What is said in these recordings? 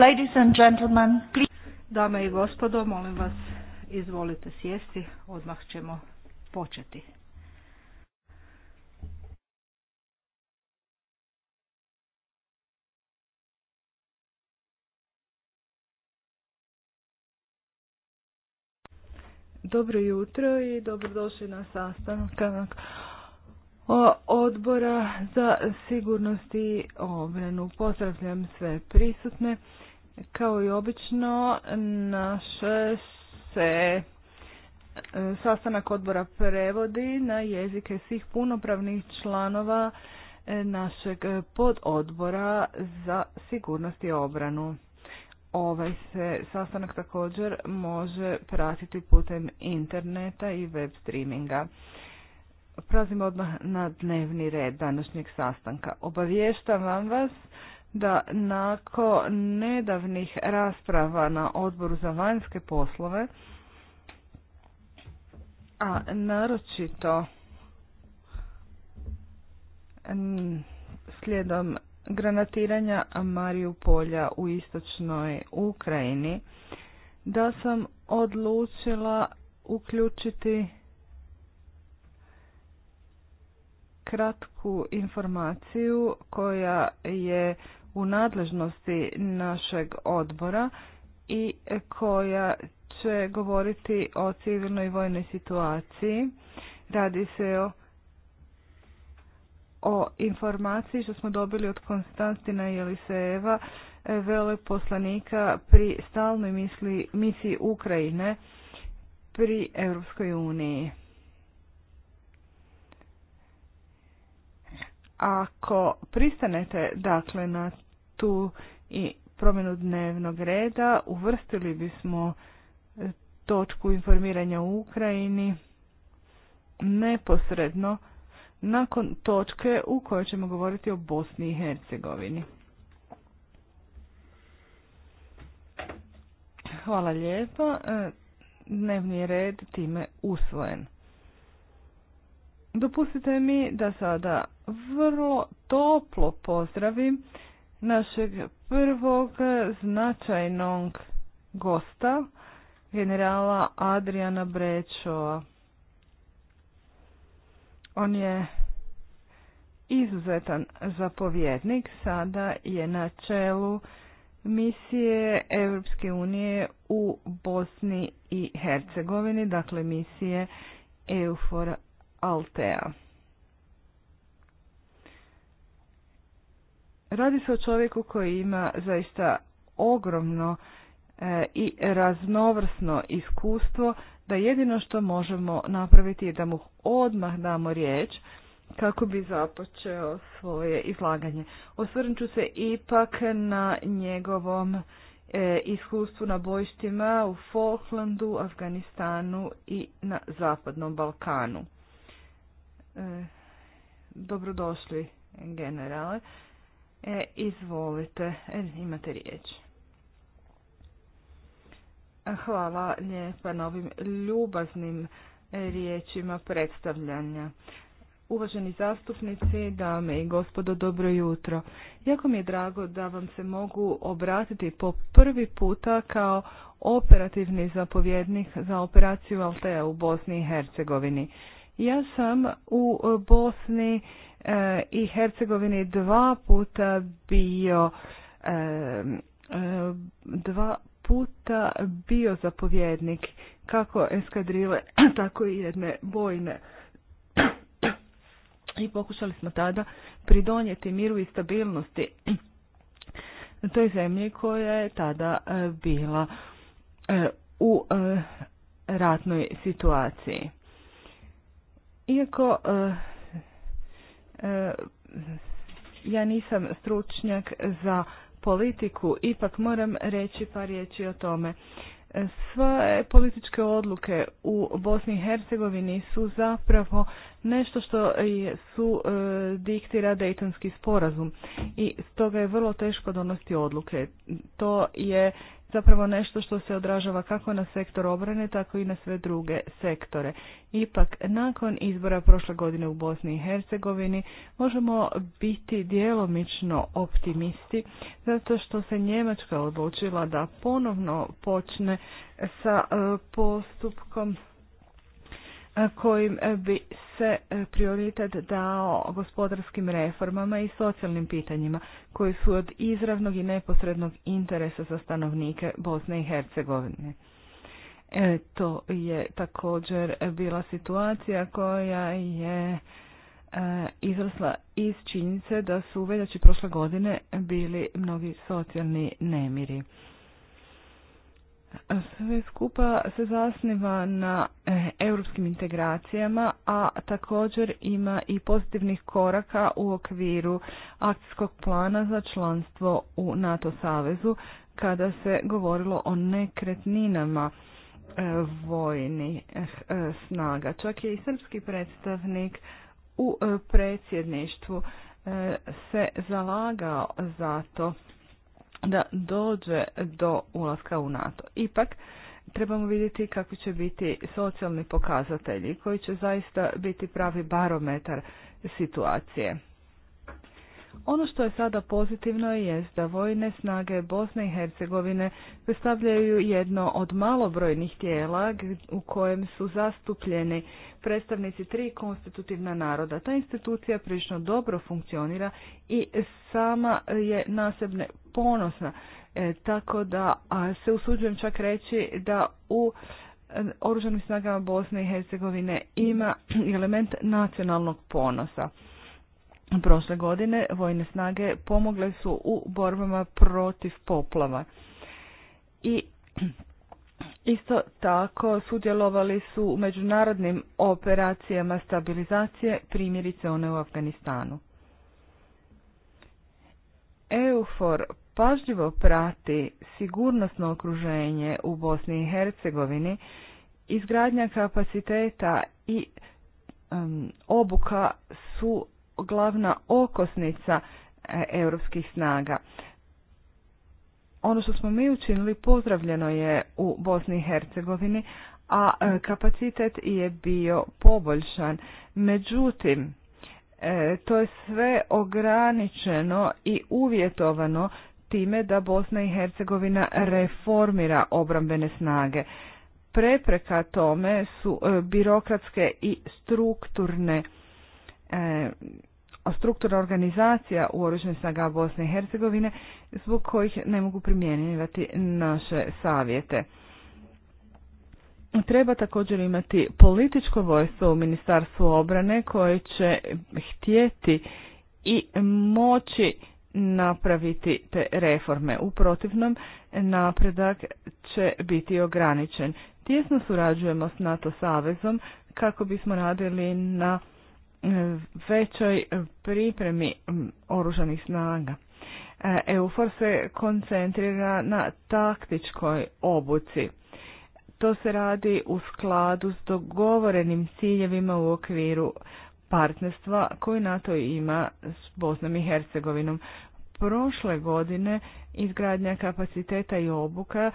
Ladies and gentlemen, Dame i gospodo, molim vas, izvolite sjesti, odmah ćemo početi. Dobro jutro i dobrodošli na sastanak odbora za sigurnost i obranu. Pozdravljam sve prisutne kao i obično, naš se e, sastanak odbora prevodi na jezike svih punopravnih članova e, našeg pododbora za sigurnost i obranu. Ovaj se sastanak također može pratiti putem interneta i web streaminga. Prazimo odmah na dnevni red današnjeg sastanka. Obavještavam vas da nakon nedavnih rasprava na odboru za vanjske poslove, a naročito slijedom granatiranja Mariju Polja u istočnoj Ukrajini, da sam odlučila uključiti kratku informaciju koja je u nadležnosti našeg odbora i koja će govoriti o civilnoj i vojnoj situaciji. Radi se o, o informaciji što smo dobili od Konstantina vele veleposlanika pri stalnoj misli, misiji Ukrajine pri Europskoj uniji. Ako pristanete dakle na tu i promjenu dnevnog reda, uvrstili bismo e, točku informiranja u Ukrajini neposredno nakon točke u kojoj ćemo govoriti o Bosni i Hercegovini. Hvala lijepo. E, dnevni red time usvojen. Dopustite mi da sada vrlo toplo pozdravim našeg prvog značajnog gosta, generala Adriana Brečova. On je izuzetan zapovjednik, sada je na čelu misije Europske unije u Bosni i Hercegovini, dakle misije Eufor Altea. Radi se o čovjeku koji ima zaista ogromno e, i raznovrsno iskustvo da jedino što možemo napraviti je da mu odmah damo riječ kako bi započeo svoje izlaganje. Osvrnut ću se ipak na njegovom e, iskustvu na bojštima u Falklandu, Afganistanu i na Zapadnom Balkanu. E, dobrodošli generale. E, izvolite, e, imate riječ. Hvala lijepa na ovim ljubaznim e, riječima predstavljanja. Uvaženi zastupnici, dame i gospodo, dobro jutro. Jako mi je drago da vam se mogu obratiti po prvi puta kao operativni zapovjednik za operaciju Altea u Bosni i Hercegovini. Ja sam u Bosni E, i Hercegovini dva puta bio e, e, dva puta bio zapovjednik kako eskadrile, tako i jedne bojne. I pokušali smo tada pridonijeti miru i stabilnosti toj zemlji koja je tada bila u ratnoj situaciji. Iako E, ja nisam stručnjak za politiku, ipak moram reći par riječi o tome. E, Sve političke odluke u Bosni i Hercegovini su zapravo nešto što su e, diktira Dejtonski sporazum i stoga je vrlo teško donosti odluke. To je zapravo nešto što se odražava kako na sektor obrane, tako i na sve druge sektore. Ipak, nakon izbora prošle godine u Bosni i Hercegovini, možemo biti djelomično optimisti, zato što se Njemačka odlučila da ponovno počne sa e, postupkom kojim e, bi se e, prioritet dao gospodarskim reformama i socijalnim pitanjima koji su od izravnog i neposrednog interesa za stanovnike Bosne i Hercegovine. E, to je također bila situacija koja je e, izrasla iz činjenice da su u veljači prošle godine bili mnogi socijalni nemiri sve skupa se zasniva na e, europskim integracijama, a također ima i pozitivnih koraka u okviru akcijskog plana za članstvo u NATO savezu kada se govorilo o nekretninama e, vojnih e, snaga. Čak je i srpski predstavnik u predsjedništvu se zalagao za to da dođe do ulaska u NATO. Ipak, trebamo vidjeti kako će biti socijalni pokazatelji koji će zaista biti pravi barometar situacije. Ono što je sada pozitivno je da vojne snage Bosne i Hercegovine predstavljaju jedno od malobrojnih tijela u kojem su zastupljeni predstavnici tri konstitutivna naroda. Ta institucija prilično dobro funkcionira i sama je nasebne ponosna, e, tako da se usuđujem čak reći da u e, Oružanim snagama Bosne i Hercegovine ima element nacionalnog ponosa prošle godine vojne snage pomogle su u borbama protiv poplava. I isto tako sudjelovali su u međunarodnim operacijama stabilizacije, primjerice one u Afganistanu. EUFOR pažljivo prati sigurnosno okruženje u Bosni i Hercegovini, izgradnja kapaciteta i obuka su glavna okosnica e, europskih snaga. Ono što smo mi učinili pozdravljeno je u Bosni i Hercegovini, a e, kapacitet je bio poboljšan. Međutim, e, to je sve ograničeno i uvjetovano time da Bosna i Hercegovina reformira obrambene snage. Prepreka tome su birokratske i strukturne struktura organizacija u oružanim snaga Bosne i Hercegovine zbog kojih ne mogu primjenjivati naše savjete. Treba također imati političko vojstvo u Ministarstvu obrane koje će htjeti i moći napraviti te reforme. U protivnom, napredak će biti ograničen. Tijesno surađujemo s NATO savezom kako bismo radili na većoj pripremi oružanih snaga. E, EUFOR se koncentrira na taktičkoj obuci. To se radi u skladu s dogovorenim ciljevima u okviru partnerstva koji NATO ima s Bosnom i Hercegovinom prošle godine izgradnja kapaciteta i obuka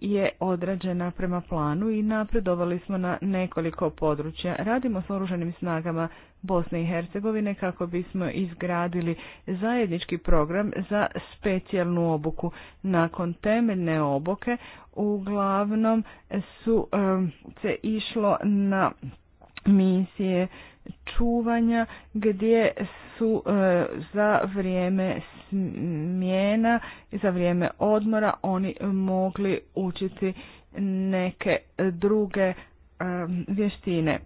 je odrađena prema planu i napredovali smo na nekoliko područja. Radimo s oruženim snagama Bosne i Hercegovine kako bismo izgradili zajednički program za specijalnu obuku. Nakon temeljne obuke uglavnom su se išlo na misije čuvanja gdje su e, za vrijeme smjena i za vrijeme odmora oni mogli učiti neke druge e, vještine.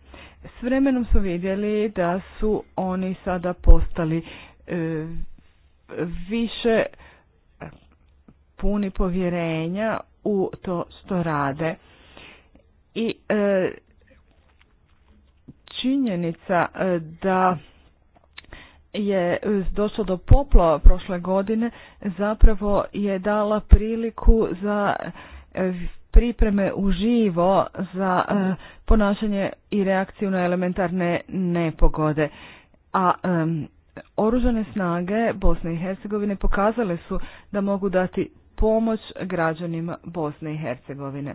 S vremenom su vidjeli da su oni sada postali e, više puni povjerenja u to što rade i činjenica e, da je došlo do poplava prošle godine zapravo je dala priliku za e, pripreme uživo za e, ponašanje i reakciju na elementarne nepogode. A oružane snage Bosne i Hercegovine pokazale su da mogu dati pomoć građanima Bosne i Hercegovine.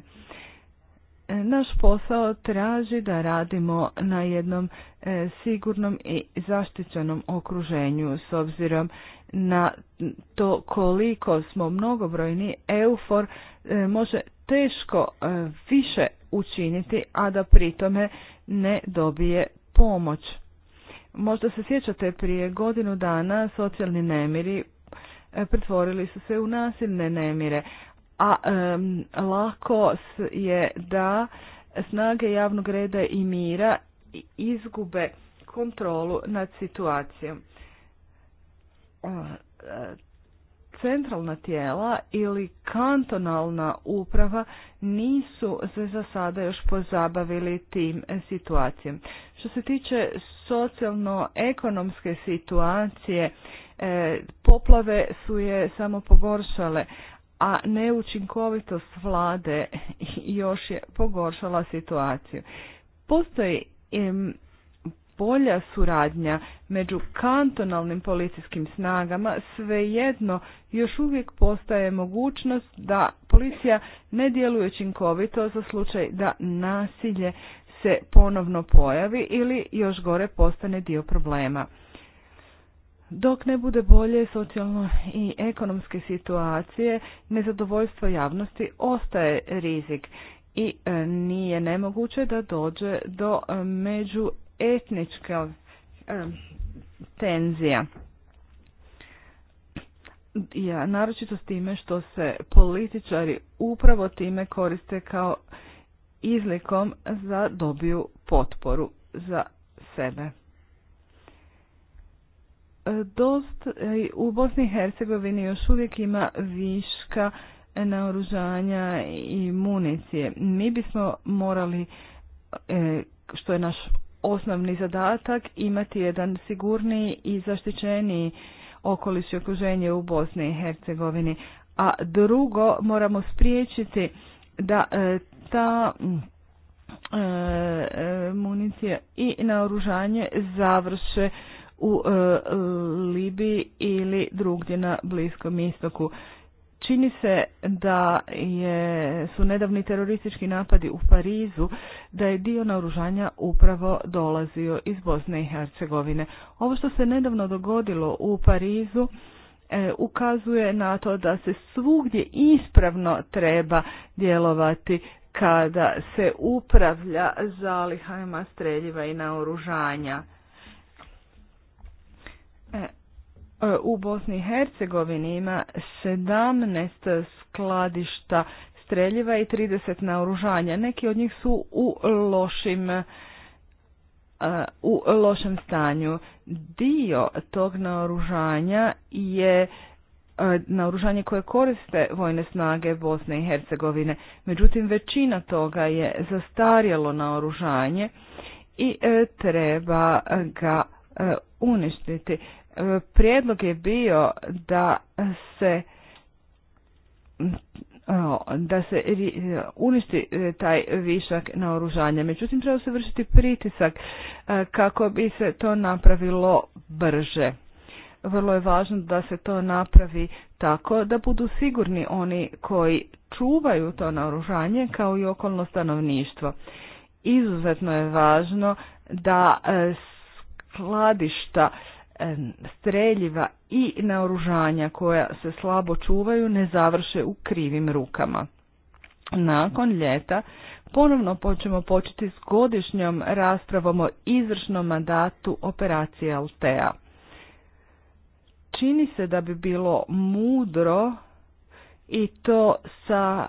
E, naš posao traži da radimo na jednom e, sigurnom i zaštićenom okruženju s obzirom na to koliko smo mnogobrojni eufor e, može teško više učiniti, a da pritome ne dobije pomoć. Možda se sjećate prije godinu dana socijalni nemiri pretvorili su se u nasilne nemire, a um, lako je da snage javnog reda i mira izgube kontrolu nad situacijom. E, centralna tijela ili kantonalna uprava nisu se za sada još pozabavili tim situacijom. Što se tiče socijalno-ekonomske situacije, e, poplave su je samo pogoršale, a neučinkovitost vlade još je pogoršala situaciju. Postoji im bolja suradnja među kantonalnim policijskim snagama, svejedno još uvijek postaje mogućnost da policija ne djeluje učinkovito za slučaj da nasilje se ponovno pojavi ili još gore postane dio problema. Dok ne bude bolje socijalno i ekonomske situacije, nezadovoljstvo javnosti ostaje rizik i e, nije nemoguće da dođe do e, međuetničke e, tenzija. Ja, naročito s time što se političari upravo time koriste kao izlikom za dobiju potporu za sebe dost, e, u Bosni i Hercegovini još uvijek ima viška naoružanja i municije. Mi bismo morali, e, što je naš osnovni zadatak, imati jedan sigurniji i zaštićeniji okoliš i okruženje u Bosni i Hercegovini. A drugo, moramo spriječiti da e, ta mm, municija i naoružanje završe u e, e, Libiji ili drugdje na Bliskom istoku. Čini se da je, su nedavni teroristički napadi u Parizu, da je dio naoružanja upravo dolazio iz Bosne i Hercegovine. Ovo što se nedavno dogodilo u Parizu e, ukazuje na to da se svugdje ispravno treba djelovati kada se upravlja Zalihajma streljiva i naoružanja. E, e, u Bosni i Hercegovini ima 17 skladišta streljiva i 30 naoružanja. Neki od njih su u lošim e, u lošem stanju. Dio tog naoružanja je naoružanje koje koriste vojne snage Bosne i Hercegovine. Međutim, većina toga je zastarjelo naoružanje i treba ga uništiti. Prijedlog je bio da se da se uništi e, taj višak naoružanja. Međutim, treba se vršiti pritisak e, kako bi se to napravilo brže. Vrlo je važno da se to napravi tako da budu sigurni oni koji čuvaju to naoružanje kao i okolno stanovništvo. Izuzetno je važno da e, skladišta streljiva i naoružanja koja se slabo čuvaju ne završe u krivim rukama. Nakon ljeta ponovno počemo početi s godišnjom raspravom o izvršnom mandatu operacije Altea. Čini se da bi bilo mudro i to sa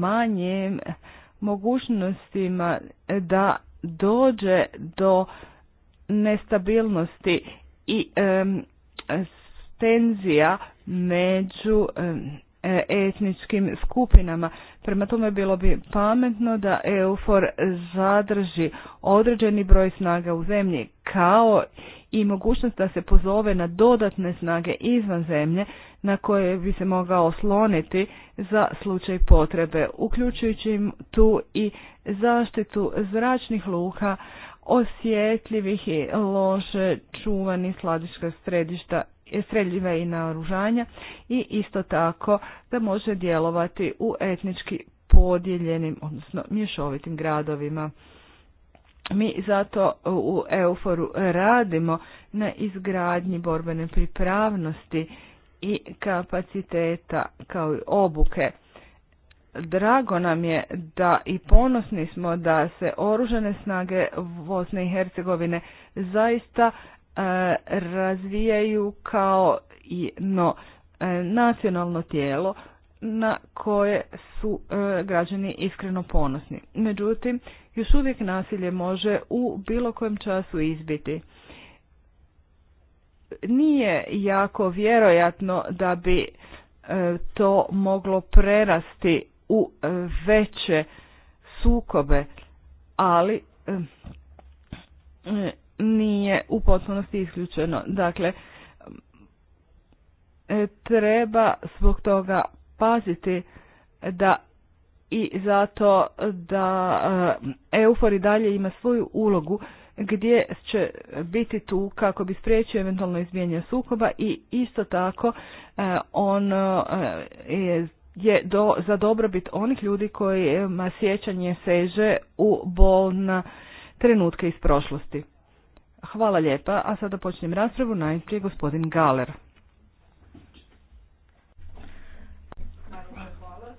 manjim mogućnostima da dođe do nestabilnosti i tenzija među etničkim skupinama. Prema tome bilo bi pametno da EUFOR zadrži određeni broj snaga u zemlji kao i mogućnost da se pozove na dodatne snage izvan zemlje na koje bi se mogao osloniti za slučaj potrebe, uključujući tu i zaštitu zračnih luka osjetljivih i loše čuvanih sladiška središta streljiva i naoružanja i isto tako da može djelovati u etnički podijeljenim, odnosno mješovitim gradovima. Mi zato u Euforu radimo na izgradnji borbene pripravnosti i kapaciteta kao i obuke. Drago nam je da i ponosni smo da se oružane snage Bosne i Hercegovine zaista e, razvijaju kao jedno e, nacionalno tijelo na koje su e, građani iskreno ponosni. Međutim, još uvijek nasilje može u bilo kojem času izbiti. Nije jako vjerojatno da bi to moglo prerasti u e, veće sukobe, ali e, e, nije u potpunosti isključeno. Dakle, treba zbog toga paziti da i zato da EUFOR i dalje ima svoju ulogu gdje će biti tu kako bi spriječio eventualno izmijenje sukoba i isto tako on je je do, za dobrobit onih ljudi kojima sjećanje seže u bolna trenutke iz prošlosti. Hvala lijepa, a sada počnem raspravu najprije gospodin Galer. Hvala,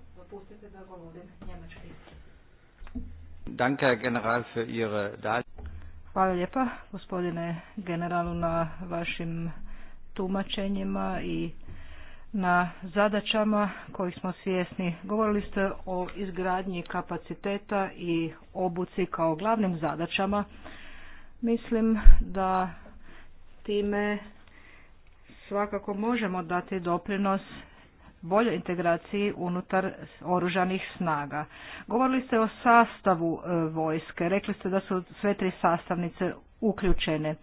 general, Hvala lijepa, gospodine generalu, na vašim tumačenjima i na zadaćama kojih smo svjesni. Govorili ste o izgradnji kapaciteta i obuci kao glavnim zadaćama. Mislim da time svakako možemo dati doprinos boljoj integraciji unutar oružanih snaga. Govorili ste o sastavu e, vojske, rekli ste da su sve tri sastavnice uključene.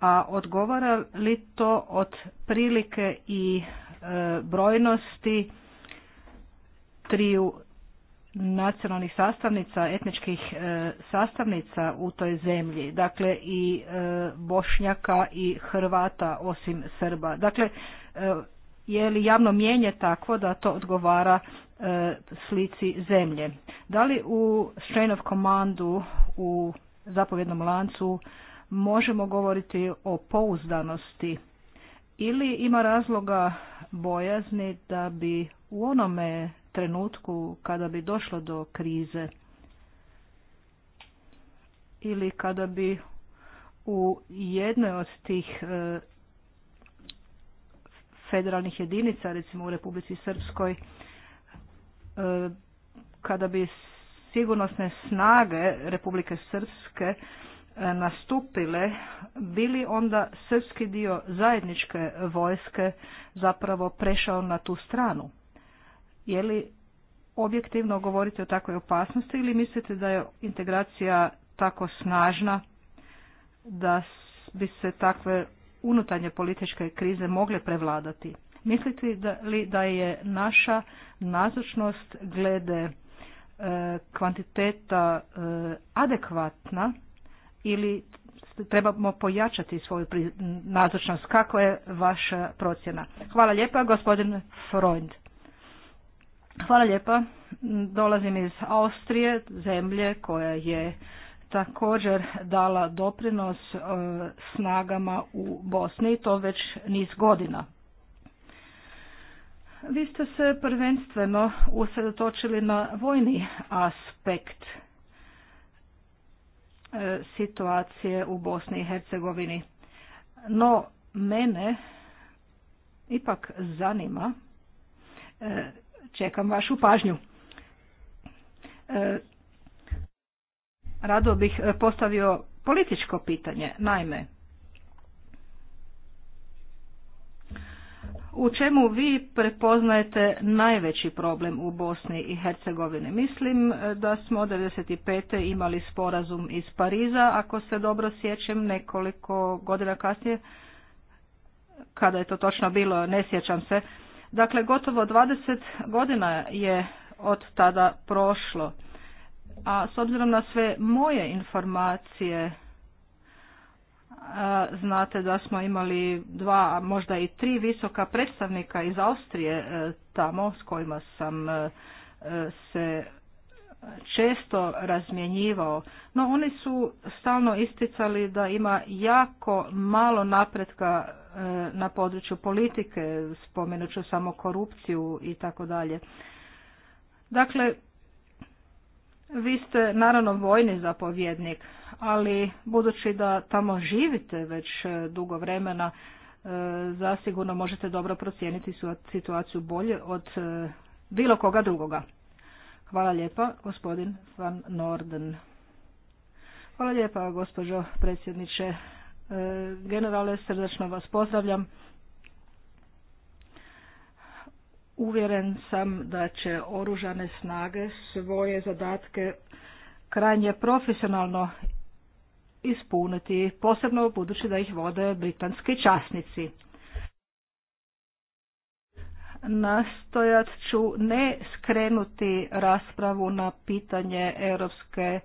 A odgovara li to od prilike i brojnosti triju nacionalnih sastavnica, etničkih e, sastavnica u toj zemlji, dakle i e, Bošnjaka i Hrvata osim Srba. Dakle, e, je li javno mijenje takvo da to odgovara slici zemlje? Da li u strain of commandu u zapovjednom lancu možemo govoriti o pouzdanosti ili ima razloga bojazni da bi u onome trenutku kada bi došlo do krize ili kada bi u jednoj od tih e, federalnih jedinica, recimo u Republici Srpskoj, e, kada bi sigurnosne snage Republike Srpske E, nastupile, bili onda srpski dio zajedničke vojske zapravo prešao na tu stranu? Je li objektivno govorite o takvoj opasnosti ili mislite da je integracija tako snažna da bi se takve unutarnje političke krize mogle prevladati? Mislite li da je naša nazočnost glede e, kvantiteta e, adekvatna ili trebamo pojačati svoju nazočnost. Kako je vaša procjena? Hvala lijepa, gospodin Freund. Hvala lijepa. Dolazim iz Austrije, zemlje koja je također dala doprinos e, snagama u Bosni i to već niz godina. Vi ste se prvenstveno usredotočili na vojni aspekt E, situacije u Bosni i Hercegovini. No, mene ipak zanima, e, čekam vašu pažnju. E, rado bih postavio političko pitanje, naime, u čemu vi prepoznajete najveći problem u Bosni i Hercegovini? Mislim e, da smo 1995. imali sporazum iz Pariza, ako se dobro sjećam, nekoliko godina kasnije, kada je to točno bilo, ne sjećam se. Dakle, gotovo 20 godina je od tada prošlo. A s obzirom na sve moje informacije, Znate da smo imali dva, možda i tri visoka predstavnika iz Austrije e, tamo s kojima sam e, e, se često razmjenjivao, no oni su stalno isticali da ima jako malo napretka na području politike, spomenut ću samo korupciju i tako dalje. Dakle, vi ste naravno vojni zapovjednik, ali budući da tamo živite već e, dugo vremena, e, zasigurno možete dobro procijeniti situaciju bolje od e, bilo koga drugoga. Hvala lijepa, gospodin Van Norden. Hvala lijepa, gospođo predsjedniče. Generale, srdačno vas pozdravljam uvjeren sam da će oružane snage svoje zadatke krajnje profesionalno ispuniti, posebno budući da ih vode britanski časnici. Nastojat ću ne skrenuti raspravu na pitanje europske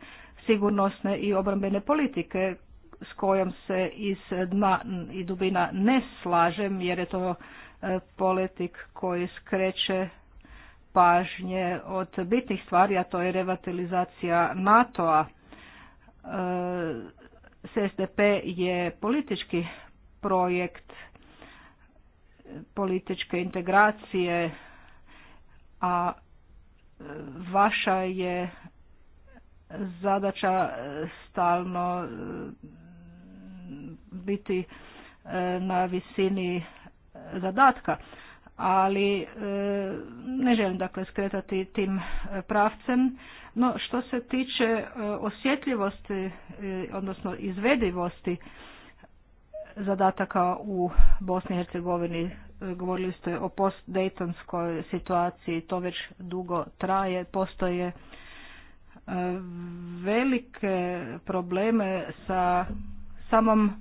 sigurnosne i obrambene politike s kojom se iz dna i dubina ne slažem jer je to E, politik koji skreće pažnje od bitnih stvari, a to je revitalizacija NATO-a. E, SDP je politički projekt političke integracije, a e, vaša je zadaća stalno biti na visini zadatka ali e, ne želim dakle skretati tim e, pravcem. No što se tiče e, osjetljivosti, odnosno izvedivosti zadataka u Bosni i Hercegovini, govorili ste o post-Daytonskoj situaciji, to već dugo traje, postoje velike probleme sa samom,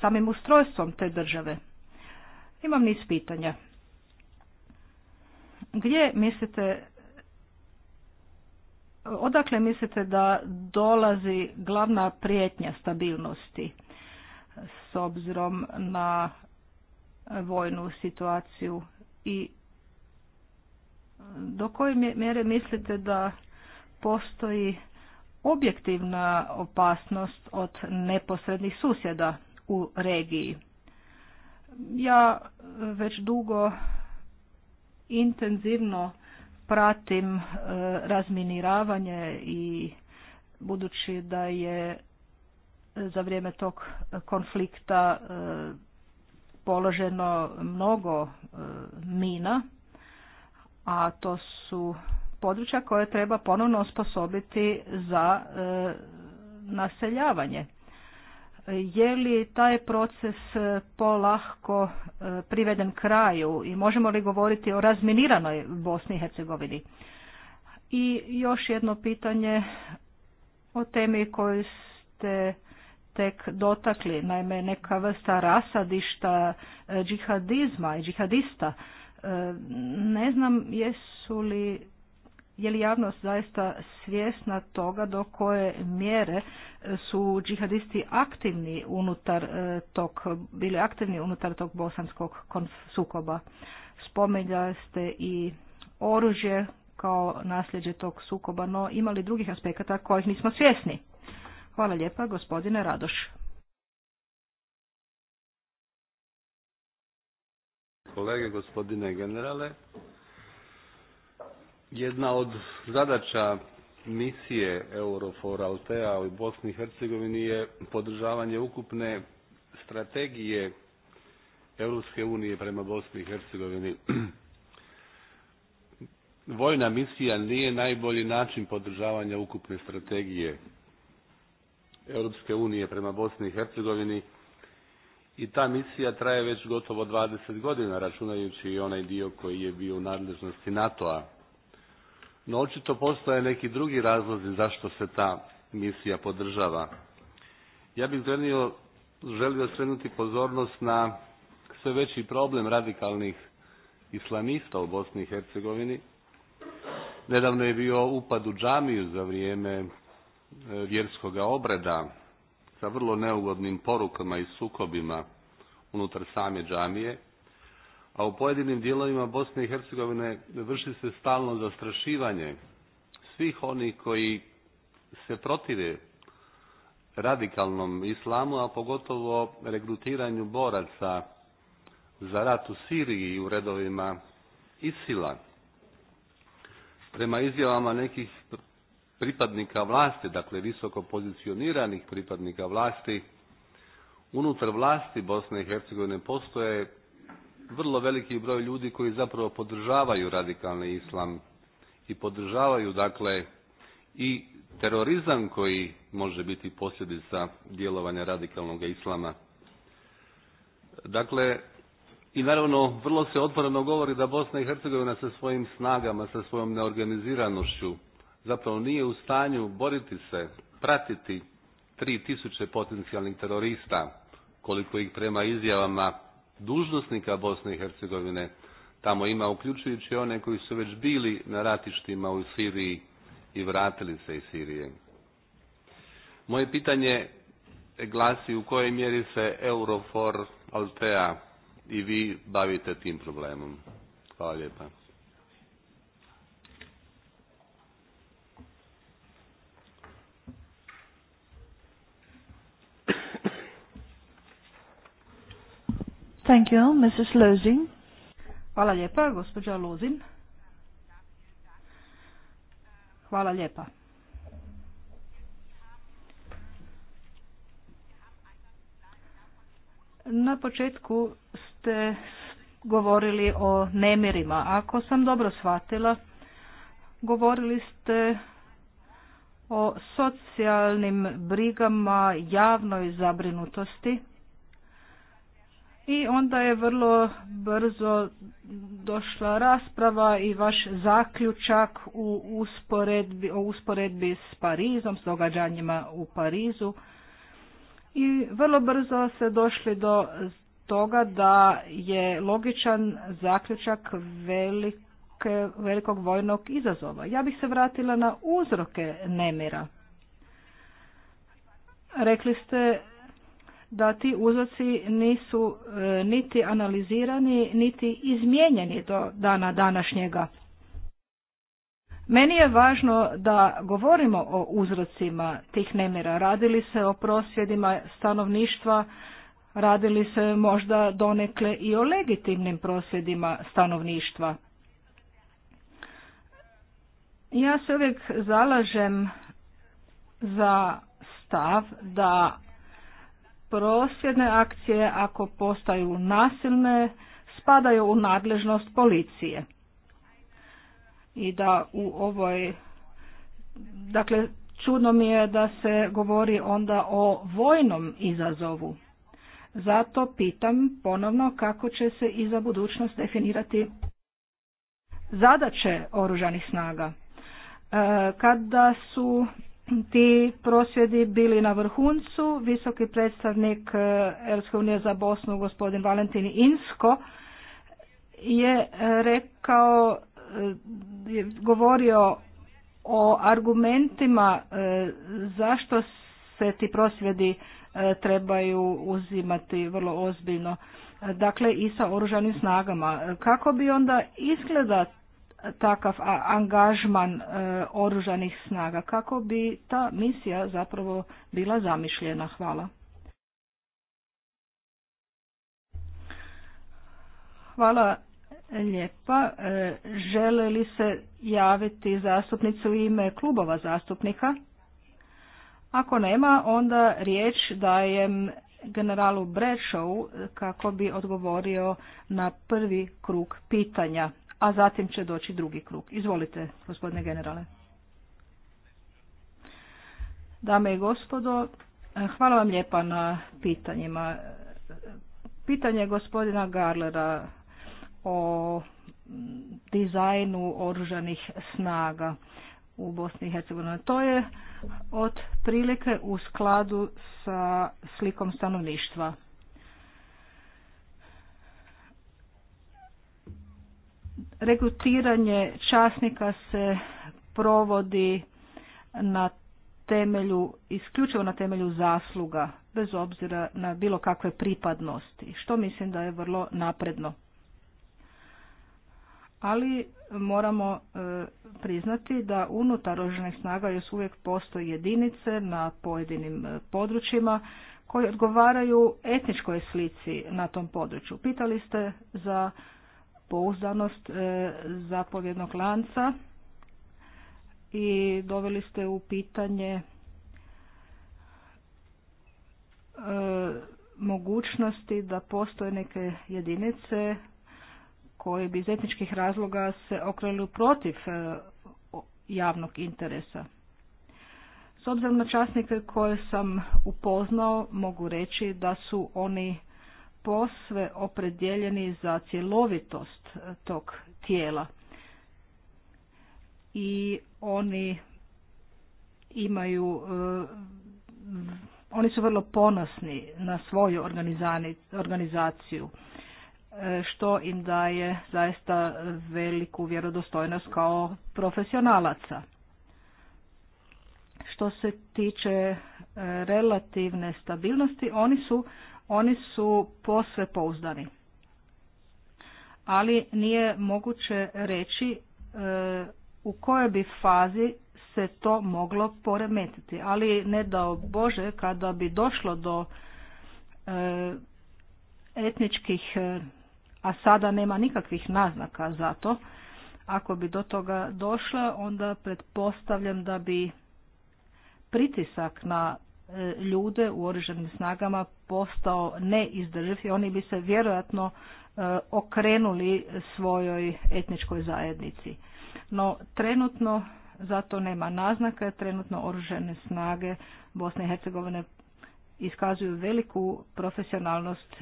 samim ustrojstvom te države. Imam niz pitanja. Gdje mislite, odakle mislite da dolazi glavna prijetnja stabilnosti s obzirom na vojnu situaciju i do koje mjere mislite da postoji objektivna opasnost od neposrednih susjeda u regiji? Ja e, već dugo intenzivno pratim e, razminiravanje i budući da je za vrijeme tog konflikta e, položeno mnogo mina, a to su područja koje treba ponovno osposobiti za naseljavanje je li taj proces e, polahko e, priveden kraju i možemo li govoriti o razminiranoj Bosni i Hercegovini? I još jedno pitanje o temi koju ste tek dotakli, naime neka vrsta rasadišta e, džihadizma i džihadista. Ne znam jesu li je li javnost zaista svjesna toga do koje mjere su džihadisti aktivni unutar e, tog, bili aktivni unutar tog bosanskog sukoba. Spominjali ste i oružje kao nasljeđe tog sukoba, no imali drugih aspekata kojih nismo svjesni? Hvala lijepa, gospodine Radoš. Kolege, gospodine generale, jedna od zadaća misije eurofor Altea u Bosni i Hercegovini je podržavanje ukupne strategije Europske unije prema Bosni i Hercegovini. Vojna misija nije najbolji način podržavanja ukupne strategije Europske unije prema Bosni i Hercegovini i ta misija traje već gotovo 20 godina računajući i onaj dio koji je bio u nadležnosti NATO-a no očito postoje neki drugi razlozi zašto se ta misija podržava. Ja bih želio, želio skrenuti pozornost na sve veći problem radikalnih islamista u Bosni i Hercegovini. Nedavno je bio upad u džamiju za vrijeme e, vjerskog obreda sa vrlo neugodnim porukama i sukobima unutar same džamije a u pojedinim dijelovima Bosne i Hercegovine vrši se stalno zastrašivanje svih onih koji se protive radikalnom islamu, a pogotovo regrutiranju boraca za rat u Siriji u redovima Isila. Prema izjavama nekih pripadnika vlasti, dakle visoko pozicioniranih pripadnika vlasti, unutar vlasti Bosne i Hercegovine postoje vrlo veliki broj ljudi koji zapravo podržavaju radikalni islam i podržavaju dakle i terorizam koji može biti posljedica djelovanja radikalnog islama. Dakle, i naravno vrlo se otvoreno govori da Bosna i Hercegovina sa svojim snagama, sa svojom neorganiziranošću zapravo nije u stanju boriti se, pratiti tri tisuće potencijalnih terorista koliko ih prema izjavama dužnosnika Bosne i Hercegovine tamo ima, uključujući one koji su već bili na ratištima u Siriji i vratili se iz Sirije. Moje pitanje glasi u kojoj mjeri se Eurofor Altea i vi bavite tim problemom. Hvala lijepa. Thank you, Mrs. Lozin. Hvala lijepa, gospođa Luzin. Hvala lijepa. Na početku ste govorili o nemirima. Ako sam dobro shvatila, govorili ste o socijalnim brigama, javnoj zabrinutosti i onda je vrlo brzo došla rasprava i vaš zaključak u usporedbi, o usporedbi s Parizom, s događanjima u Parizu. I vrlo brzo se došli do toga da je logičan zaključak velikog vojnog izazova. Ja bih se vratila na uzroke nemira. Rekli ste da ti uzroci nisu e, niti analizirani, niti izmijenjeni do dana današnjega. Meni je važno da govorimo o uzrocima tih nemira. Radili se o prosvjedima stanovništva, radili se možda donekle i o legitimnim prosvjedima stanovništva. Ja se uvijek zalažem za stav da prosvjedne akcije ako postaju nasilne spadaju u nadležnost policije. I da u ovoj dakle čudno mi je da se govori onda o vojnom izazovu. Zato pitam ponovno kako će se i za budućnost definirati zadaće oružanih snaga. E, kada su ti prosvjedi bili na vrhuncu. Visoki predstavnik eh, Europske unije za Bosnu, gospodin Valentin Insko, je eh, rekao, eh, je govorio o argumentima zašto se ti prosvjedi trebaju uzimati vrlo ozbiljno. Dakle, i sa oružanim snagama. Kako bi onda izgleda takav angažman e, oružanih snaga kako bi ta misija zapravo bila zamišljena. Hvala. Hvala lijepa. E, žele li se javiti zastupnici u ime klubova zastupnika? Ako nema, onda riječ dajem generalu Brečovu kako bi odgovorio na prvi krug pitanja a zatim će doći drugi krug. Izvolite, gospodine generale. Dame i gospodo, hvala vam lijepa na pitanjima. Pitanje gospodina Garlera o dizajnu oružanih snaga u Bosni i Hercegovini. To je otprilike u skladu sa slikom stanovništva. Regrutiranje časnika se provodi na temelju, isključivo na temelju zasluga, bez obzira na bilo kakve pripadnosti, što mislim da je vrlo napredno. Ali moramo e, priznati da unutar oružanih snaga još uvijek postoje jedinice na pojedinim e, područjima koje odgovaraju etničkoj slici na tom području. Pitali ste za pouzdanost e, zapovjednog lanca i doveli ste u pitanje e, mogućnosti da postoje neke jedinice koje bi iz etničkih razloga se okrenuli protiv e, javnog interesa. S obzirom na časnike koje sam upoznao, mogu reći da su oni posve opredjeljeni za cjelovitost e, tog tijela. I oni imaju e, oni su vrlo ponosni na svoju organizaciju e, što im daje zaista veliku vjerodostojnost kao profesionalaca. Što se tiče relativne stabilnosti, oni su oni su posve pouzdani. Ali nije moguće reći e, u kojoj bi fazi se to moglo poremetiti. Ali ne dao Bože kada bi došlo do e, etničkih, e, a sada nema nikakvih naznaka za to, ako bi do toga došlo, onda pretpostavljam da bi pritisak na E, ljude u oružanim snagama postao neizdrživ i oni bi se vjerojatno e, okrenuli svojoj etničkoj zajednici. No trenutno zato nema naznaka, trenutno oružane snage Bosne i Hercegovine iskazuju veliku profesionalnost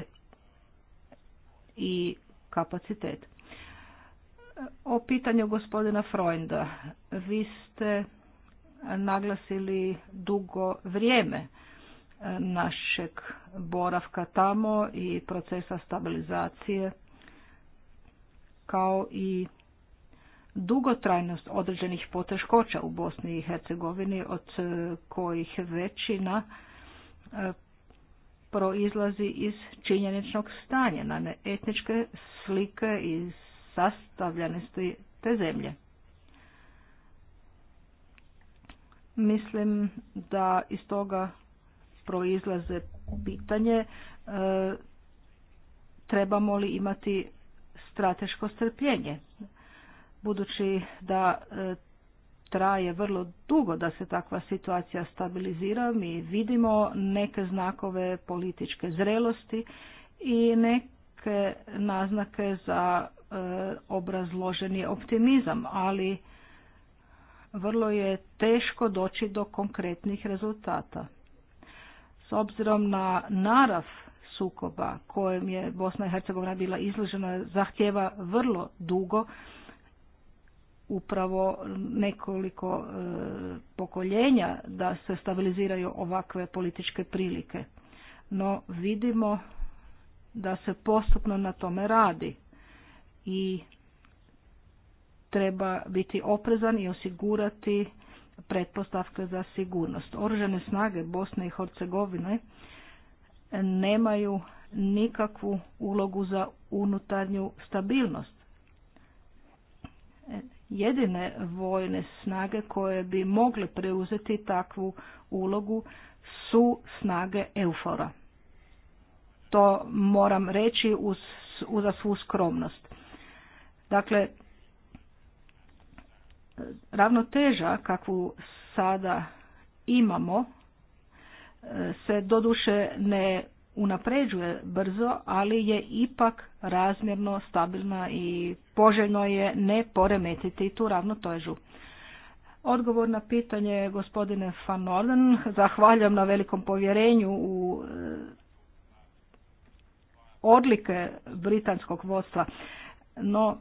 i kapacitet. E, o pitanju gospodina Freunda, vi ste naglasili dugo vrijeme e, našeg boravka tamo i procesa stabilizacije kao i dugotrajnost određenih poteškoća u Bosni i Hercegovini od e, kojih većina e, proizlazi iz činjeničnog stanja, na etničke slike i sastavljanosti te zemlje. Mislim da iz toga proizlaze pitanje e, trebamo li imati strateško strpljenje. Budući da e, traje vrlo dugo da se takva situacija stabilizira, mi vidimo neke znakove političke zrelosti i neke naznake za e, obrazloženi optimizam, ali vrlo je teško doći do konkretnih rezultata. S obzirom na narav sukoba kojem je Bosna i Hercegovina bila izložena zahtjeva vrlo dugo upravo nekoliko e, pokoljenja da se stabiliziraju ovakve političke prilike. No vidimo da se postupno na tome radi i treba biti oprezan i osigurati pretpostavke za sigurnost. Oružane snage Bosne i Hercegovine nemaju nikakvu ulogu za unutarnju stabilnost. Jedine vojne snage koje bi mogle preuzeti takvu ulogu su snage Eufora. To moram reći uz, uz svu skromnost. Dakle, ravnoteža kakvu sada imamo e, se doduše ne unapređuje brzo, ali je ipak razmjerno stabilna i poželjno je ne poremetiti tu ravnotežu. Odgovor na pitanje gospodine Van Orden, zahvaljam na velikom povjerenju u e, odlike britanskog vodstva, no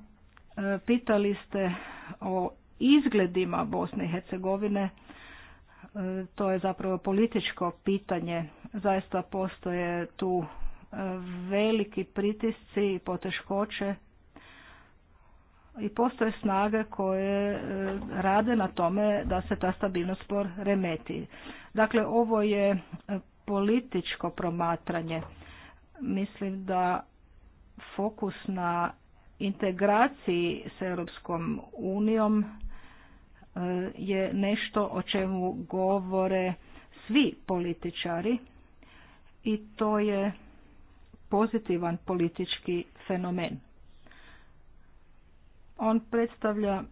e, pitali ste o izgledima Bosne i Hercegovine. E, to je zapravo političko pitanje. Zaista postoje tu e, veliki pritisci i poteškoće i postoje snage koje e, rade na tome da se ta stabilnost spor remeti. Dakle, ovo je političko promatranje. Mislim da fokus na integraciji s Europskom unijom E, je nešto o čemu govore svi političari i to je pozitivan politički fenomen. On predstavlja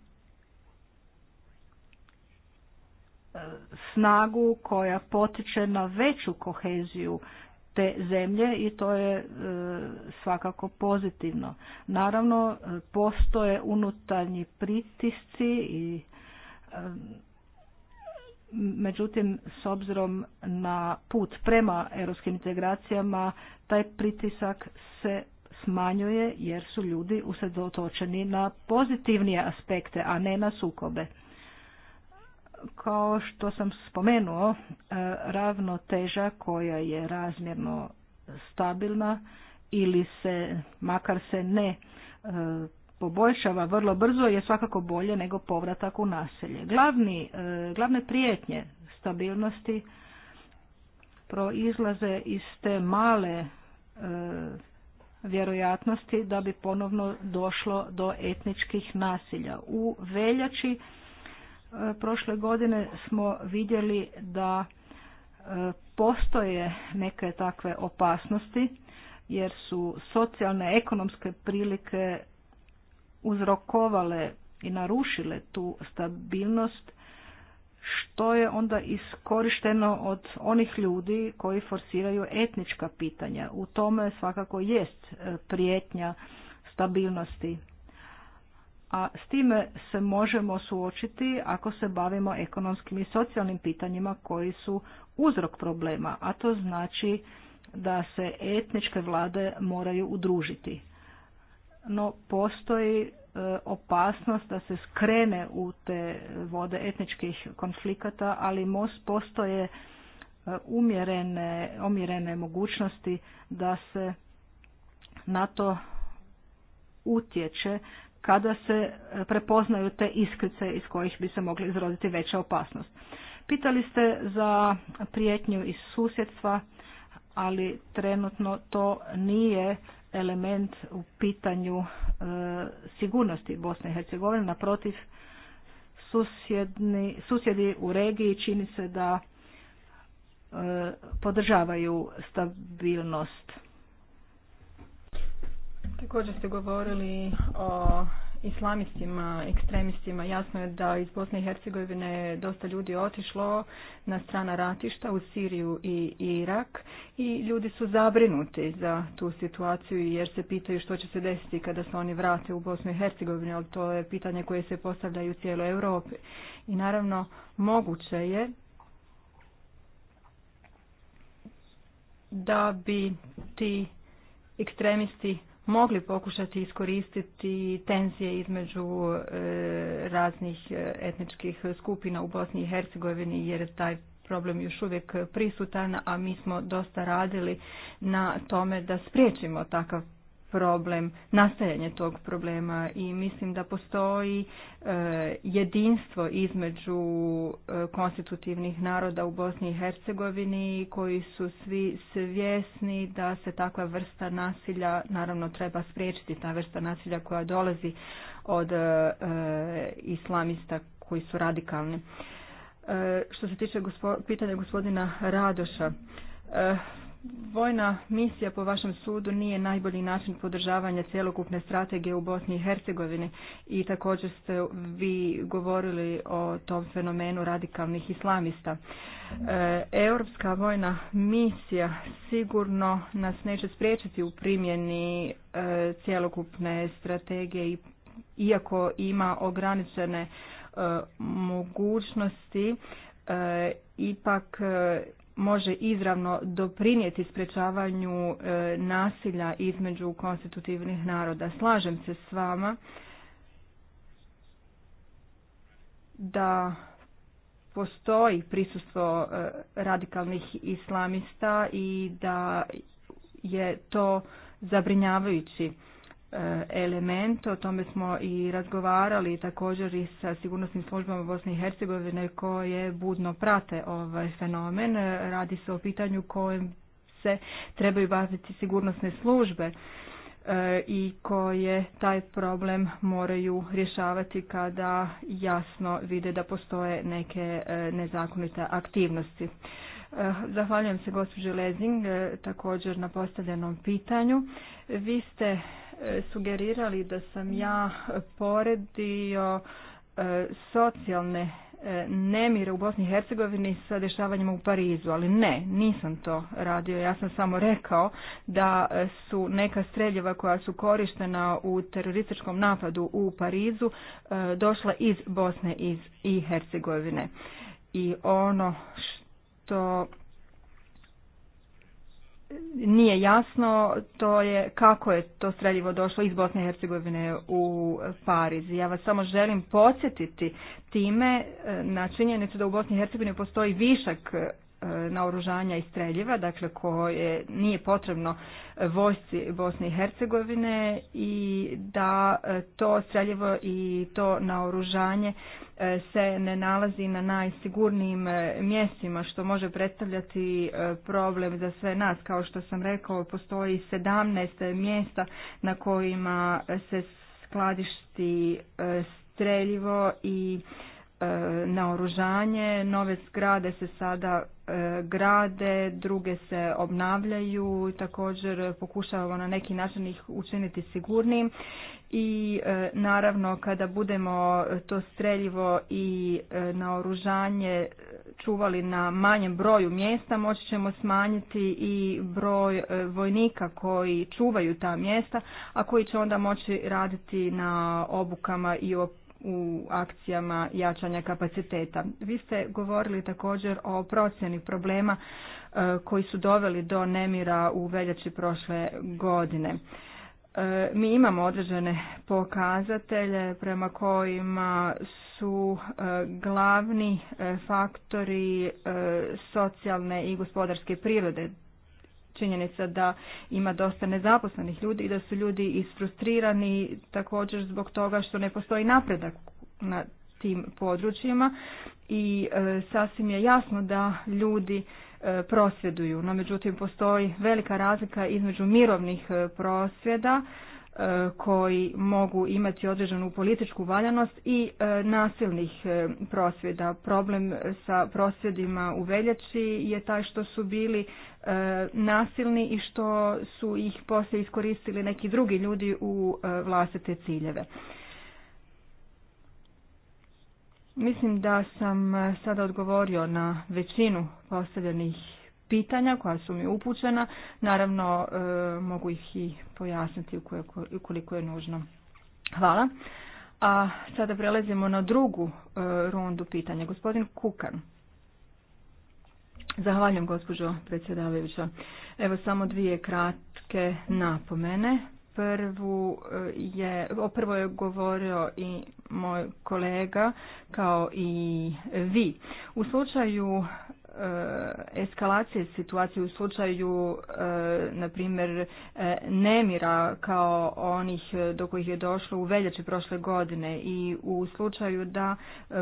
e, snagu koja potiče na veću koheziju te zemlje i to je e, svakako pozitivno. Naravno, postoje unutarnji pritisci i Međutim, s obzirom na put prema europskim integracijama, taj pritisak se smanjuje jer su ljudi usredotočeni na pozitivnije aspekte, a ne na sukobe. Kao što sam spomenuo, e, ravnoteža koja je razmjerno stabilna ili se, makar se ne e, poboljšava vrlo brzo je svakako bolje nego povratak u naselje. Glavni, e, glavne prijetnje stabilnosti proizlaze iz te male e, vjerojatnosti da bi ponovno došlo do etničkih nasilja. U veljači e, prošle godine smo vidjeli da postoje neke takve opasnosti jer su socijalne ekonomske prilike uzrokovale i narušile tu stabilnost što je onda iskorišteno od onih ljudi koji forsiraju etnička pitanja. U tome svakako jest e, prijetnja stabilnosti. A s time se možemo suočiti ako se bavimo ekonomskim i socijalnim pitanjima koji su uzrok problema, a to znači da se etničke vlade moraju udružiti no postoji e, opasnost da se skrene u te vode etničkih konflikata, ali most postoje e, umjerene, umjerene mogućnosti da se na to utječe kada se e, prepoznaju te iskrice iz kojih bi se mogli izroditi veća opasnost. Pitali ste za prijetnju iz susjedstva, ali trenutno to nije element u pitanju e, sigurnosti Bosne i Hercegovine. Naprotiv, susjedni, susjedi u regiji čini se da e, podržavaju stabilnost. Također ste govorili o islamistima, ekstremistima. Jasno je da iz Bosne i Hercegovine je dosta ljudi otišlo na strana ratišta u Siriju i Irak i ljudi su zabrinuti za tu situaciju jer se pitaju što će se desiti kada se oni vrate u Bosnu i Hercegovinu, ali to je pitanje koje se postavljaju u cijeloj Europi. I naravno moguće je da bi ti ekstremisti mogli pokušati iskoristiti tenzije između e, raznih e, etničkih skupina u Bosni i Hercegovini jer taj problem još uvijek prisutan, a mi smo dosta radili na tome da spriječimo takav problem, nastajanje tog problema i mislim da postoji e, jedinstvo između e, konstitutivnih naroda u Bosni i Hercegovini koji su svi svjesni da se takva vrsta nasilja naravno treba spriječiti, ta vrsta nasilja koja dolazi od e, islamista koji su radikalni. Što se tiče pitanja gospodina Radoša, vojna misija po vašem sudu nije najbolji način podržavanja cjelokupne strategije u Bosni i Hercegovini i također ste vi govorili o tom fenomenu radikalnih islamista. E, Europska vojna misija sigurno nas neće spriječiti u primjeni e, cjelokupne strategije iako ima ograničene e, mogućnosti ipak može izravno doprinijeti sprečavanju e, nasilja između konstitutivnih naroda. Slažem se s vama da postoji prisustvo e, radikalnih islamista i da je to zabrinjavajući Eh, element. O tome smo i razgovarali također i sa sigurnosnim službama Bosne i Hercegovine koje budno prate ovaj fenomen. Radi se o pitanju kojem se trebaju baviti sigurnosne službe eh, i koje taj problem moraju rješavati kada jasno vide da postoje neke eh, nezakonite aktivnosti. Zahvaljujem se gospođi Lezing također na postavljenom pitanju. Vi ste sugerirali da sam ja poredio e, socijalne e, nemire u Bosni i Hercegovini sa dešavanjima u Parizu, ali ne, nisam to radio. Ja sam samo rekao da e, su neka streljiva koja su korištena u terorističkom napadu u Parizu došla iz Bosne i Hercegovine. I ono što nije jasno to je kako je to streljivo došlo iz Bosne i Hercegovine u Pariz. Ja vas samo želim podsjetiti time e, na činjenicu da u Bosni i Hercegovini postoji višak E, naoružanja i streljiva, dakle koje nije potrebno vojsci Bosne i Hercegovine i da e, to streljivo i to naoružanje e, se ne nalazi na najsigurnijim mjestima što može predstavljati problem za sve nas. Kao što sam rekao, postoji 17 mjesta na kojima se skladišti streljivo i naoružanje. Nove zgrade se sada grade, druge se obnavljaju, također pokušavamo na neki način ih učiniti sigurnim i e, naravno kada budemo to streljivo i e, naoružanje čuvali na manjem broju mjesta moći ćemo smanjiti i broj e, vojnika koji čuvaju ta mjesta, a koji će onda moći raditi na obukama i u akcijama jačanja kapaciteta. Vi ste govorili također o procjeni problema e, koji su doveli do nemira u veljači prošle godine. E, mi imamo određene pokazatelje prema kojima su e, glavni faktori socijalne i gospodarske prirode činjenica da ima dosta nezaposlenih ljudi i da su ljudi isfrustrirani također zbog toga što ne postoji napredak na tim područjima i e, sasvim je jasno da ljudi e, prosvjeduju. No međutim postoji velika razlika između mirovnih e, prosvjeda koji mogu imati određenu političku valjanost i nasilnih prosvjeda. Problem sa prosvjedima u veljači je taj što su bili E, nasilni i što su ih poslije iskoristili neki drugi ljudi u e, vlastite ciljeve. Mislim da sam e, sada odgovorio na većinu postavljenih pitanja koja su mi upućena. Naravno, mogu ih i pojasniti ukoliko je nužno. Hvala. A sada prelazimo na drugu rundu pitanja. Gospodin Kukan. Zahvaljujem gospođo predsjedavajuća. Evo samo dvije kratke napomene. Prvu eh, je, o prvo je govorio i moj kolega kao i vi. U slučaju eh, eskalacije situacije u slučaju eh, na primjer nemira kao onih do kojih je došlo u veljači prošle godine i u slučaju da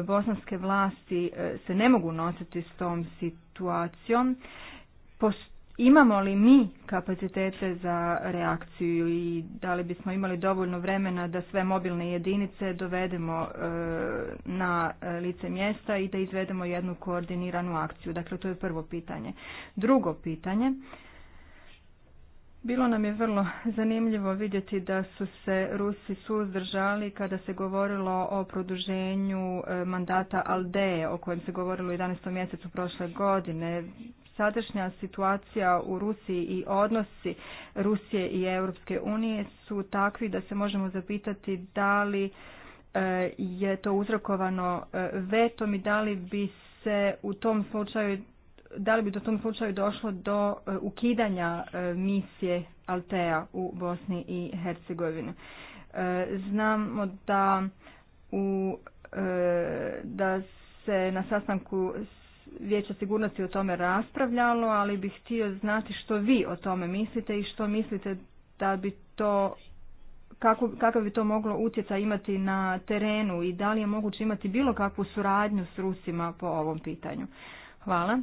bosanske vlasti se ne mogu nositi s tom situacijom situacijom. Imamo li mi kapacitete za reakciju i da li bismo imali dovoljno vremena da sve mobilne jedinice dovedemo e, na e, lice mjesta i da izvedemo jednu koordiniranu akciju? Dakle, to je prvo pitanje. Drugo pitanje, bilo nam je vrlo zanimljivo vidjeti da su se Rusi suzdržali kada se govorilo o produženju e, mandata Aldeje, o kojem se govorilo u 11. mjesecu prošle godine. Sadašnja situacija u Rusiji i odnosi Rusije i Europske unije su takvi da se možemo zapitati da li e, je to uzrokovano e, vetom i da li bi se u tom slučaju da li bi do tom slučaju došlo do e, ukidanja e, misije Altea u Bosni i Hercegovini. E, znamo da u, da se na sastanku Vijeća sigurnosti o tome raspravljalo, ali bih htio znati što vi o tome mislite i što mislite da bi to kako, kakav bi to moglo utjecaj imati na terenu i da li je moguće imati bilo kakvu suradnju s Rusima po ovom pitanju. Hvala.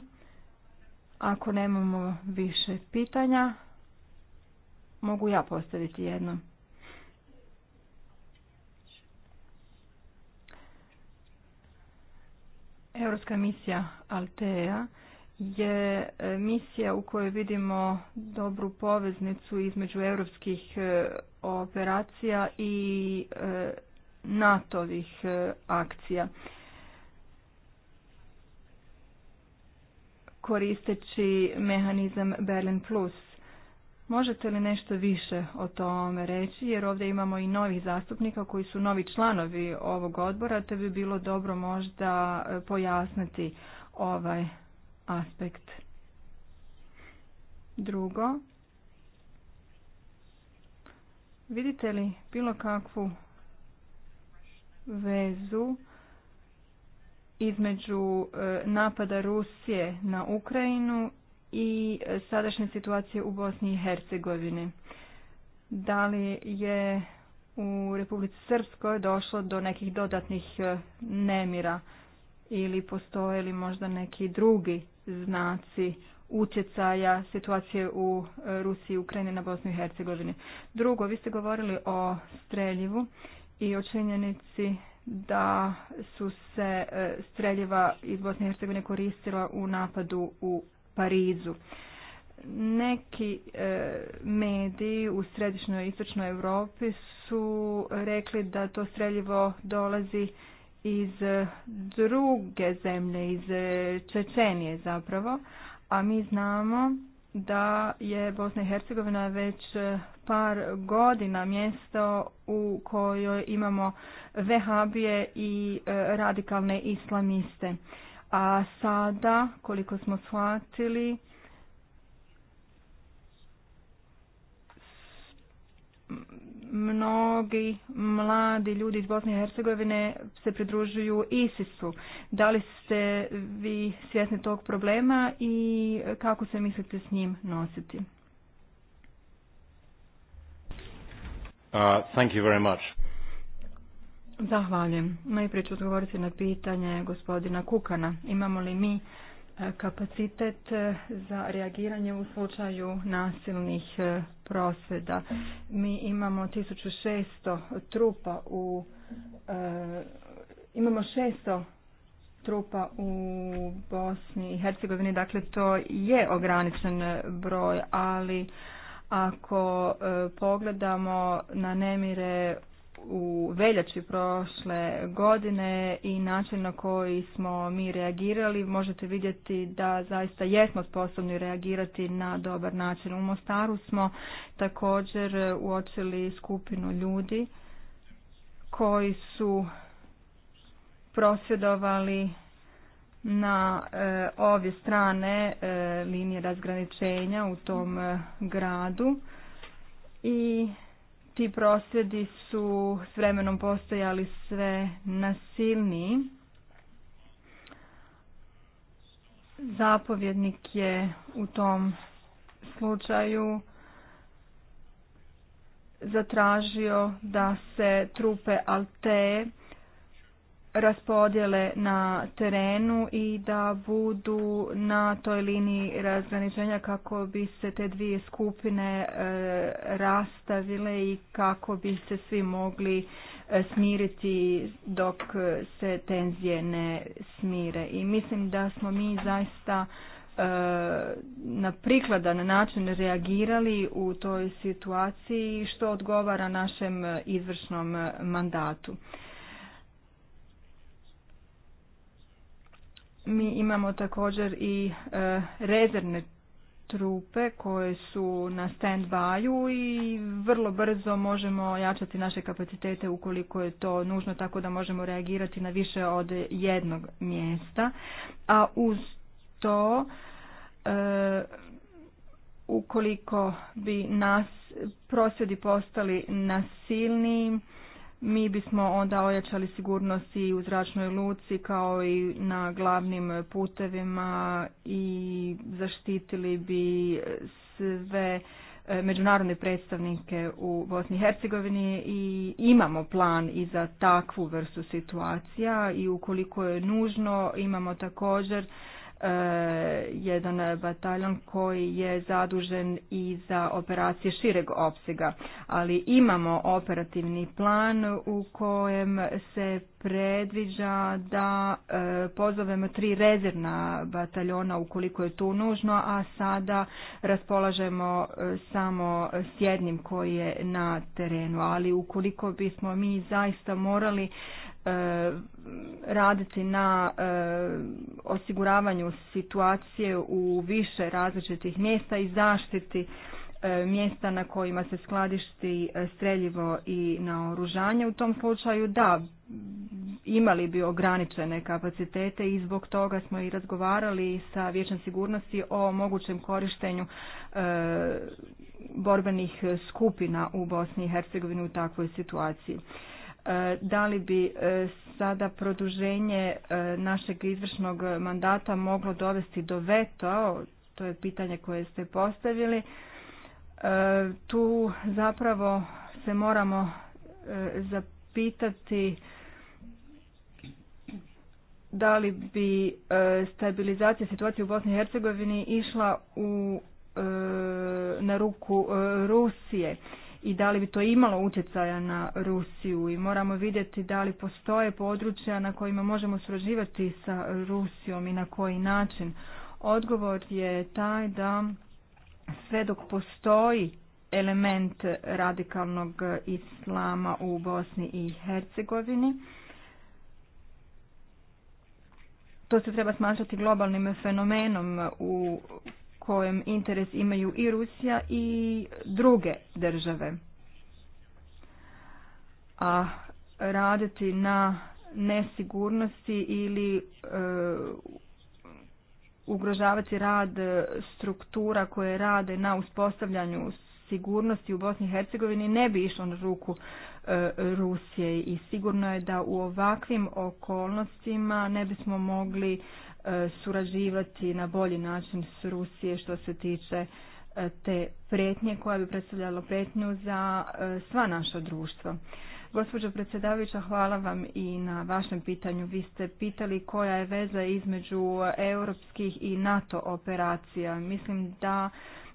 Ako nemamo više pitanja, mogu ja postaviti jedno. Europska misija Altea je e, misija u kojoj vidimo dobru poveznicu između europskih e, operacija i e, NATO-vih akcija. koristeći mehanizam Berlin Plus. Možete li nešto više o tome reći, jer ovdje imamo i novih zastupnika koji su novi članovi ovog odbora, te bi bilo dobro možda e, pojasniti ovaj aspekt. Drugo, vidite li bilo kakvu vezu između e, napada Rusije na Ukrajinu i e, sadašnje situacije u Bosni i Hercegovini. Da li je u Republici Srpskoj došlo do nekih dodatnih e, nemira ili postoje li možda neki drugi znaci utjecaja situacije u Rusiji, Ukrajini na Bosni i Hercegovini. Drugo, vi ste govorili o streljivu i o činjenici da su se e, streljiva iz Bosne i Hercegovine koristila u napadu u Parizu. Neki e, mediji u središnjoj i istočnoj Europi su rekli da to streljivo dolazi iz druge zemlje, iz e, Čečenije zapravo, a mi znamo da je Bosna i Hercegovina već par godina mjesto u kojoj imamo vehabije i e, radikalne islamiste. A sada, koliko smo shvatili, mnogi mladi ljudi iz Bosne i Hercegovine se pridružuju ISIS-u. Da li ste vi svjesni tog problema i kako se mislite s njim nositi? Uh, thank you very much. Zahvaljujem. Najprije ću odgovoriti na pitanje gospodina Kukana. Imamo li mi uh, kapacitet uh, za reagiranje u slučaju nasilnih prosveda Mi imamo 1600 trupa u imamo 600 trupa u Bosni i Hercegovini, dakle to je ograničen broj, ali ako e, pogledamo na nemire u veljači prošle godine i način na koji smo mi reagirali, možete vidjeti da zaista jesmo sposobni reagirati na dobar način. U Mostaru smo također uočili skupinu ljudi koji su prosvjedovali na e, strane eh, linije razgraničenja u tom eh, gradu i ti prosvjedi su s vremenom postojali sve nasilniji. Zapovjednik je u tom slučaju zatražio da se trupe Alte raspodjele na terenu i da budu na toj liniji razgraničenja kako bi se te dvije skupine e, rastavile i kako bi se svi mogli e, smiriti dok se tenzije ne smire. I mislim da smo mi zaista e, na prikladan način reagirali u toj situaciji što odgovara našem izvršnom mandatu. mi imamo također i e, rezervne trupe koje su na stand by i vrlo brzo možemo jačati naše kapacitete ukoliko je to nužno tako da možemo reagirati na više od jednog mjesta. A uz to e, ukoliko bi nas prosvjedi postali nasilniji mi bismo onda ojačali sigurnost i u zračnoj luci kao i na glavnim putevima i zaštitili bi sve e, međunarodne predstavnike u Bosni i Hercegovini i imamo plan i za takvu vrstu situacija i ukoliko je nužno imamo također Eh, jedan bataljon koji je zadužen i za operacije šireg opsega, ali imamo operativni plan u kojem se predviđa da eh, pozovemo tri rezervna bataljona ukoliko je tu nužno, a sada raspolažemo eh, samo s jednim koji je na terenu, ali ukoliko bismo mi zaista morali E, raditi na e, osiguravanju situacije u više različitih mjesta i zaštiti e, mjesta na kojima se skladišti streljivo i naoružanje. U tom slučaju da, imali bi ograničene kapacitete i zbog toga smo i razgovarali sa Vijećem sigurnosti o mogućem korištenju borbenih skupina u Bosni i Hercegovini u takvoj situaciji. E, da li bi e, sada produženje e, našeg izvršnog mandata moglo dovesti do veto, to je pitanje koje ste postavili. Tu zapravo se moramo zapitati da li bi stabilizacija situacije u Bosni i Hercegovini išla u na ruku Rusije i da li bi to imalo utjecaja na Rusiju i moramo vidjeti da li postoje područja na kojima možemo surađivati sa Rusijom i na koji način. Odgovor je taj da sve dok postoji element radikalnog islama u Bosni i Hercegovini, to se treba smatrati globalnim fenomenom u kojem interes imaju i Rusija i druge države. A raditi na nesigurnosti ili e, ugrožavati rad struktura koje rade na uspostavljanju sigurnosti u Bosni i Hercegovini ne bi išlo na ruku e, Rusije i sigurno je da u ovakvim okolnostima ne bismo mogli surađivati na bolji način s Rusije što se tiče e, te pretnje koja bi predstavljala pretnju za e, sva naša društva. Gospođo predsjedavajuća, hvala vam i na vašem pitanju. Vi ste pitali koja je veza između europskih i NATO operacija. Mislim da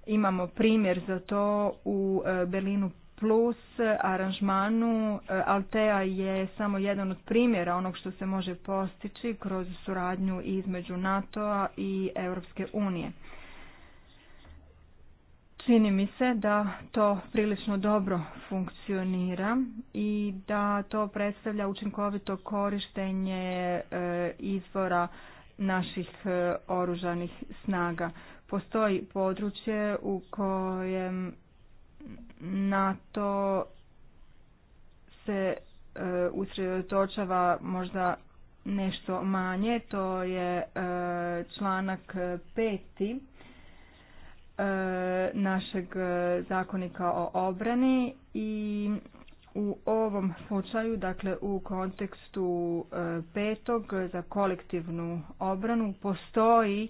imamo primjer za to u e, Berlinu plus aranžmanu eh, Altea je samo jedan od primjera onog što se može postići kroz suradnju između NATO-a i Europske unije. Čini mi se da to prilično dobro funkcionira i da to predstavlja učinkovito korištenje eh, izvora naših eh, oružanih snaga. Postoji područje u kojem na to se e, usredotočava možda nešto manje, to je e, članak peti e, našeg zakonika o obrani i u ovom slučaju, dakle u kontekstu petog za kolektivnu obranu, postoji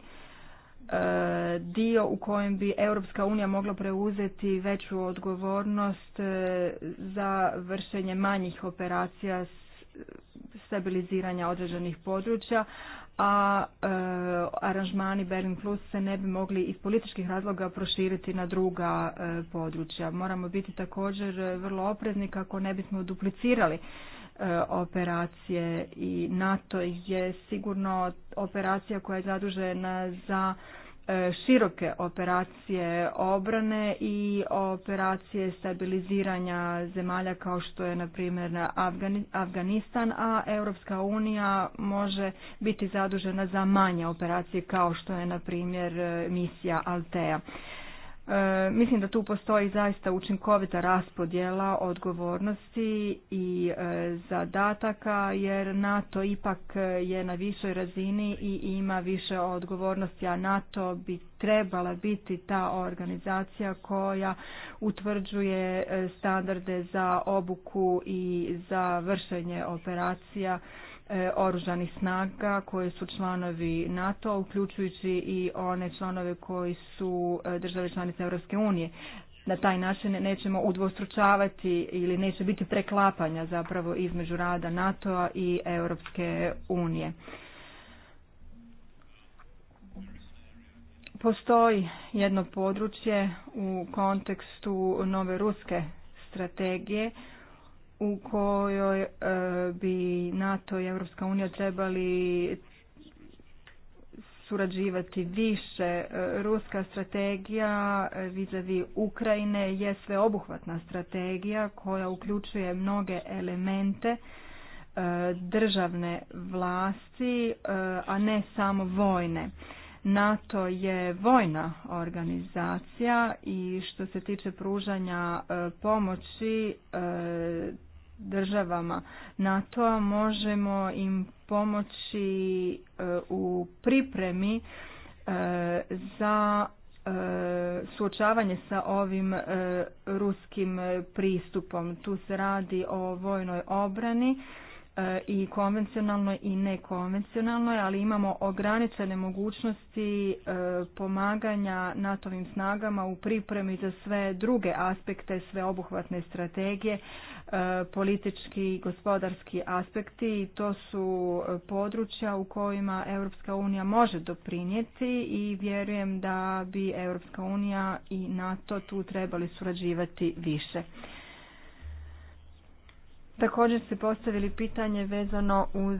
E, dio u kojem bi Europska unija mogla preuzeti veću odgovornost e, za vršenje manjih operacija stabiliziranja određenih područja, a e, aranžmani Berlin Plus se ne bi mogli iz političkih razloga proširiti na druga područja. Moramo biti također vrlo oprezni kako ne bismo duplicirali operacije i NATO je sigurno operacija koja je zadužena za e, široke operacije obrane i operacije stabiliziranja zemalja kao što je na primjer Afganistan, a Europska unija može biti zadužena za manje operacije kao što je na primjer e, misija Altea. Mislim da tu postoji zaista učinkovita raspodjela odgovornosti i e, zadataka jer NATO ipak je na višoj razini i ima više odgovornosti, a NATO bi trebala biti ta organizacija koja utvrđuje e, standarde za obuku i za vršenje operacija E, oružanih snaga koje su članovi NATO, uključujući i one članove koji su e, države članice Europske unije. Na taj način nećemo udvostručavati ili neće biti preklapanja zapravo između rada NATO-a i Europske unije. Postoji jedno područje u kontekstu nove ruske strategije u kojoj e, bi NATO i Europska unija trebali surađivati više. E, ruska strategija e, vizavi Ukrajine je sveobuhvatna strategija koja uključuje mnoge elemente državne vlasti, a ne samo vojne. NATO je vojna organizacija i što se tiče pružanja pomoći državama NATO-a možemo im pomoći e, u pripremi e, za e, suočavanje sa ovim ruskim pristupom. Tu se radi o vojnoj obrani E, i konvencionalnoj i nekonvencionalnoj, ali imamo ograničene mogućnosti e, pomaganja NATO-vim snagama u pripremi za sve druge aspekte sveobuhvatne strategije, e, politički i gospodarski aspekti i to su područja u kojima Europska unija može doprinijeti i vjerujem da bi Europska unija i NATO tu trebali surađivati više. Također ste postavili pitanje vezano uz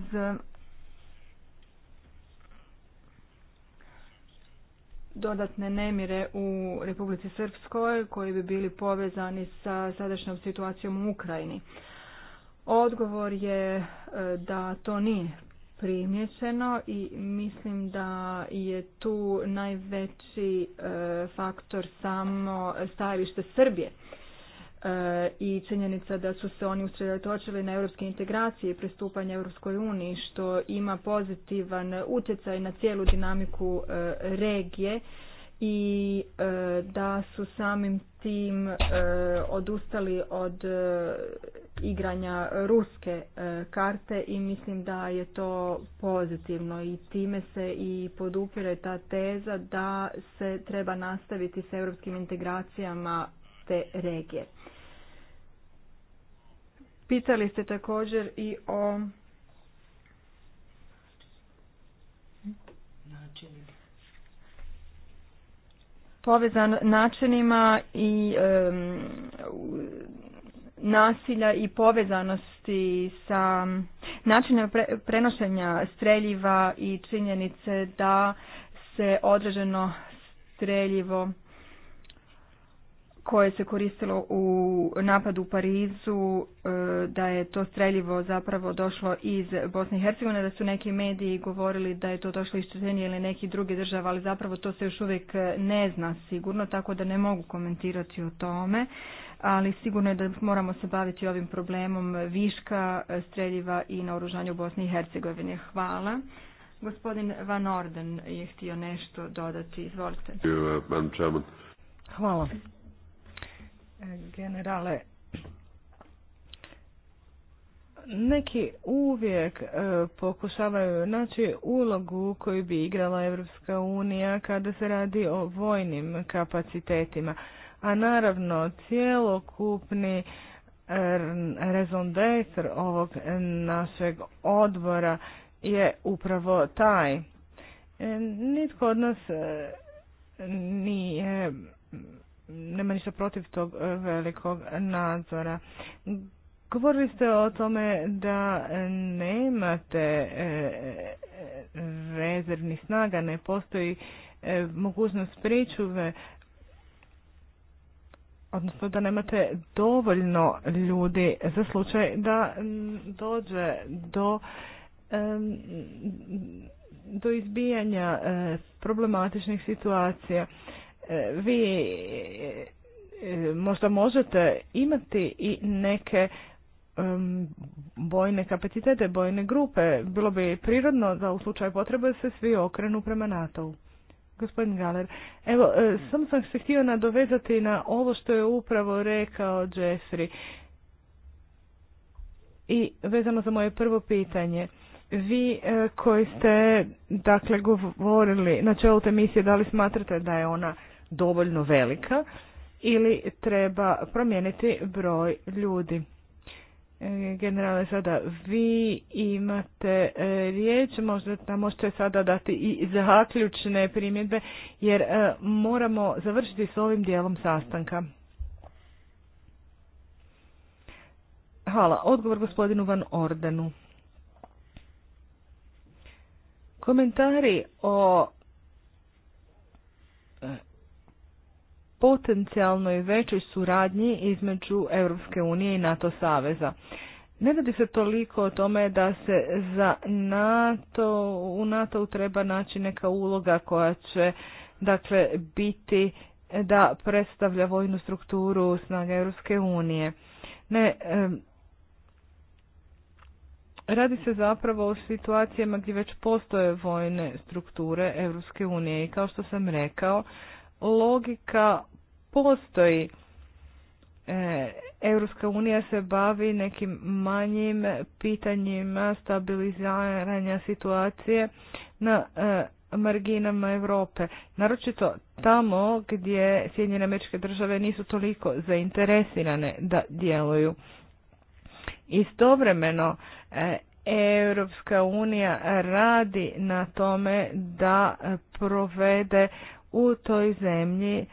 dodatne nemire u Republici Srpskoj koji bi bili povezani sa sadašnjom situacijom u Ukrajini. Odgovor je e, da to nije primjećeno i mislim da je tu najveći e, faktor samo stajalište Srbije E, i činjenica da su se oni usredotočili na europske integracije i pristupanje Europskoj uniji što ima pozitivan utjecaj na cijelu dinamiku e, regije i e, da su samim tim odustali od igranja ruske karte i mislim da je to pozitivno i time se i podupire ta teza da se treba nastaviti s europskim integracijama te regije. Pitali ste također i o povezan načinima i nasilja i povezanosti sa načinom prenošenja streljiva i činjenice da se određeno streljivo koje se koristilo u napadu u Parizu, e, da je to streljivo zapravo došlo iz Bosne i Hercegovine, da su neki mediji govorili da je to došlo iz Čečenije ili neki druge država, ali zapravo to se još uvijek ne zna sigurno, tako da ne mogu komentirati o tome, ali sigurno je da moramo se baviti ovim problemom viška, e, streljiva i naoružanja u Bosni i Hercegovini. Hvala. Gospodin Van Orden je htio nešto dodati. Izvolite. Uh, Hvala generale. Neki uvijek e, pokušavaju naći ulogu koju bi igrala Europska unija kada se radi o vojnim kapacitetima. A naravno, cijelokupni e, rezondator ovog našeg odbora je upravo taj. E, nitko od nas nije nema ništa protiv tog e, velikog nadzora. Govorili ste o tome da nemate e, rezervnih snaga, ne postoji e, mogućnost pričuve, odnosno da nemate dovoljno ljudi za slučaj da dođe do do izbijanja problematičnih situacija. E, vi e, možda možete imati i neke bojne kapacitete, bojne grupe. Bilo bi prirodno da u slučaju potrebe se svi okrenu prema NATO-u. Gospodin Galer, evo, e, samo sam se htio nadovezati na ovo što je upravo rekao Jeffrey. I vezano za moje prvo pitanje. Vi koji ste, dakle, govorili na čelu te misije, da li smatrate da je ona dovoljno velika ili treba promijeniti broj ljudi. E, generale, sada vi imate e, riječ, možda nam možete sada dati i zaključne primjedbe, jer e, moramo završiti s ovim dijelom sastanka. Hvala. Odgovor gospodinu Van Ordenu. Komentari o potencijalnoj većoj suradnji između Europske unije i NATO saveza. Ne radi se toliko o tome da se za NATO, u NATO treba naći neka uloga koja će dakle biti da predstavlja vojnu strukturu snaga Europske unije. Ne, Radi se zapravo o situacijama gdje već postoje vojne strukture Europske unije i kao što sam rekao, logika postoji. E, Europska unija se bavi nekim manjim pitanjima stabiliziranja situacije na e, marginama Europe, naročito tamo gdje Sjedinjene američke države nisu toliko zainteresirane da djeluju. Istovremeno e, Europska unija radi na tome da provede u toj zemlji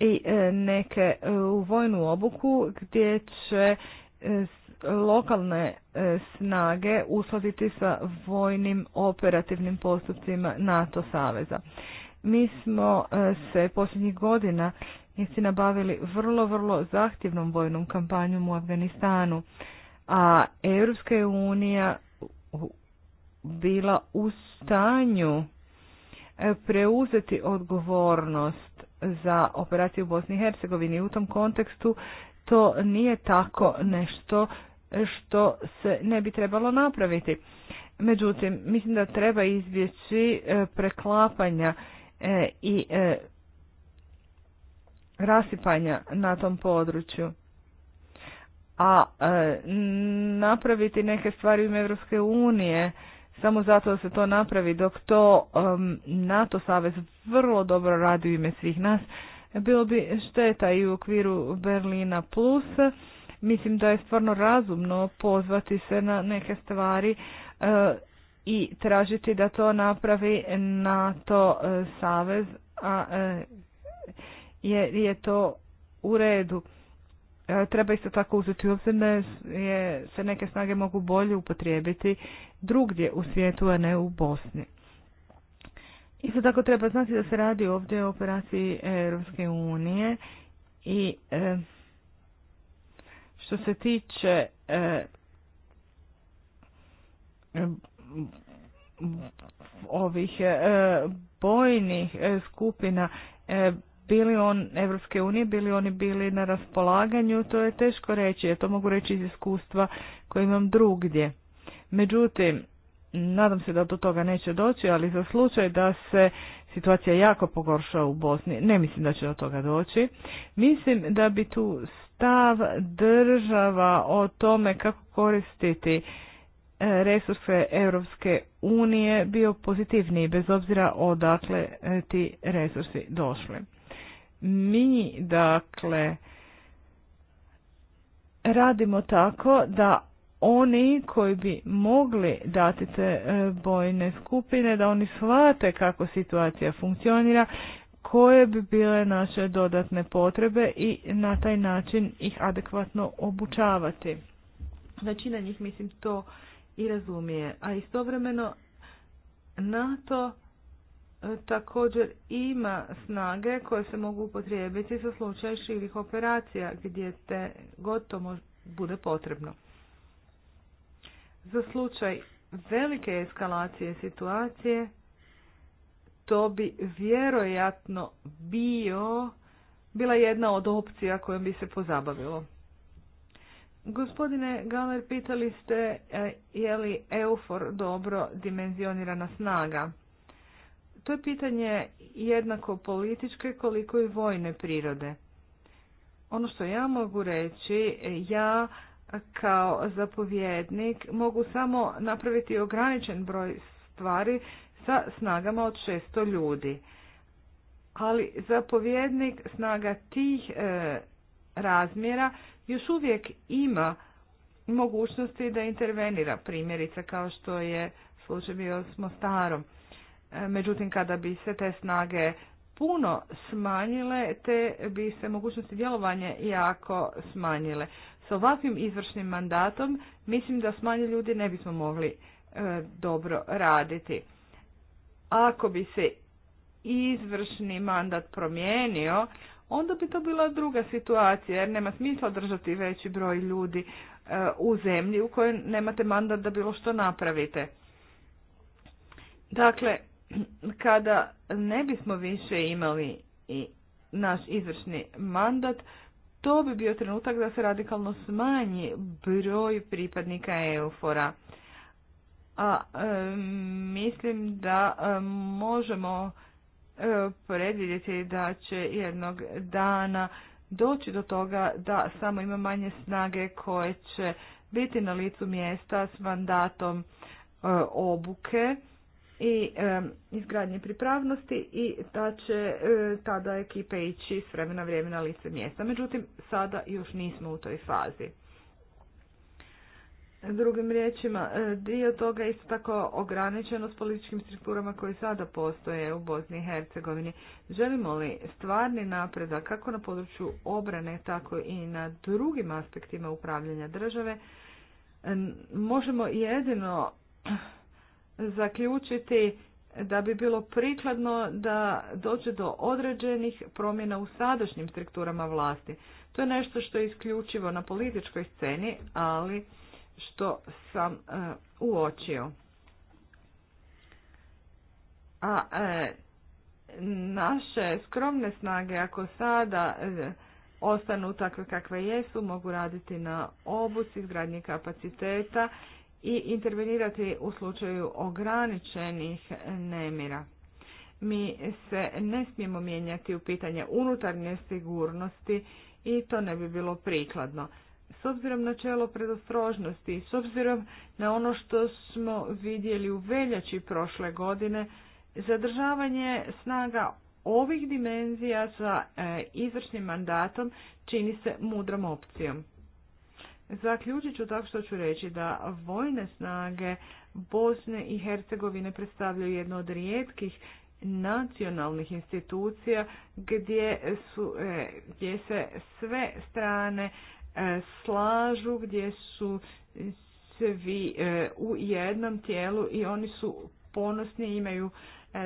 i e, neke e, u vojnu obuku gdje će e, lokalne snage uskladiti sa vojnim operativnim postupcima NATO saveza. Mi smo se posljednjih godina istina bavili vrlo, vrlo zahtjevnom vojnom kampanjom u Afganistanu, a Europska unija bila u stanju preuzeti odgovornost za operaciju u Bosni i Hercegovini. U tom kontekstu to nije tako nešto što se ne bi trebalo napraviti. Međutim, mislim da treba izbjeći e, preklapanja e, i e, rasipanja na tom području. A napraviti neke stvari u Europske unije samo zato da se to napravi, dok to NATO savez vrlo dobro radi u ime svih nas, bilo bi šteta i u okviru Berlina plus. Mislim da je stvarno razumno pozvati se na neke stvari eh, i tražiti da to napravi NATO eh, savez, a eh, je to u redu. E, treba isto tako uzeti u obzir da se neke snage mogu bolje upotrijebiti drugdje u svijetu, a ne u Bosni. Isto tako treba znati da se radi ovdje o operaciji Europske unije i e, što se tiče e, ovih bojnih skupina bili on Evropske unije, bili oni bili na raspolaganju, to je teško reći, ja to mogu reći iz iskustva koje imam drugdje. Međutim, nadam se da do toga neće doći, ali za slučaj da se situacija jako pogorša u Bosni, ne mislim da će do toga doći. Mislim da bi tu stav država o tome kako koristiti e, resurse Europske unije bio pozitivniji, bez obzira odakle e, ti resursi došli mi dakle radimo tako da oni koji bi mogli dati te e, bojne skupine, da oni shvate kako situacija funkcionira, koje bi bile naše dodatne potrebe i na taj način ih adekvatno obučavati. Većina njih mislim to i razumije, a istovremeno NATO također ima snage koje se mogu upotrijebiti za slučaj širih operacija gdje te gotovo bude potrebno. Za slučaj velike eskalacije situacije to bi vjerojatno bio bila jedna od opcija kojom bi se pozabavilo. Gospodine Galer, pitali ste e, je li EUFOR dobro dimenzionirana snaga. To je pitanje jednako političke koliko i vojne prirode. Ono što ja mogu reći, ja kao zapovjednik mogu samo napraviti ograničen broj stvari sa snagama od 600 ljudi. Ali zapovjednik snaga tih e, razmjera još uvijek ima mogućnosti da intervenira, primjerice kao što je slučaj bio s Mostarom. Međutim, kada bi se te snage puno smanjile, te bi se mogućnosti djelovanja jako smanjile. S ovakvim izvršnim mandatom mislim da s ljudi ne bismo mogli e, dobro raditi. Ako bi se izvršni mandat promijenio, onda bi to bila druga situacija jer nema smisla držati veći broj ljudi e, u zemlji u kojoj nemate mandat da bilo što napravite. Dakle, kada ne bismo više imali i naš izvršni mandat, to bi bio trenutak da se radikalno smanji broj pripadnika EUFORA. A e, mislim da e, možemo e, predvidjeti da će jednog dana doći do toga da samo ima manje snage koje će biti na licu mjesta s mandatom obuke i izgradnje pripravnosti i da će e, tada ekipe ići s vremena vrijeme na lice mjesta. Međutim, sada još nismo u toj fazi. Drugim riječima, e, dio toga je isto tako ograničeno s političkim strukturama koji sada postoje u Bosni i Hercegovini. Želimo li stvarni napredak kako na području obrane, tako i na drugim aspektima upravljanja države, možemo jedino zaključiti da bi bilo prikladno da dođe do određenih promjena u sadašnjim strukturama vlasti. To je nešto što je isključivo na političkoj sceni, ali što sam e, uočio. A e, naše skromne snage, ako sada e, ostanu takve kakve jesu, mogu raditi na obuci, izgradnji kapaciteta i intervenirati u slučaju ograničenih nemira. Mi se ne smijemo mijenjati u pitanje unutarnje sigurnosti i to ne bi bilo prikladno. S obzirom na čelo predostrožnosti i s obzirom na ono što smo vidjeli u veljači prošle godine, zadržavanje snaga ovih dimenzija sa e, izvršnim mandatom čini se mudrom opcijom. Zaključit ću tako što ću reći da vojne snage Bosne i Hercegovine predstavljaju jednu od rijetkih nacionalnih institucija gdje, su, e, gdje se sve strane e, slažu, gdje su svi e, u jednom tijelu i oni su ponosni, imaju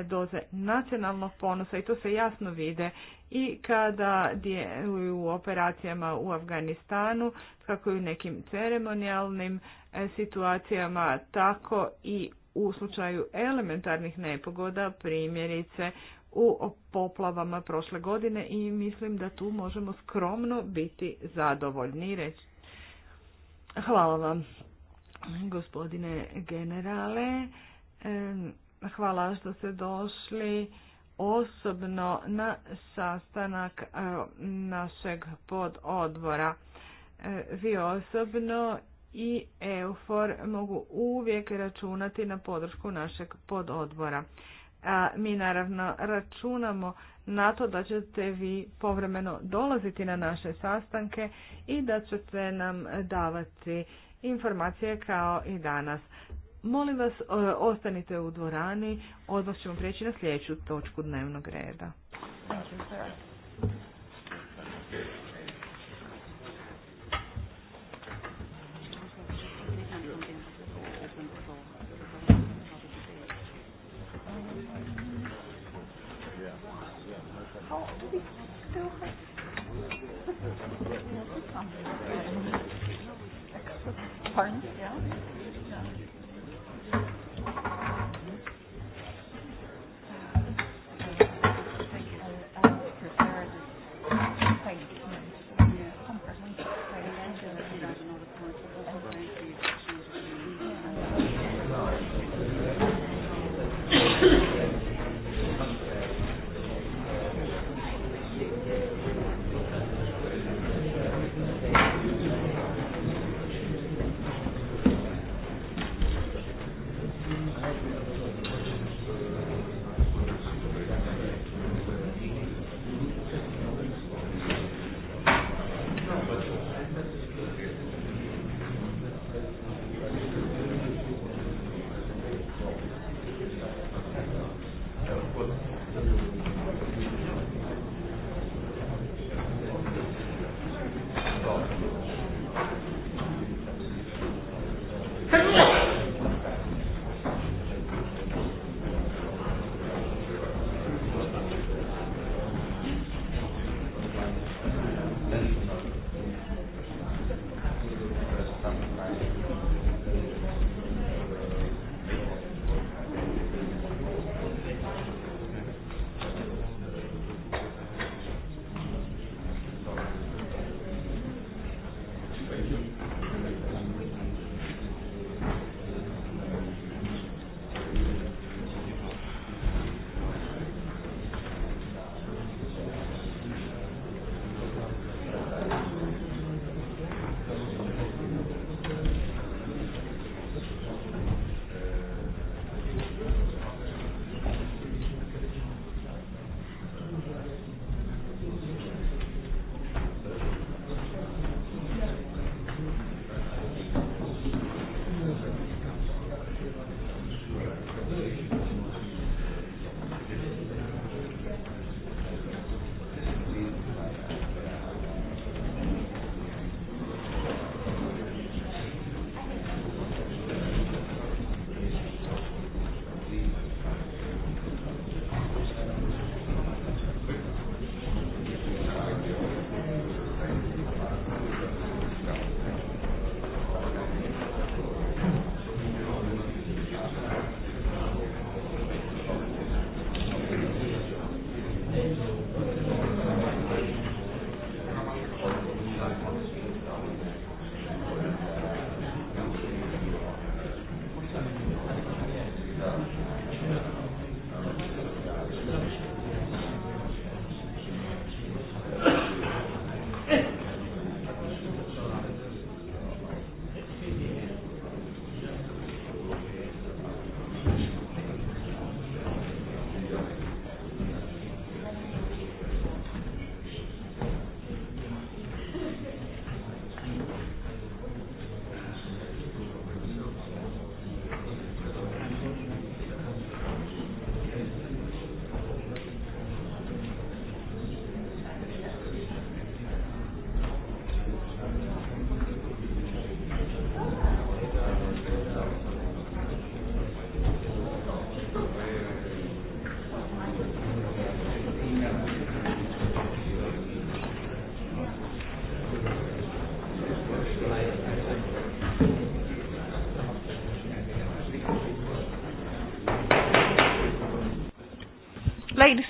doze nacionalnog ponosa i to se jasno vide i kada djeluju u operacijama u Afganistanu, kako i u nekim ceremonijalnim e, situacijama, tako i u slučaju elementarnih nepogoda, primjerice u poplavama prošle godine i mislim da tu možemo skromno biti zadovoljni reći. Hvala vam, gospodine generale. Hvala što ste došli osobno na sastanak e, našeg pododvora. E, vi osobno i EUFOR mogu uvijek računati na podršku našeg pododbora. mi naravno računamo na to da ćete vi povremeno dolaziti na naše sastanke i da ćete nam davati informacije kao i danas. Molim vas, e, ostanite u dvorani, odmah ćemo prijeći na sljedeću točku dnevnog reda. Pardon?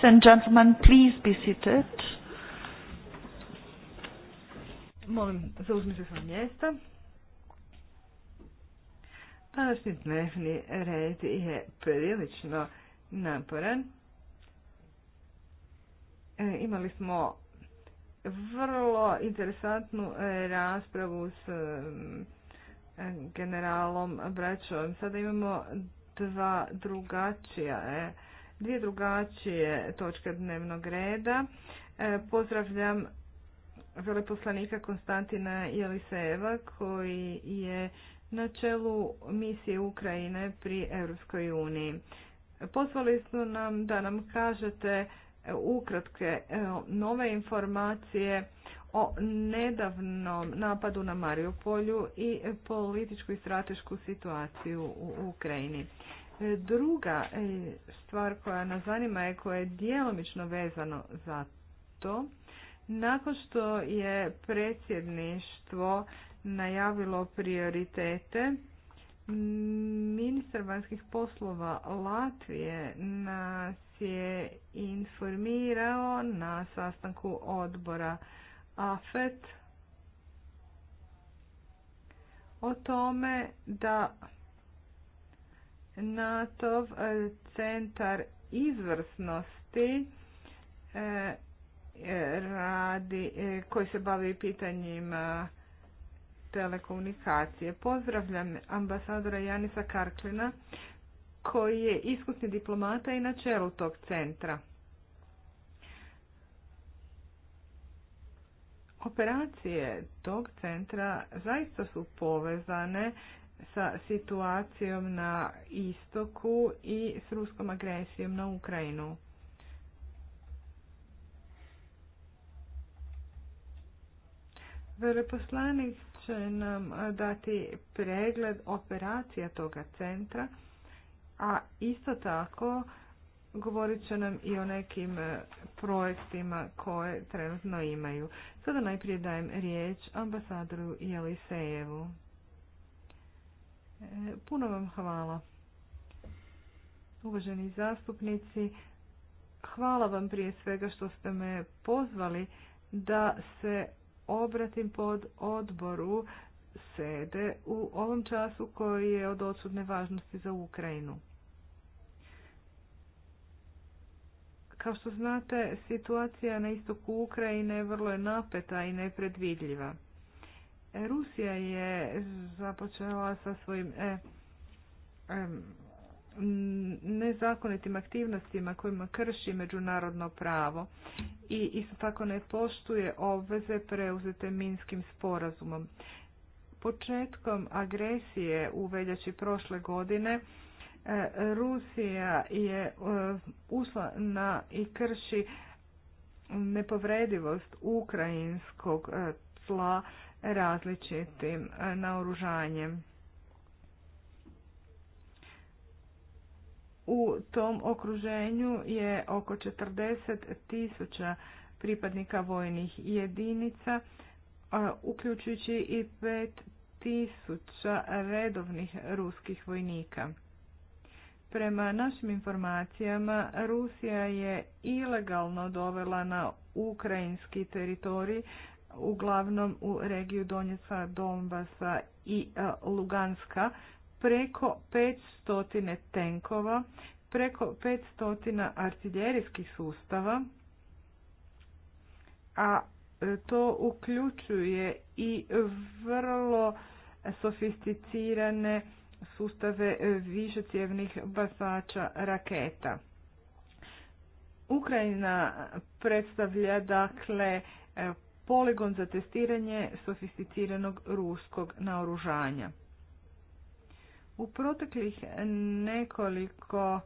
and gentlemen, please be seated. Molim, zauzmite svoje mjesta. Današnji dnevni red je prilično naporan. E, imali smo vrlo interesantnu raspravu s generalom Braćom. Sada imamo dva drugačija e, dvije drugačije točke dnevnog reda. E, pozdravljam veleposlanika Konstantina Jeliseva koji je na čelu misije Ukrajine pri Europskoj uniji. Pozvali su nam da nam kažete e, ukratke e, nove informacije o nedavnom napadu na Mariupolju i političku i stratešku situaciju u Ukrajini. E, druga e, stvar koja nas zanima je koja je djelomično vezano za to. Nakon što je predsjedništvo najavilo prioritete, ministar vanjskih poslova Latvije nas je informirao na sastanku odbora AFET o tome da NATO e, centar izvrsnosti e, e, radi, koji se bavi pitanjima telekomunikacije. Pozdravljam ambasadora Janisa Karklina koji je iskusni diplomata i na čelu tog centra. Operacije tog centra zaista su povezane sa situacijom na istoku i s ruskom agresijom na Ukrajinu. Veleposlanik će nam dati pregled operacija toga centra, a isto tako govorit će nam i o nekim e, projektima koje trenutno imaju. Sada najprije dajem riječ ambasadoru Jelisejevu. Puno vam hvala. Uvaženi zastupnici, hvala vam prije svega što ste me pozvali da se obratim pod odboru sede u ovom času koji je od odsudne važnosti za Ukrajinu. Kao što znate, situacija na istoku Ukrajine vrlo je napeta i nepredvidljiva. Rusija je započela sa svojim e, e, nezakonitim aktivnostima kojima krši međunarodno pravo i isto tako ne poštuje obveze preuzete Minskim sporazumom. Početkom agresije u veljači prošle godine e, Rusija je usla na i krši nepovredivost ukrajinskog tla različitim e, naoružanjem. U tom okruženju je oko 40 tisuća pripadnika vojnih jedinica, e, uključujući i 5 tisuća redovnih ruskih vojnika. Prema našim informacijama, Rusija je ilegalno dovela na ukrajinski teritorij uglavnom u regiju Donjeca, Donbasa i e, Luganska, preko 500 tenkova, preko 500 artiljerijskih sustava, a e, to uključuje i vrlo sofisticirane sustave višecjevnih basača raketa. Ukrajina predstavlja dakle e, poligon za testiranje sofisticiranog ruskog naoružanja. U proteklih nekoliko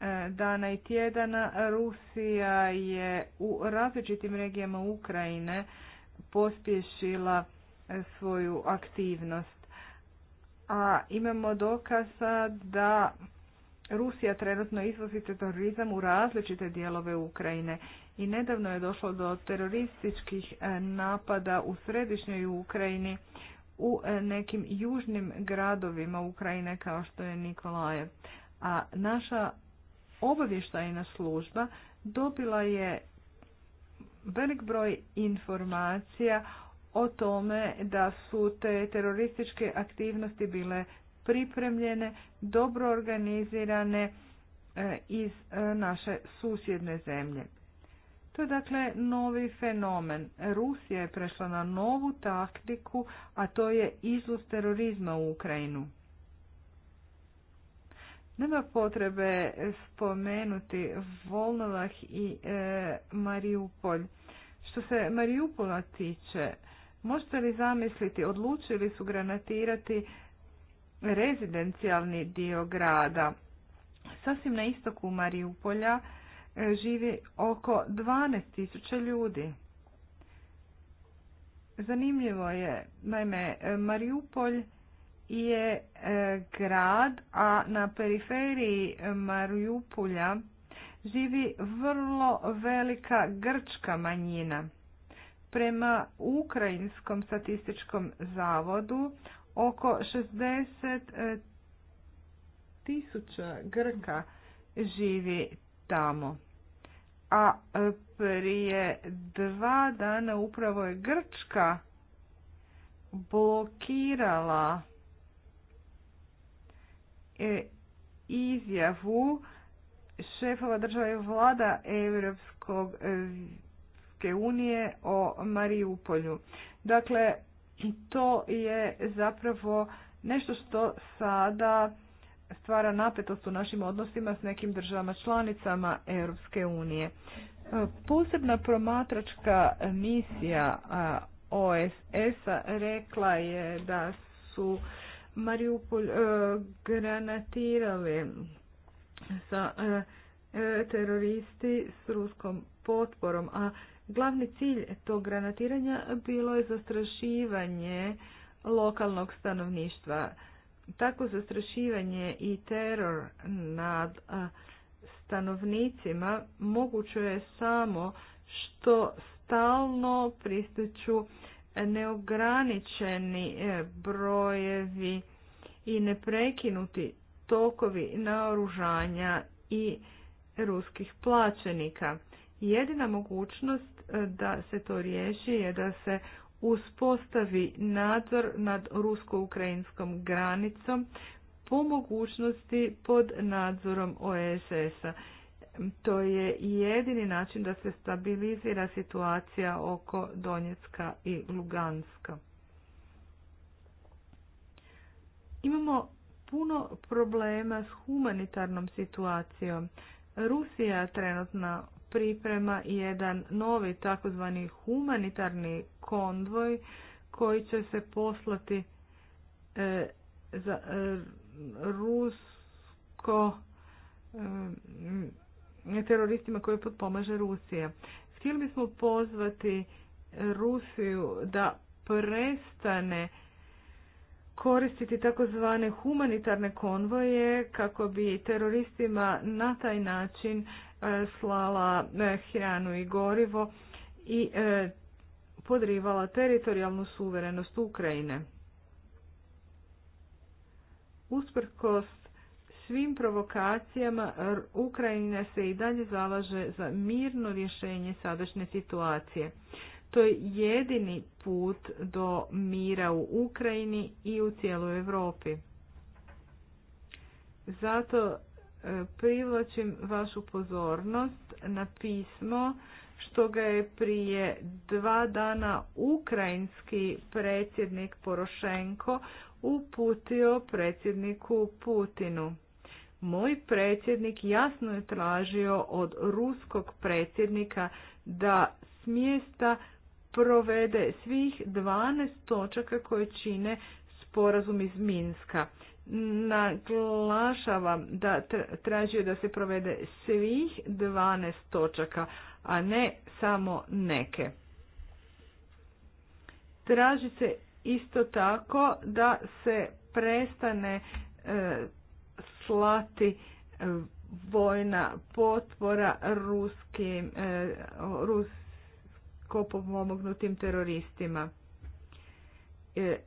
e, dana i tjedana Rusija je u različitim regijama Ukrajine pospješila e, svoju aktivnost. A imamo dokaza da Rusija trenutno izvozi terorizam u različite dijelove Ukrajine i nedavno je došlo do terorističkih e, napada u središnjoj Ukrajini u e, nekim južnim gradovima Ukrajine kao što je Nikolajev. A naša obavještajna služba dobila je velik broj informacija o tome da su te terorističke aktivnosti bile pripremljene, dobro organizirane e, iz naše susjedne zemlje. To je dakle novi fenomen. Rusija je prešla na novu taktiku, a to je izvoz terorizma u Ukrajinu. Nema potrebe spomenuti Volnovah i e, Što se Mariupola tiče, možete li zamisliti, odlučili su granatirati rezidencijalni dio grada. Sasvim na istoku Mariupolja živi oko 12.000 ljudi. Zanimljivo je, naime, Marijupolj je e, grad, a na periferiji Marijupolja živi vrlo velika grčka manjina. Prema Ukrajinskom statističkom zavodu oko 60 tisuća Grka živi tamo a e, prije dva dana upravo je Grčka blokirala e, izjavu šefova države vlada Europskog e, unije o Marijupolju. Dakle, to je zapravo nešto što sada stvara napetost u našim odnosima s nekim državama članicama Europske unije. E, posebna promatračka misija OSS-a rekla je da su Mariupol e, granatirali sa e, teroristi s ruskom potporom, a glavni cilj tog granatiranja bilo je zastrašivanje lokalnog stanovništva tako zastrašivanje i teror nad stanovnicima moguće je samo što stalno prističu neograničeni e, brojevi i neprekinuti tokovi naoružanja i ruskih plaćenika. Jedina mogućnost e, da se to riješi je da se uspostavi nadzor nad rusko-ukrajinskom granicom po mogućnosti pod nadzorom OSS-a. To je jedini način da se stabilizira situacija oko Donjecka i Luganska. Imamo puno problema s humanitarnom situacijom. Rusija trenutno priprema jedan novi takozvani humanitarni konvoj koji će se poslati e, za e, rusko e, teroristima koji potpomaže Rusija. Htjeli bismo pozvati Rusiju da prestane koristiti takozvane humanitarne konvoje kako bi teroristima na taj način e, slala hranu i gorivo i podrivala teritorijalnu suverenost Ukrajine. Usprkos svim provokacijama Ukrajina se i dalje zalaže za mirno rješenje sadašnje situacije. To je jedini put do mira u Ukrajini i u cijeloj Europi. Zato e, privlačim vašu pozornost na pismo što ga je prije dva dana ukrajinski predsjednik Porošenko uputio predsjedniku Putinu. Moj predsjednik jasno je tražio od ruskog predsjednika da mjesta provede svih 12 točaka koje čine sporazum iz Minska. Naglašavam da tražio da se provede svih 12 točaka, a ne samo neke. Traži se isto tako da se prestane e, slati e, vojna potpora ruskim, e, rusko pomognutim teroristima. E,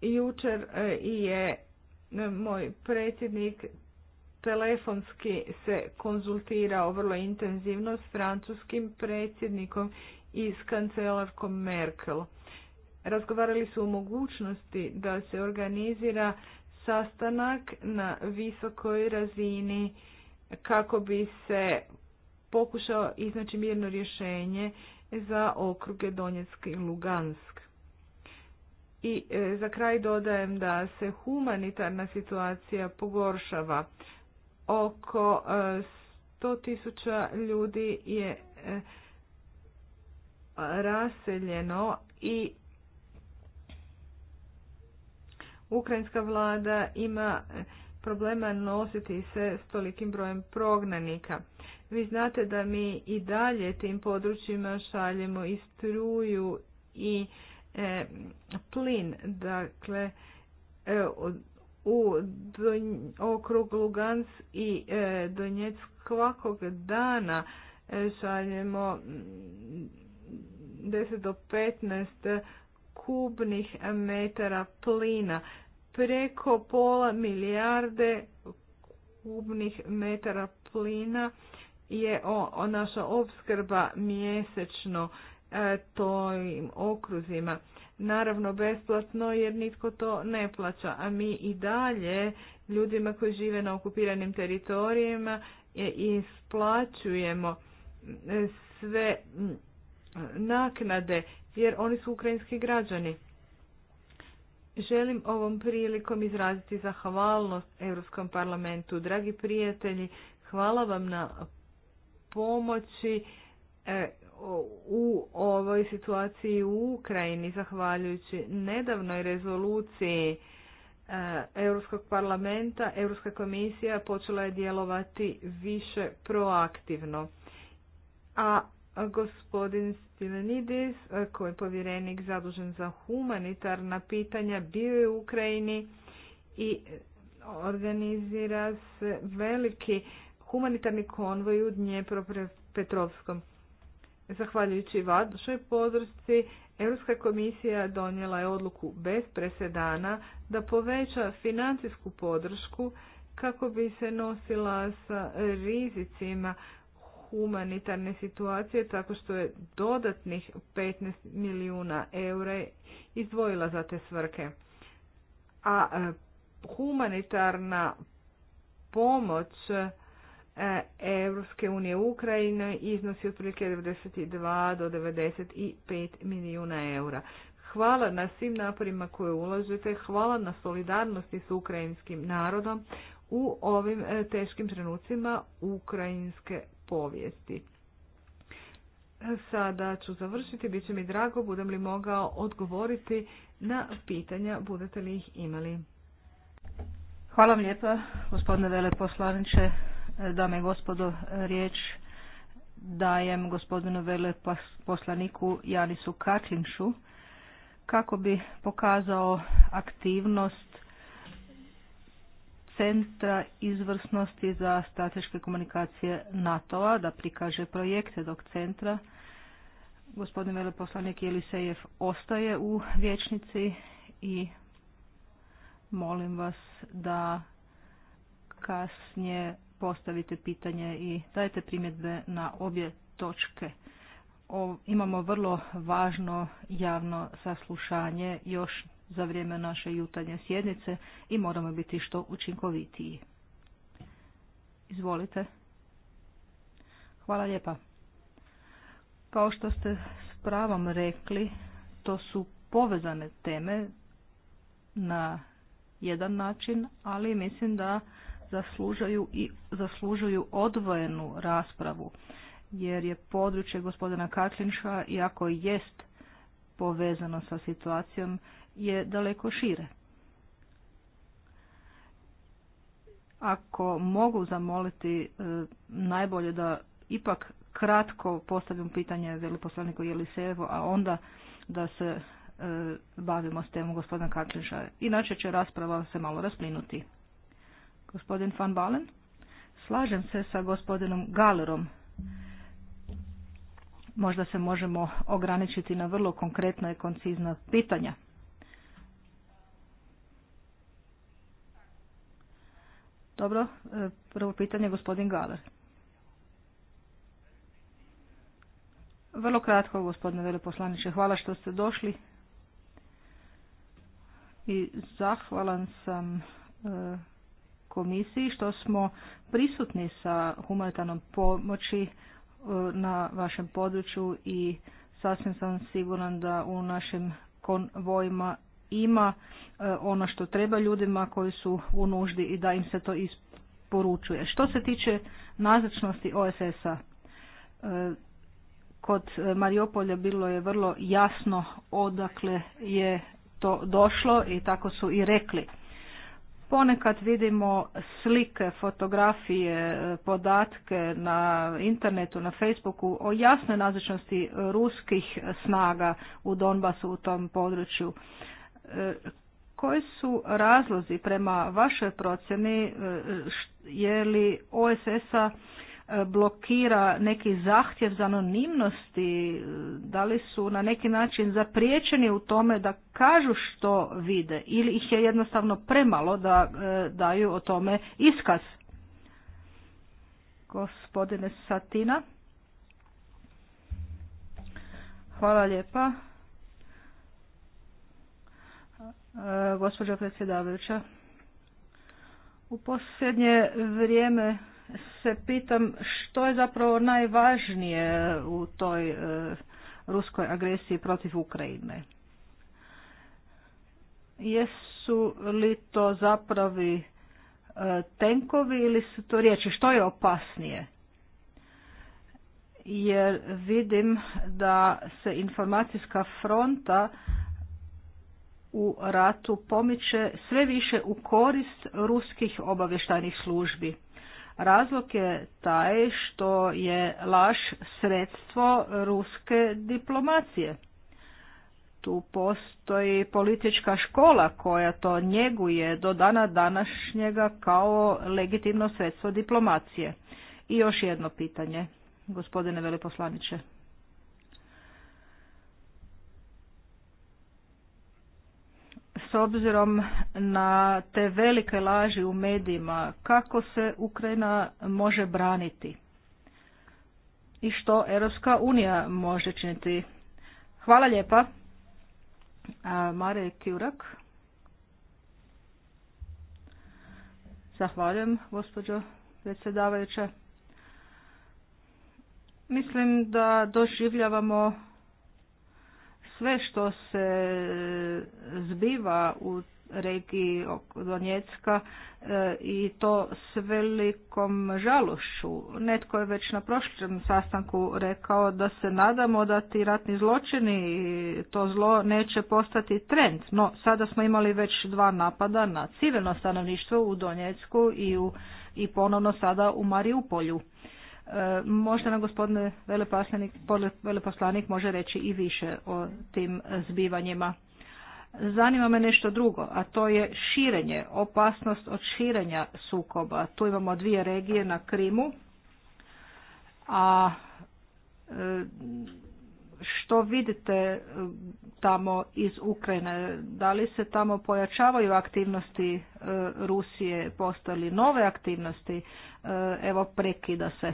jučer je moj predsjednik telefonski se konzultirao vrlo intenzivno s francuskim predsjednikom i s kancelarkom Merkel. Razgovarali su o mogućnosti da se organizira sastanak na visokoj razini kako bi se pokušao iznaći mirno rješenje za okruge Donjeck i Lugansk. I e, za kraj dodajem da se humanitarna situacija pogoršava oko 100.000 e, tisuća ljudi je e, raseljeno i ukrajinska vlada ima e, problema nositi se s tolikim brojem prognanika. Vi znate da mi i dalje tim područjima šaljemo i struju i plin, dakle u okrug Lugans i e, Donjec svakog dana e, šaljemo 10 mm, do 15 kubnih metara plina, preko pola milijarde kubnih metara plina je o, naša opskrba mjesečno e, okruzima naravno besplatno jer nitko to ne plaća, a mi i dalje ljudima koji žive na okupiranim teritorijima isplaćujemo e, sve naknade jer oni su ukrajinski građani. Želim ovom prilikom izraziti zahvalnost Europskom parlamentu. Dragi prijatelji, hvala vam na pomoći e, u ovoj situaciji u Ukrajini, zahvaljujući nedavnoj rezoluciji e, Europskog parlamenta, Europska komisija počela je djelovati više proaktivno. A gospodin Stilenidis, e, koji je povjerenik zadužen za humanitarna pitanja, bio je u Ukrajini i organizira se veliki humanitarni konvoj u Dnjepropetrovskom. Zahvaljujući vašoj podršci, Europska komisija donijela je odluku bez presedana da poveća financijsku podršku kako bi se nosila sa rizicima humanitarne situacije tako što je dodatnih 15 milijuna eura izdvojila za te svrke. A e, humanitarna pomoć Europske unije Ukrajine iznosi otprilike 92 do 95 milijuna eura. Hvala na svim naporima koje ulažete, hvala na solidarnosti s ukrajinskim narodom u ovim e, teškim trenucima ukrajinske povijesti. Sada ću završiti, bit će mi drago, budem li mogao odgovoriti na pitanja, budete li ih imali. Hvala vam lijepa, gospodine veleposlaniče Dame i gospodo, riječ dajem gospodinu veleposlaniku Janisu Katlinšu kako bi pokazao aktivnost Centra izvrsnosti za strateške komunikacije NATO-a, da prikaže projekte dok centra. Gospodin veleposlanik Jelisejev ostaje u vječnici i molim vas da kasnije postavite pitanje i dajte primjedbe na obje točke. O, imamo vrlo važno javno saslušanje još za vrijeme naše jutarnje sjednice i moramo biti što učinkovitiji. Izvolite. Hvala lijepa. Kao što ste s pravom rekli, to su povezane teme na jedan način, ali mislim da zaslužaju i zaslužuju odvojenu raspravu jer je područje gospodina Katlinša iako jest povezano sa situacijom je daleko šire. Ako mogu zamoliti e, najbolje da ipak kratko postavim pitanje veliposlaniku Jelisevo, a onda da se e, bavimo s temom gospodina Katlinša. Inače će rasprava se malo rasplinuti. Gospodin Van Balen. Slažem se sa gospodinom Galerom. Možda se možemo ograničiti na vrlo konkretna i koncizna pitanja. Dobro, e, prvo pitanje gospodin Galer. Vrlo kratko, gospodine veleposlaniče, hvala što ste došli i zahvalan sam e, komisiji što smo prisutni sa humanitarnom pomoći e, na vašem području i sasvim sam siguran da u našim konvojima ima e, ono što treba ljudima koji su u nuždi i da im se to isporučuje. Što se tiče nazočnosti OSS-a, e, kod Mariopolja bilo je vrlo jasno odakle je to došlo i tako su i rekli. Ponekad vidimo slike, fotografije, podatke na internetu, na Facebooku o jasnoj nazočnosti ruskih snaga u Donbasu u tom području. E, koji su razlozi prema vašoj procjeni e, je li OSS-a blokira neki zahtjev za anonimnosti, e, da li su na neki način zapriječeni u tome da kažu što vide ili ih je jednostavno premalo da e, daju o tome iskaz. Gospodine Satina. Hvala lijepa. E, gospođo predsjedavajuća, u posljednje vrijeme se pitam što je zapravo najvažnije u toj e, ruskoj agresiji protiv Ukrajine. Jesu li to zapravi e, tenkovi ili su to riječi? Što je opasnije? Jer vidim da se informacijska fronta u ratu pomiče sve više u korist ruskih obavještajnih službi. Razlog je taj što je laž sredstvo ruske diplomacije. Tu postoji politička škola koja to njeguje do dana današnjega kao legitimno sredstvo diplomacije. I još jedno pitanje, gospodine veleposlaniče. s obzirom na te velike laži u medijima kako se Ukrajina može braniti i što Europska unija može činiti. Hvala lijepa. Mare Kjurak. Zahvaljujem, gospođo predsjedavajuća. Mislim da doživljavamo sve što se zbiva u regiji oko Donjecka e, i to s velikom žalošću. Netko je već na prošlom sastanku rekao da se nadamo da ti ratni zločini to zlo neće postati trend. No, sada smo imali već dva napada na civilno stanovništvo u Donjecku i, u, i ponovno sada u Mariupolju. Možda nam gospodine veleposlanik, veleposlanik može reći i više o tim zbivanjima. Zanima me nešto drugo, a to je širenje, opasnost od širenja sukoba. Tu imamo dvije regije na Krimu, a e, što vidite e, tamo iz Ukrajine? Da li se tamo pojačavaju aktivnosti e, Rusije, postali nove aktivnosti? Evo, prekida se.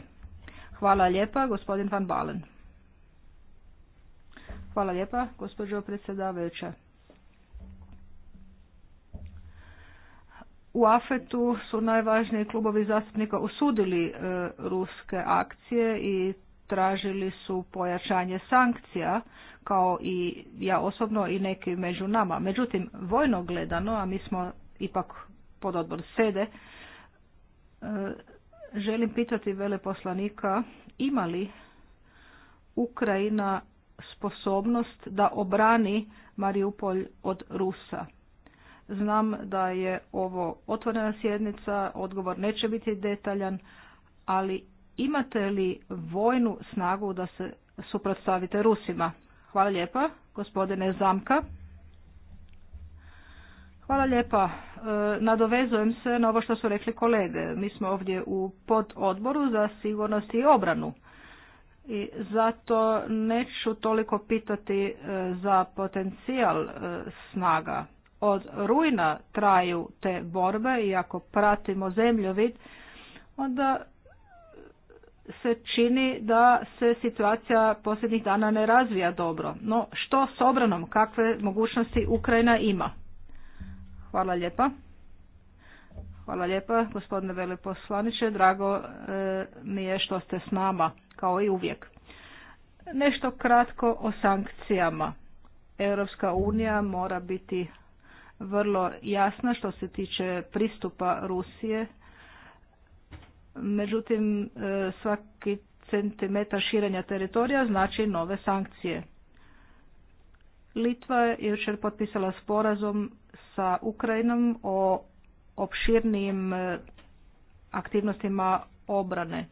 Hvala lijepa, gospodin Van Balen. Hvala lijepa, gospođo predsjedavajuća. U Afetu su najvažniji klubovi zastupnika usudili e, ruske akcije i tražili su pojačanje sankcija, kao i ja osobno i neki među nama. Međutim, vojno gledano, a mi smo ipak pod odbor sede, e, želim pitati veleposlanika ima li Ukrajina sposobnost da obrani Mariupolj od Rusa. Znam da je ovo otvorena sjednica, odgovor neće biti detaljan, ali imate li vojnu snagu da se suprotstavite Rusima? Hvala lijepa, gospodine Zamka. Hvala lijepa. E, nadovezujem se na ovo što su rekli kolege. Mi smo ovdje u pododboru za sigurnost i obranu. I zato neću toliko pitati e, za potencijal e, snaga. Od rujna traju te borbe i ako pratimo zemljovid, onda se čini da se situacija posljednjih dana ne razvija dobro. No što s obranom, kakve mogućnosti Ukrajina ima? Hvala lijepa. Hvala lijepa, gospodine veleposlaniče. Drago e, mi je što ste s nama, kao i uvijek. Nešto kratko o sankcijama. Europska unija mora biti vrlo jasna što se tiče pristupa Rusije. Međutim, e, svaki centimetar širenja teritorija znači nove sankcije. Litva je jučer potpisala sporazum sa Ukrajinom o opširnim e, aktivnostima obrane.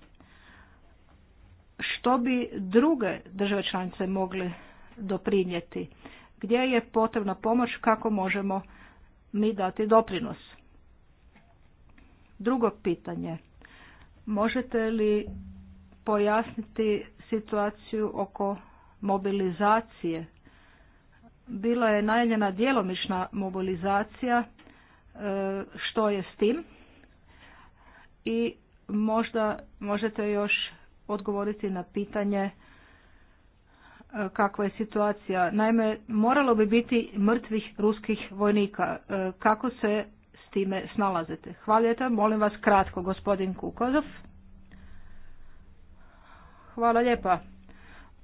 Što bi druge države članice mogle doprinijeti? Gdje je potrebna pomoć? Kako možemo mi dati doprinos? Drugo pitanje. Možete li pojasniti situaciju oko mobilizacije bila je najavljena djelomična mobilizacija e, što je s tim i možda možete još odgovoriti na pitanje e, kakva je situacija. Naime, moralo bi biti mrtvih ruskih vojnika. E, kako se s time snalazite? Hvala molim vas kratko, gospodin Kukozov. Hvala lijepa.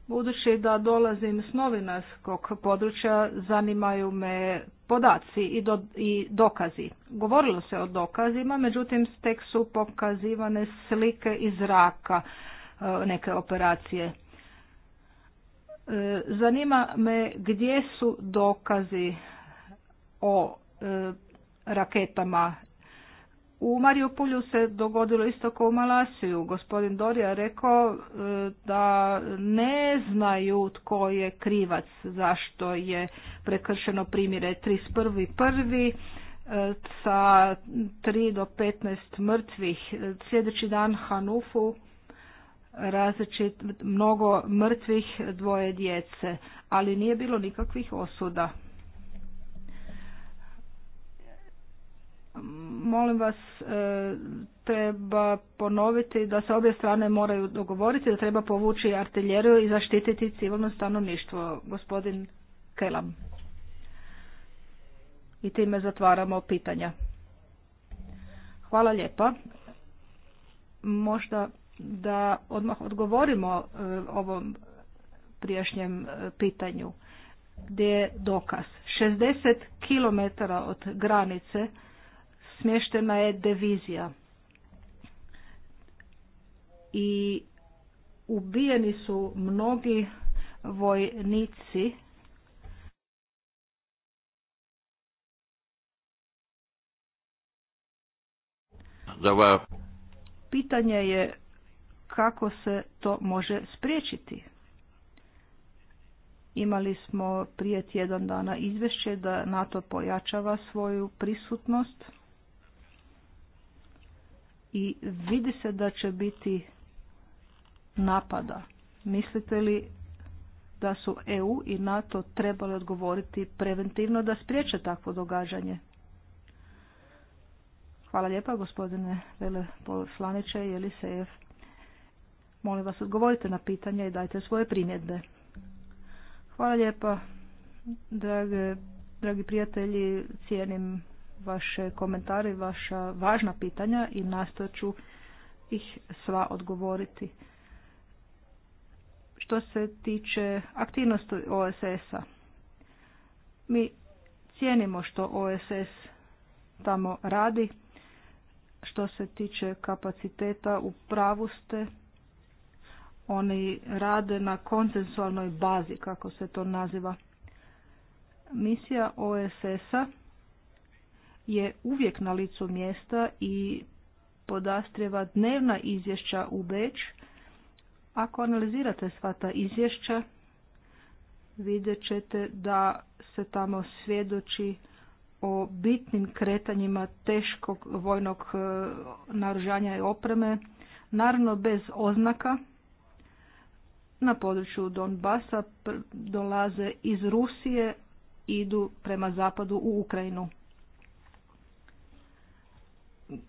Budući da dolazim s novinarskog područja, zanimaju me podaci i, i dokazi. Govorilo se o dokazima, međutim tek su pokazivane slike iz zraka e, neke operacije. E, zanima me gdje su dokazi o e, raketama u Mariupolju se dogodilo isto kao u Malasiju. Gospodin Dorija rekao e, da ne znaju tko je krivac, zašto je prekršeno primjere 31.1. E, sa 3 do 15 mrtvih. Sljedeći dan Hanufu različit, mnogo mrtvih dvoje djece, ali nije bilo nikakvih osuda. molim vas e, treba ponoviti da se obje strane moraju dogovoriti da treba povući artiljeriju i zaštititi civilno stanovništvo. Gospodin Kelam. I time zatvaramo pitanja. Hvala lijepa. Možda da odmah odgovorimo e, ovom prijašnjem e, pitanju gdje je dokaz. 60 km od granice smještena je devizija. I ubijeni su mnogi vojnici Pitanje je kako se to može spriječiti. Imali smo prije tjedan dana izvješće da NATO pojačava svoju prisutnost i vidi se da će biti napada. Mislite li da su EU i NATO trebali odgovoriti preventivno da spriječe takvo događanje? Hvala lijepa gospodine veleposlaniče Elisejev. Molim vas odgovorite na pitanja i dajte svoje primjedbe. Hvala lijepa, dragi prijatelji, cijenim vaše komentare i vaša važna pitanja i nastoću ću ih sva odgovoriti. Što se tiče aktivnosti OSS-a, mi cijenimo što OSS tamo radi. Što se tiče kapaciteta, u pravu ste. Oni rade na konsensualnoj bazi, kako se to naziva. Misija OSS-a je uvijek na licu mjesta i podastrijeva dnevna izvješća u Beč. Ako analizirate sva ta izvješća, vidjet ćete da se tamo svjedoči o bitnim kretanjima teškog vojnog e, naružanja i opreme, naravno bez oznaka. Na području Donbasa dolaze iz Rusije, idu prema zapadu u Ukrajinu.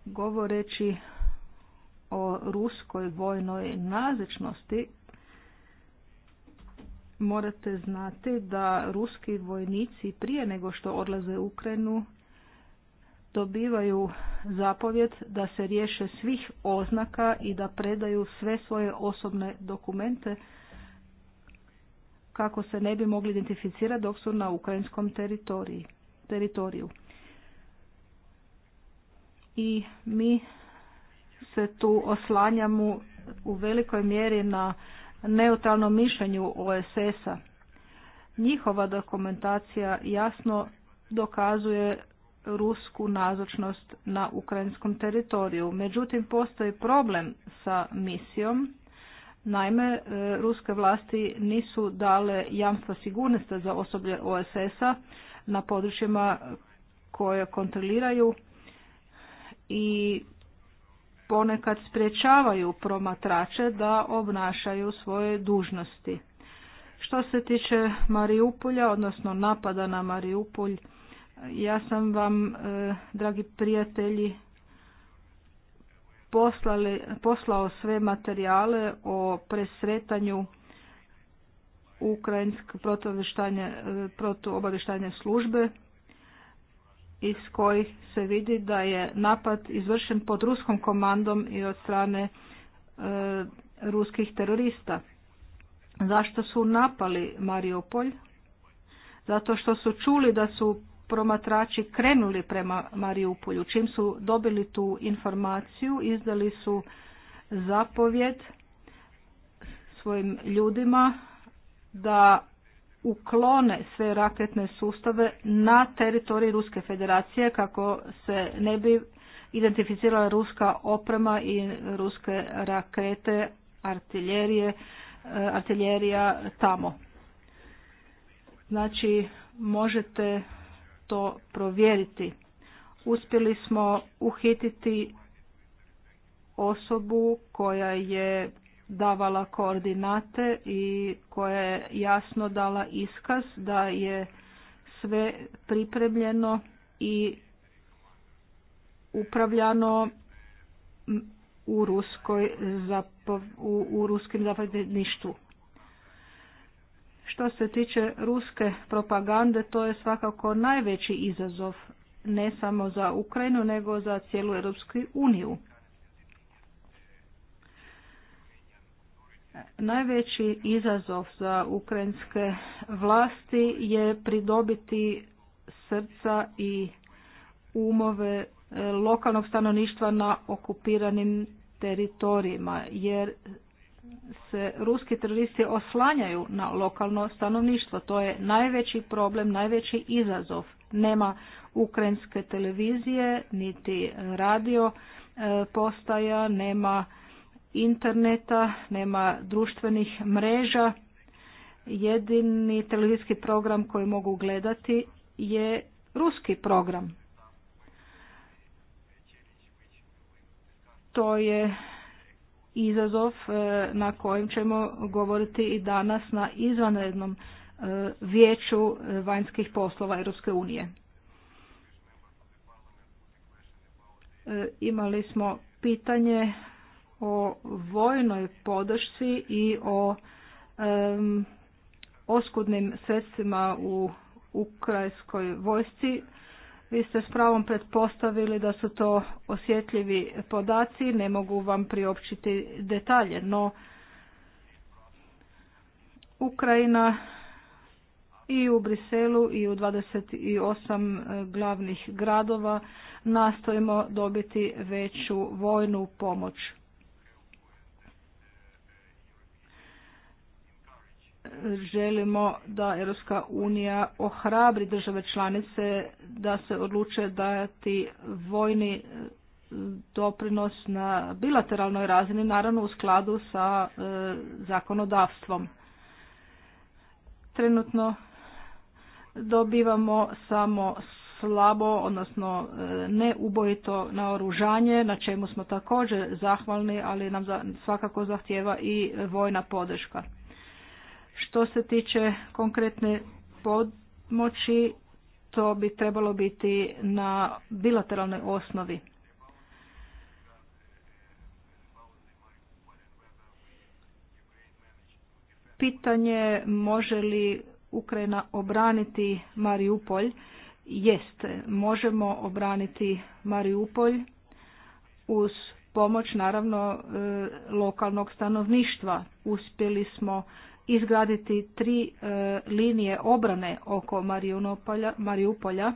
Govoreći o ruskoj vojnoj nazičnosti, morate znati da ruski vojnici prije nego što odlaze u Ukrajinu dobivaju zapovjed da se riješe svih oznaka i da predaju sve svoje osobne dokumente kako se ne bi mogli identificirati dok su na ukrajinskom teritoriju i mi se tu oslanjamo u velikoj mjeri na neutralnom mišljenju OSS-a. Njihova dokumentacija jasno dokazuje rusku nazočnost na ukrajinskom teritoriju. Međutim, postoji problem sa misijom. Naime, e, ruske vlasti nisu dale jamstva sigurnosti za osoblje OSS-a na područjima koje kontroliraju i ponekad sprječavaju promatrače da obnašaju svoje dužnosti. Što se tiče Marijupolja, odnosno napada na Marijupolj, ja sam vam, e, dragi prijatelji, poslali, poslao sve materijale o presretanju ukrajinske protuobavještajne službe iz kojih se vidi da je napad izvršen pod ruskom komandom i od strane e, ruskih terorista. Zašto su napali Mariupolj? Zato što su čuli da su promatrači krenuli prema Mariupolju. Čim su dobili tu informaciju, izdali su zapovjed svojim ljudima da uklone sve raketne sustave na teritoriji Ruske federacije kako se ne bi identificirala ruska oprema i ruske rakete, artiljerije, e, artiljerija tamo. Znači, možete to provjeriti. Uspjeli smo uhititi osobu koja je davala koordinate i koja je jasno dala iskaz da je sve pripremljeno i upravljano u, ruskoj u, u ruskim zapovjedništvu. Što se tiče ruske propagande, to je svakako najveći izazov ne samo za Ukrajinu, nego za cijelu Europsku uniju. Najveći izazov za ukrajinske vlasti je pridobiti srca i umove e, lokalnog stanovništva na okupiranim teritorijima, jer se ruski teroristi oslanjaju na lokalno stanovništvo. To je najveći problem, najveći izazov. Nema ukrajinske televizije, niti radio e, postaja, nema interneta, nema društvenih mreža. Jedini televizijski program koji mogu gledati je ruski program. To je izazov e, na kojem ćemo govoriti i danas na izvanrednom e, vijeću e, vanjskih poslova Europske unije. Imali smo pitanje o vojnoj podršci i o oskudnim sredstvima u ukrajskoj vojsci. Vi ste s pravom pretpostavili da su to osjetljivi podaci, ne mogu vam priopćiti detalje, no Ukrajina i u Briselu i u 28 eh, glavnih gradova nastojimo dobiti veću vojnu pomoć. želimo da Europska unija ohrabri države članice da se odluče dati vojni e, doprinos na bilateralnoj razini, naravno u skladu sa e, zakonodavstvom. Trenutno dobivamo samo slabo, odnosno e, neubojito naoružanje, na čemu smo također zahvalni, ali nam svakako zahtjeva i vojna podrška. Što se tiče konkretne pomoći, to bi trebalo biti na bilateralnoj osnovi. Pitanje može li Ukrajina obraniti Mariupolj Jeste, možemo obraniti Mariupolj uz pomoć naravno e, lokalnog stanovništva. Uspjeli smo izgraditi tri e, linije obrane oko mariupolja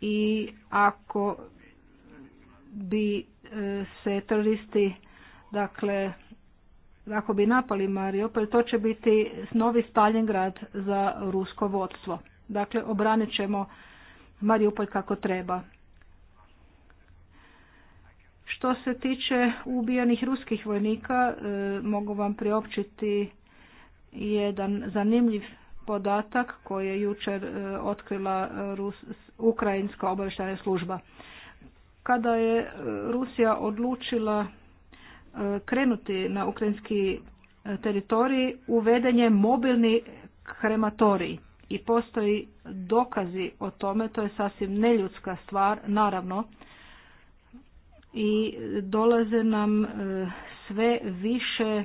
i ako bi e, se teroristi dakle ako bi napali Mariupol to će biti novi grad za rusko vodstvo. Dakle obranit ćemo kako treba. Što se tiče ubijenih ruskih vojnika, e, mogu vam priopćiti jedan zanimljiv podatak koji je jučer e, otkrila e, Ukrajinska obavještajna služba. Kada je Rusija odlučila krenuti na ukrajinski teritorij, uveden je mobilni krematorij i postoji dokazi o tome, to je sasvim neljudska stvar, naravno, i dolaze nam e, sve više e,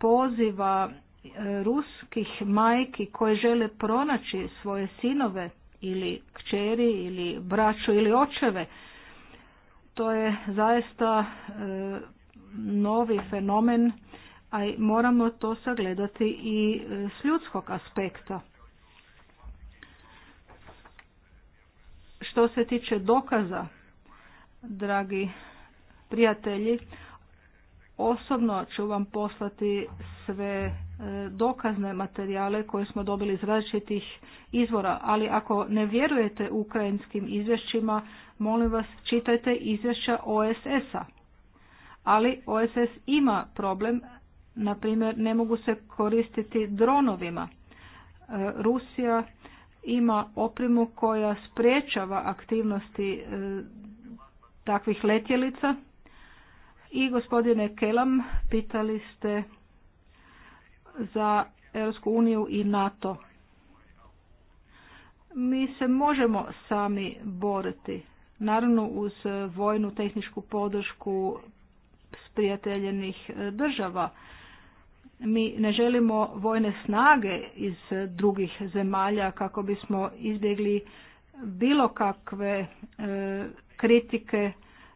poziva e, ruskih majki koje žele pronaći svoje sinove ili kćeri ili braću ili očeve. To je zaista novi fenomen, a moramo to sagledati i s ljudskog aspekta. Što se tiče dokaza dragi prijatelji, osobno ću vam poslati sve e, dokazne materijale koje smo dobili iz različitih izvora, ali ako ne vjerujete ukrajinskim izvješćima, molim vas čitajte izvješća OSS-a. Ali OSS ima problem, na primjer ne mogu se koristiti dronovima. E, Rusija ima opremu koja sprečava aktivnosti e, takvih letjelica. I gospodine Kelam, pitali ste za Europsku uniju i NATO. Mi se možemo sami boriti, naravno uz vojnu tehničku podršku sprijateljenih država. Mi ne želimo vojne snage iz drugih zemalja kako bismo izbjegli bilo kakve e, kritike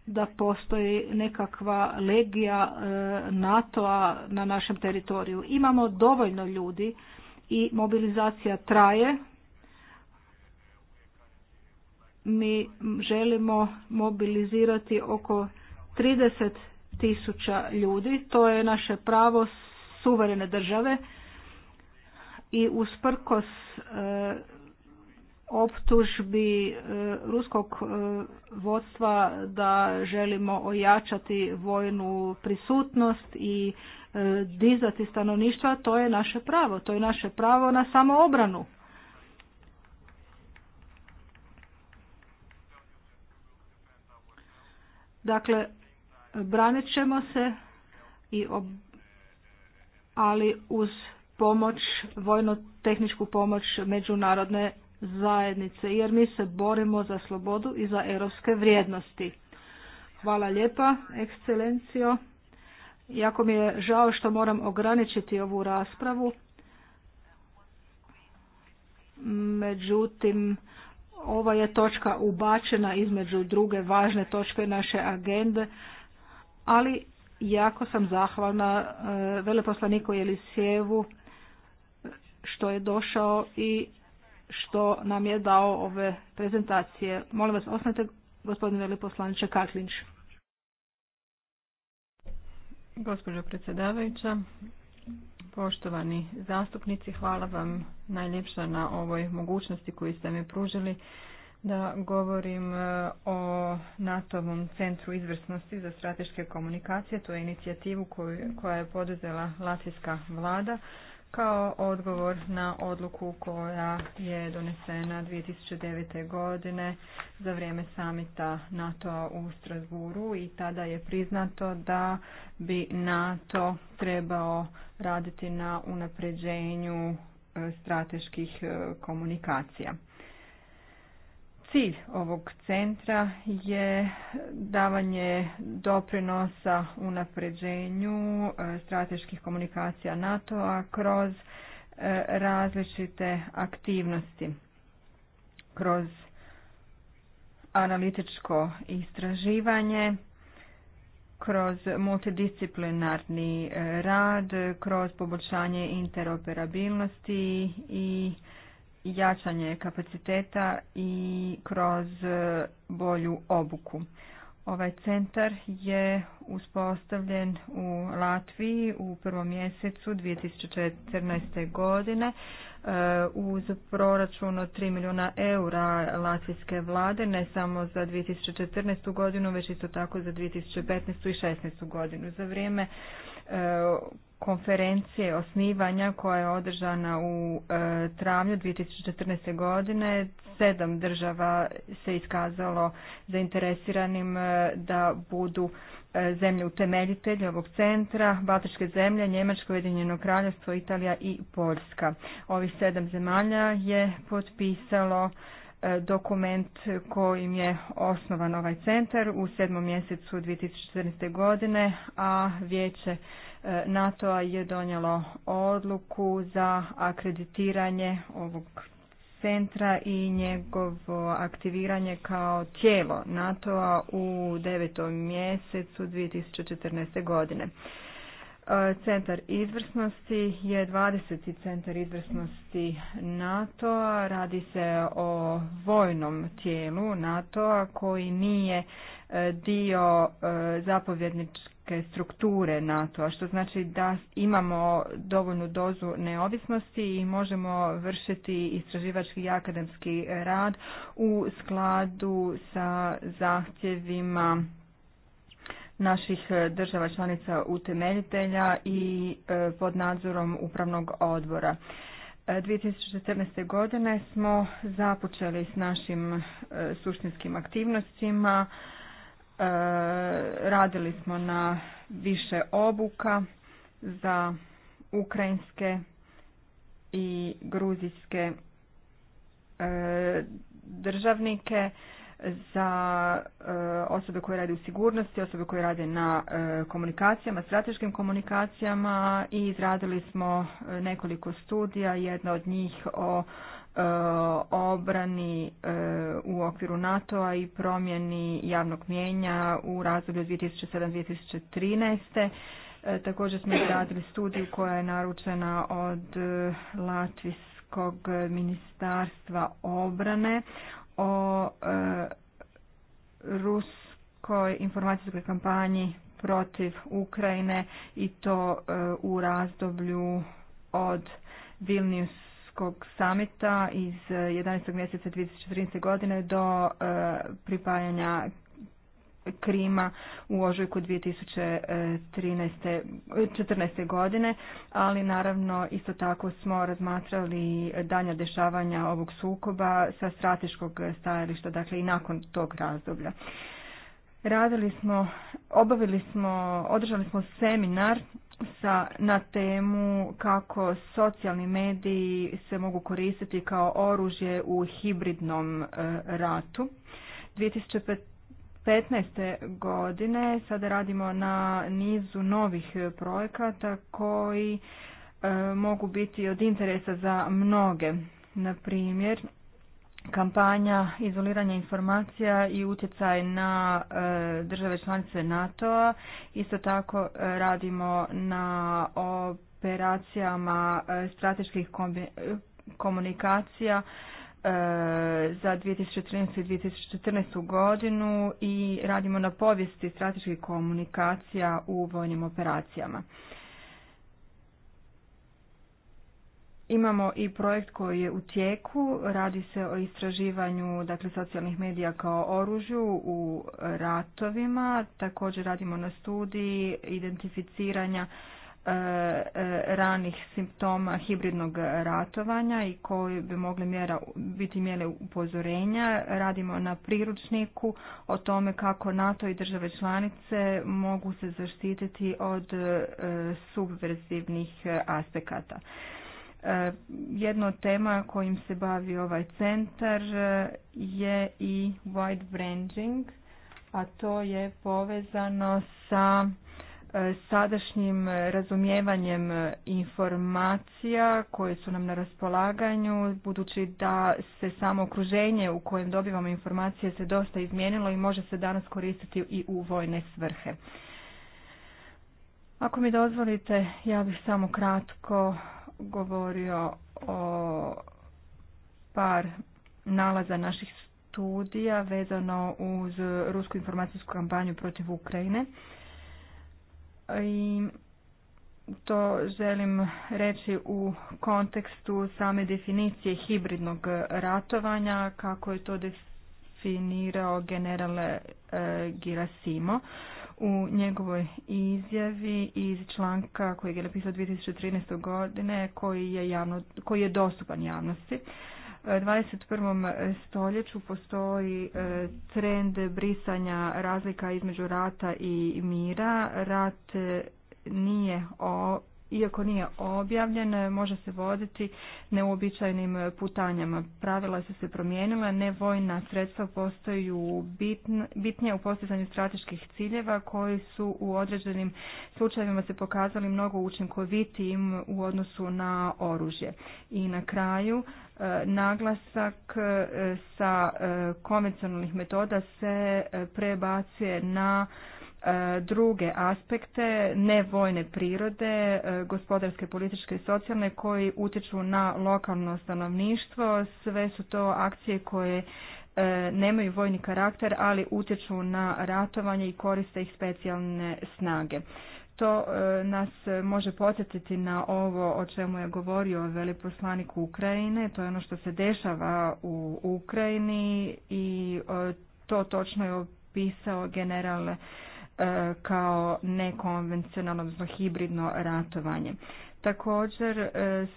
da postoji nekakva legija e, NATO-a na našem teritoriju. Imamo dovoljno ljudi i mobilizacija traje. Mi želimo mobilizirati oko 30 tisuća ljudi. To je naše pravo suverene države i usprkos e, optužbi e, ruskog e, vodstva da želimo ojačati vojnu prisutnost i e, dizati stanovništva, to je naše pravo, to je naše pravo na samoobranu. Dakle, branit ćemo se, i ob... ali uz pomoć, vojno-tehničku pomoć međunarodne zajednice jer mi se borimo za slobodu i za europske vrijednosti. Hvala lijepa, ekscelencijo. Jako mi je žao što moram ograničiti ovu raspravu. Međutim, ova je točka ubačena između druge važne točke naše agende, ali jako sam zahvalna e, veleposlaniku sjevu što je došao i što nam je dao ove prezentacije. Molim vas, ostanite gospodin veliposlaniče Kaklinč. Gospođo predsjedavajuća, poštovani zastupnici, hvala vam najljepša na ovoj mogućnosti koju ste mi pružili da govorim e, o NATO-vom centru izvrsnosti za strateške komunikacije. To je inicijativu koju, koja je poduzela latvijska vlada kao odgovor na odluku koja je donesena 2009. godine za vrijeme samita NATO u Strasburu i tada je priznato da bi NATO trebao raditi na unapređenju e, strateških e, komunikacija. Cilj ovog centra je davanje doprinosa unapređenju e, strateških komunikacija NATO-a kroz e, različite aktivnosti, kroz analitičko istraživanje, kroz multidisciplinarni e, rad, kroz poboljšanje interoperabilnosti i jačanje kapaciteta i kroz e, bolju obuku. Ovaj centar je uspostavljen u Latviji u prvom mjesecu 2014. godine uz proračun od 3 milijuna eura latvijske vlade, ne samo za 2014. godinu, već isto tako za 2015. i 2016. godinu. Za vrijeme e, konferencije osnivanja koja je održana u e, travnju 2014. godine, sedam država se iskazalo zainteresiranim e, da budu E, zemlje utemeljitelje ovog centra, Baltičke zemlje, Njemačko, Ujedinjeno kraljevstvo, Italija i Poljska. Ovih sedam zemalja je potpisalo e, dokument kojim je osnovan ovaj centar u sedmom mjesecu 2014. godine, a vijeće e, NATO-a je donijelo odluku za akreditiranje ovog centra i njegovo aktiviranje kao tijelo NATO-a u devetom mjesecu 2014. godine. E, centar izvrsnosti je 20. centar izvrsnosti NATO-a. Radi se o vojnom tijelu NATO-a koji nije e, dio e, zapovjedničke političke strukture NATO-a, što znači da imamo dovoljnu dozu neovisnosti i možemo vršiti istraživački i akademski rad u skladu sa zahtjevima naših država članica utemeljitelja i e, pod nadzorom upravnog odbora. 2014. E, godine smo započeli s našim e, suštinskim aktivnostima E, radili smo na više obuka za ukrajinske i gruzijske e, državnike za e, osobe koje rade u sigurnosti, osobe koje rade na komunikacijama, strateškim komunikacijama i izradili smo nekoliko studija, jedna od njih o E, obrani e, u okviru NATO-a i promjeni javnog mijenja u razdoblju 2007-2013. E, također smo izradili studiju koja je naručena od Latvijskog ministarstva obrane o ruskoj informacijskoj kampanji protiv Ukrajine i to u razdoblju od Vilnius klimatskog samita iz 11. Eh, mjeseca 2014. godine do eh, pripajanja Krima u ožujku 2014. godine, ali naravno isto tako smo razmatrali danja dešavanja ovog sukoba sa strateškog stajališta, dakle i nakon tog razdoblja. Radili smo, obavili smo, održali smo seminar sa, na temu kako socijalni mediji se mogu koristiti kao oružje u hibridnom e, ratu. 2015. godine sada radimo na nizu novih projekata koji e, mogu biti od interesa za mnoge. Na primjer, kampanja izoliranja informacija i utjecaj na e, države članice NATO-a. Isto tako e, radimo na operacijama e, strateških komunikacija za 2013. i 2014. godinu i radimo na povijesti strateških komunikacija u vojnim operacijama. Imamo i projekt koji je u tijeku, radi se o istraživanju dakle, socijalnih medija kao oružju u ratovima, također radimo na studiji identificiranja e, e, ranih simptoma hibridnog ratovanja i koji bi mogli mjera, biti mjere upozorenja. Radimo na priručniku o tome kako NATO i države članice mogu se zaštititi od e, subverzivnih aspekata. E, Jedna od tema kojim se bavi ovaj centar e, je i wide branding, a to je povezano sa e, sadašnjim razumijevanjem informacija koje su nam na raspolaganju, budući da se samo okruženje u kojem dobivamo informacije se dosta izmijenilo i može se danas koristiti i u vojne svrhe. Ako mi dozvolite, ja bih samo kratko govorio o par nalaza naših studija vezano uz rusku informacijsku kampanju protiv Ukrajine. I to želim reći u kontekstu same definicije hibridnog ratovanja kako je to definirao general eh, Girasimo u njegovoj izjavi iz članka kojeg je napisao 2013. godine koji je, javno, koji je dostupan javnosti. 21. E, stoljeću postoji e, trend brisanja razlika između rata i mira. Rat e, nije o iako nije objavljen, može se voditi neobičajnim putanjama. Pravila su se promijenila, nevojna sredstva postaju bitnije u postizanju strateških ciljeva koji su u određenim slučajevima se pokazali mnogo učinkovitijim u odnosu na oružje. I na kraju, e, naglasak e, sa e, konvencionalnih metoda se prebacuje na E, druge aspekte nevojne prirode, e, gospodarske, političke i socijalne koji utječu na lokalno stanovništvo. Sve su to akcije koje e, nemaju vojni karakter, ali utječu na ratovanje i koriste ih specijalne snage. To nas može podsjetiti na ovo o čemu je govorio veliposlanik Ukrajine, to je ono što se dešava u Ukrajini i to točno je opisao general E, kao nekonvencionalno, odnosno hibridno ratovanje. Također e,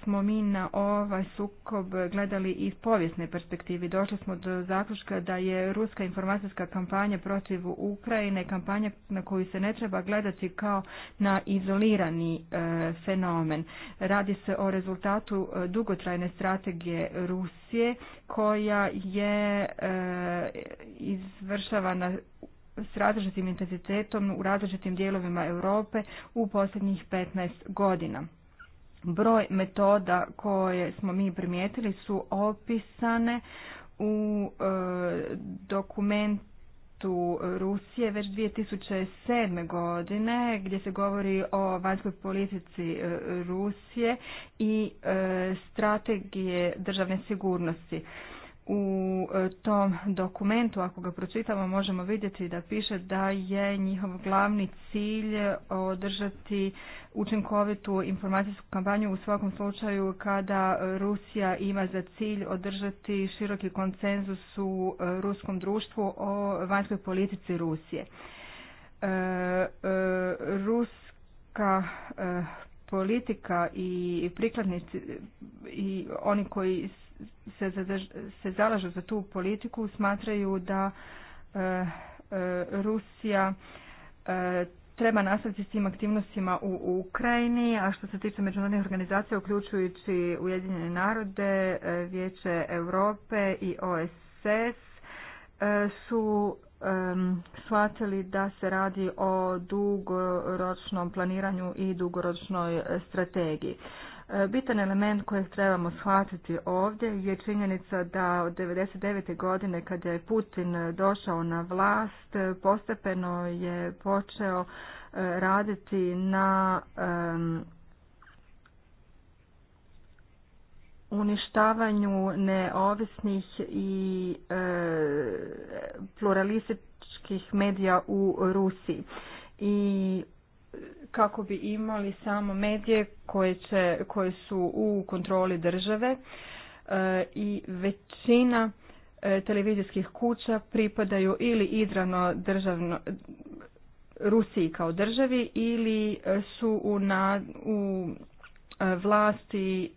smo mi na ovaj sukob gledali iz povijesne perspektive. Došli smo do zaključka da je ruska informacijska kampanja protiv Ukrajine kampanja na koju se ne treba gledati kao na izolirani e, fenomen. Radi se o rezultatu dugotrajne strategije Rusije koja je izvršavana s različitim intenzitetom u različitim dijelovima Europe u posljednjih 15 godina. Broj metoda koje smo mi primijetili su opisane u e, dokumentu Rusije već 2007. godine gdje se govori o vanjskoj politici e, Rusije i e, strategije državne sigurnosti u e, tom dokumentu, ako ga pročitamo, možemo vidjeti da piše da je njihov glavni cilj održati učinkovitu informacijsku kampanju u svakom slučaju kada Rusija ima za cilj održati široki konsenzus u e, ruskom društvu o vanjskoj politici Rusije. E, ruska politika i prikladnici i oni koji se, se zalažu za tu politiku smatraju da e, e, Rusija e, treba nastaviti s tim aktivnostima u Ukrajini, a što se tiče međunarodnih organizacija, uključujući Ujedinjene narode, Vijeće Europe i OSS, su shvatili da se radi o dugoročnom planiranju i dugoročnoj strategiji. Bitan element kojeg trebamo shvatiti ovdje je činjenica da od 1999. godine kada je Putin došao na vlast, postepeno je počeo e, raditi na uništavanju neovisnih i e, pluralističkih medija u Rusiji. I kako bi imali samo medije koje, će, su u kontroli države e, i većina e, televizijskih kuća pripadaju ili izravno državno, Rusiji kao državi ili e, su u, u vlasti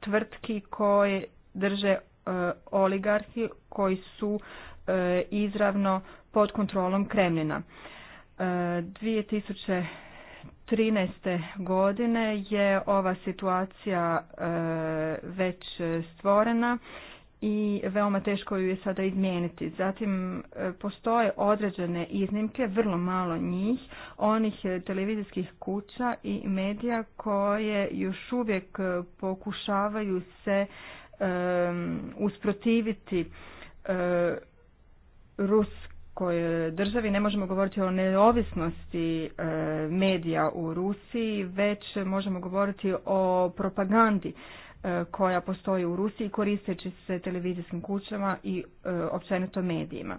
tvrtki koje drže oligarhi koji su izravno pod kontrolom Kremljina. 2000 2013. godine je ova situacija e, već stvorena i veoma teško ju je sada izmijeniti. Zatim e, postoje određene iznimke, vrlo malo njih, onih televizijskih kuća i medija koje još uvijek pokušavaju se e, usprotiviti Ruskoj kojoj državi ne možemo govoriti o neovisnosti e, medija u Rusiji, već možemo govoriti o propagandi e, koja postoji u Rusiji koristeći se televizijskim kućama i e, općenito medijima.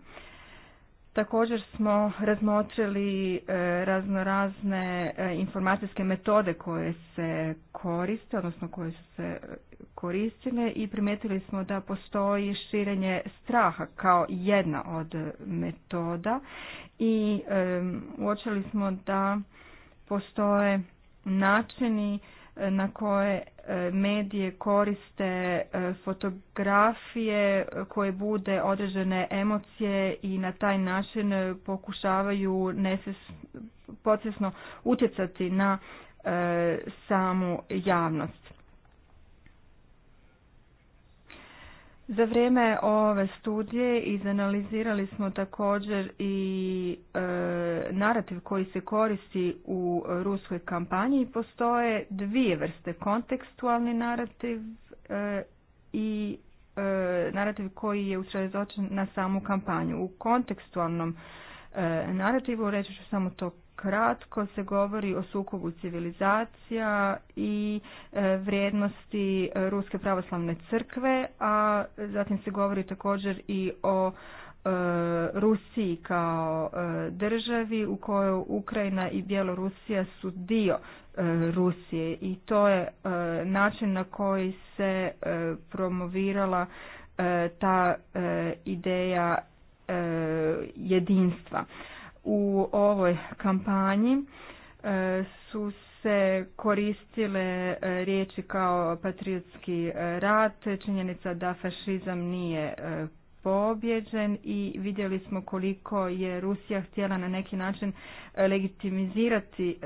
Također smo razmotrili e, raznorazne e, informacijske metode koje se koriste, odnosno koje su se e, koristile i primijetili smo da postoji širenje straha kao jedna od metoda i uočili smo da postoje načini na koje e, medije koriste e, fotografije koje bude određene emocije i na taj način pokušavaju podsvjesno utjecati na e, samu javnost. Za vrijeme ove studije izanalizirali smo također i e, narativ koji se koristi u ruskoj kampanji postoje dvije vrste kontekstualni narativ e, i e, narativ koji je usredotočen na samu kampanju. U kontekstualnom narativu reći ću samo to kratko se govori o sukobu civilizacija i e, vrijednosti Ruske pravoslavne crkve, a zatim se govori također i o e, Rusiji kao e, državi u kojoj Ukrajina i Bjelorusija su dio Rusije i to je način na koji se promovirala ta ideja jedinstva u ovoj kampanji e, su se koristile e, riječi kao patriotski rat, činjenica da fašizam nije e, pobjeđen i vidjeli smo koliko je Rusija htjela na neki način legitimizirati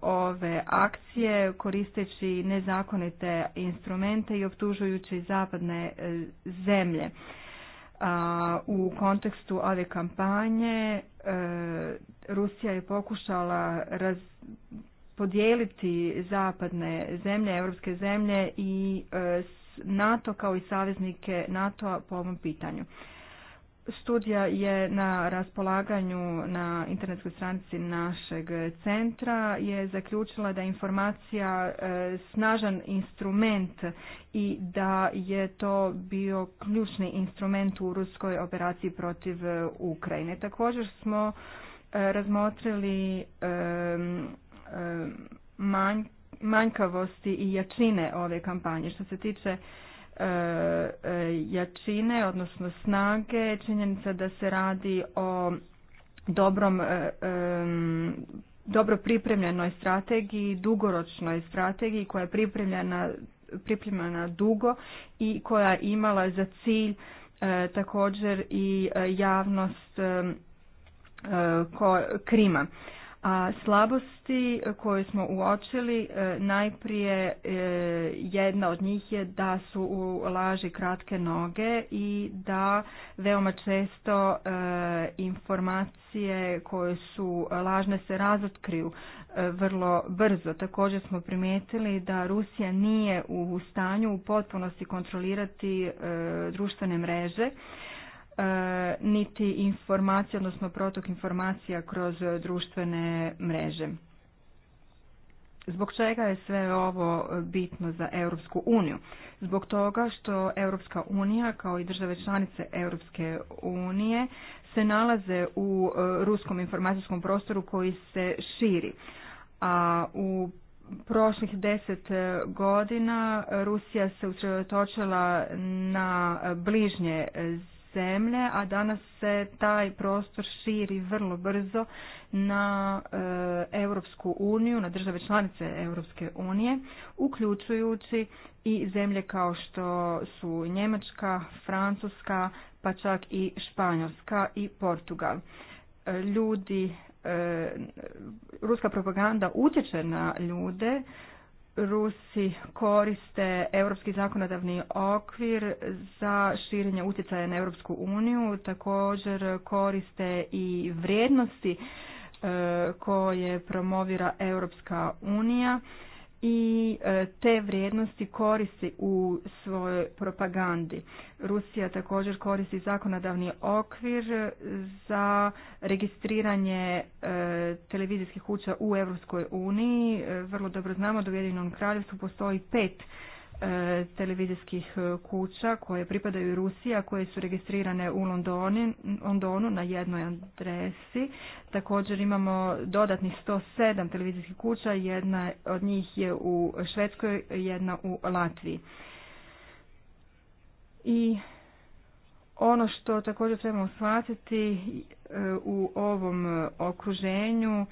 ove akcije koristeći nezakonite instrumente i optužujući zapadne zemlje. U kontekstu ove kampanje E, Rusija je pokušala raz, podijeliti zapadne zemlje, europske zemlje i e, NATO kao i saveznike NATO-a po ovom pitanju. Studija je na raspolaganju na internetskoj stranici našeg centra je zaključila da je informacija e, snažan instrument i da je to bio ključni instrument u ruskoj operaciji protiv e, Ukrajine. Također smo e, razmotrili manjkavosti i jačine ove kampanje. Što se tiče E, e, jačine, odnosno snage, činjenica da se radi o dobrom e, dobro pripremljenoj strategiji, dugoročnoj strategiji koja je pripremljena, pripremljena dugo i koja je imala za cilj također i javnost e, Krima a slabosti e, koje smo uočili e, najprije e, jedna od njih je da su u laži kratke noge i da veoma često informacije koje su lažne se razotkriju vrlo brzo. Također smo primijetili da Rusija nije u stanju u potpunosti kontrolirati društvene mreže E, niti informacija, odnosno protok informacija kroz društvene mreže. Zbog čega je sve ovo bitno za Europsku uniju? Zbog toga što Europska unija kao i države članice Europske unije se nalaze u e, ruskom informacijskom prostoru koji se širi. A u prošlih deset godina Rusija se usredotočila na bližnje zemlje, a danas se taj prostor širi vrlo brzo na e, Europsku uniju, na države članice Europske unije, uključujući i zemlje kao što su Njemačka, Francuska, pa čak i Španjolska i Portugal. E, ljudi, e, ruska propaganda utječe na ljude, Rusi koriste europski zakonodavni okvir za širenje utjecaja na Europsku uniju, također koriste i vrijednosti e, koje promovira Europska unija i e, te vrijednosti koristi u svojoj propagandi. Rusija također koristi zakonodavni okvir za registriranje e, televizijskih kuća u Europskoj uniji. E, vrlo dobro znamo da u Jedinom kraljevstvu postoji pet E, televizijskih e, kuća koje pripadaju Rusiji, a koje su registrirane u Londonu na jednoj adresi. Također imamo dodatnih 107 televizijskih kuća, jedna od njih je u Švedskoj, jedna u Latviji. I ono što također trebamo shvatiti e, u ovom okruženju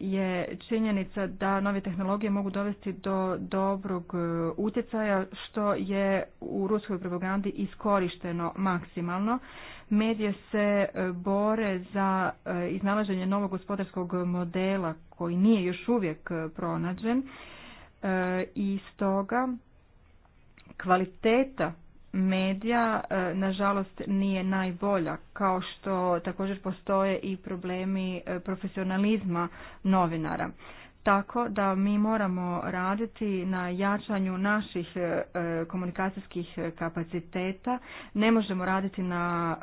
je činjenica da nove tehnologije mogu dovesti do dobrog e, utjecaja što je u ruskoj propagandi iskorišteno maksimalno. Medije se e, bore za e, iznalaženje novog gospodarskog modela koji nije još uvijek pronađen i stoga kvaliteta medija e, nažalost nije najbolja kao što također postoje i problemi e, profesionalizma novinara tako da mi moramo raditi na jačanju naših e, komunikacijskih kapaciteta ne možemo raditi na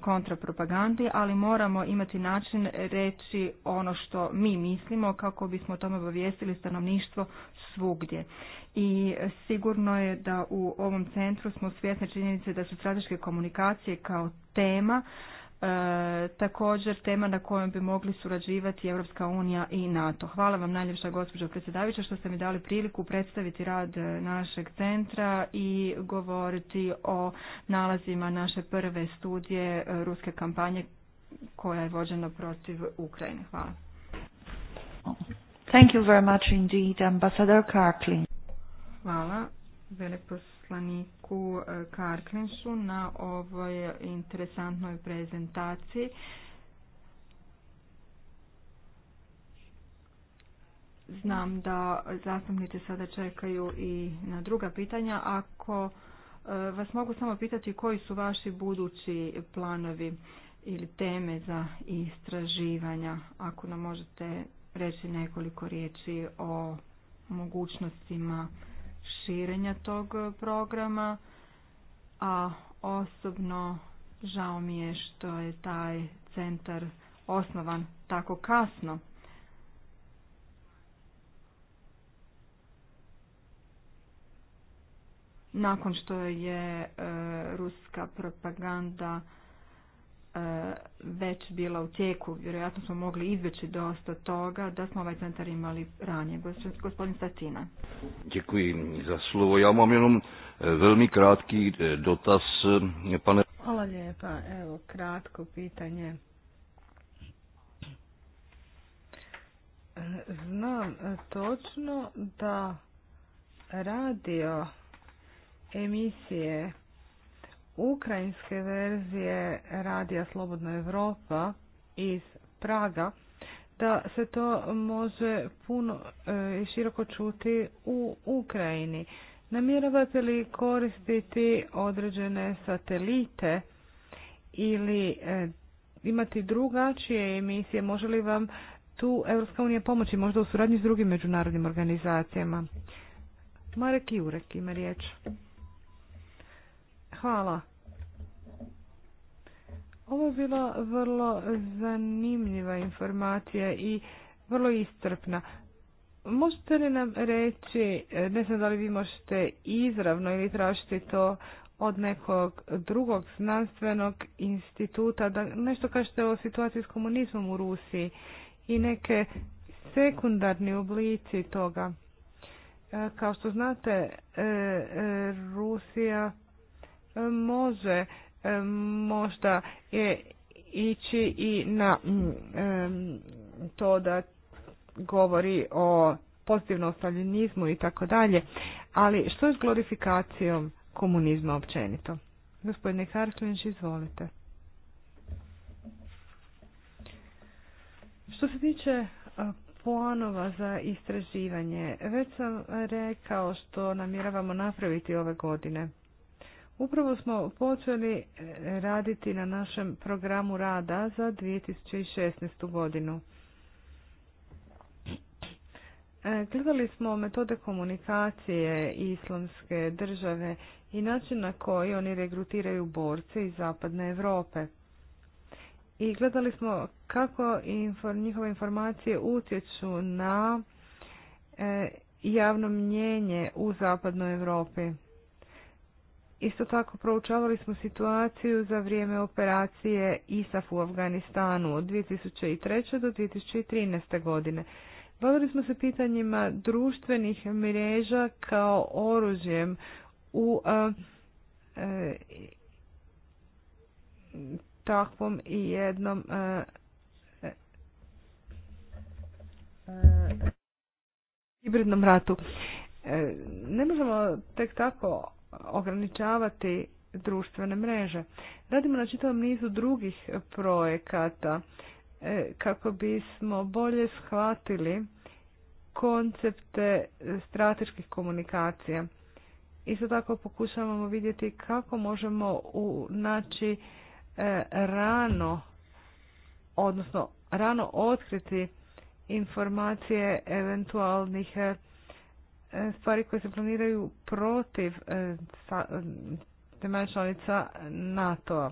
kontrapropagandi ali moramo imati način reći ono što mi mislimo kako bismo o tome obavijestili stanovništvo svugdje i sigurno je da u ovom centru smo svjesni činjenice da su strateške komunikacije kao tema e, također tema na kojem bi mogli surađivati Europska unija i NATO. Hvala vam najljepša gospođo predsjedavića što ste mi dali priliku predstaviti rad e, našeg centra i govoriti o nalazima naše prve studije e, ruske kampanje koja je vođena protiv Ukrajine. Hvala. Thank you very much indeed, Ambassador Karklin. Hvala veleposlaniku e, Karklinsu na ovoj interesantnoj prezentaciji. Znam da zastupnici sada čekaju i na druga pitanja. Ako e, vas mogu samo pitati koji su vaši budući planovi ili teme za istraživanja, ako nam možete reći nekoliko riječi o mogućnostima širenja tog e, programa, a osobno žao mi je što je taj centar osnovan tako kasno. Nakon što je e, ruska propaganda E, već bila u tijeku, vjerojatno smo mogli izveći dosta toga da smo ovaj centar imali ranije. Gospodin Statina. Děkuji za slovo. Ja mam jednom e, velmi kratki e, dotaz. Pane... Hvala lijepa. Evo, kratko pitanje. Znam točno da radio emisije ukrajinske verzije Radija Slobodna Europa iz Praga da se to može puno e, i široko čuti u Ukrajini. Namjeravate li koristiti određene satelite ili e, imati drugačije emisije? Može li vam tu Europska unija pomoći možda u suradnji s drugim međunarodnim organizacijama? Marek Jurek ima riječ. Hvala. Ovo je bila vrlo zanimljiva informacija i vrlo istrpna. Možete li nam reći, ne znam da li vi možete izravno ili tražiti to od nekog drugog znanstvenog instituta, da nešto kažete o situaciji s komunizmom u Rusiji i neke sekundarni oblici toga. E, kao što znate, e, e, Rusija može e, možda je ići i na mm, to da govori o pozitivnom ostavljenizmu i tako dalje. Ali što je s glorifikacijom komunizma općenito? Gospodine Karklinč, izvolite. Što se tiče e, planova za istraživanje, već sam rekao što namjeravamo napraviti ove godine. Upravo smo počeli e, raditi na našem programu rada za 2016. godinu. E, gledali smo metode komunikacije islamske države i način na koji oni regrutiraju borce iz zapadne Europe. I gledali smo kako njihove informacije utječu na e, javno mnjenje u zapadnoj Europi. Isto tako proučavali smo situaciju za vrijeme operacije ISAF u Afganistanu od 2003. do 2013. godine. Bavili smo se pitanjima društvenih mreža kao oružjem u e, takvom i jednom a, e, hibridnom ratu. E, ne možemo tek tako ograničavati društvene mreže. Radimo na čitavom nizu drugih projekata e, kako bismo bolje shvatili koncepte strateških komunikacija. Isto tako pokušavamo vidjeti kako možemo naći e, rano, odnosno rano otkriti informacije eventualnih e, E, stvari koje se planiraju protiv e, e, zemalja članica NATO-a.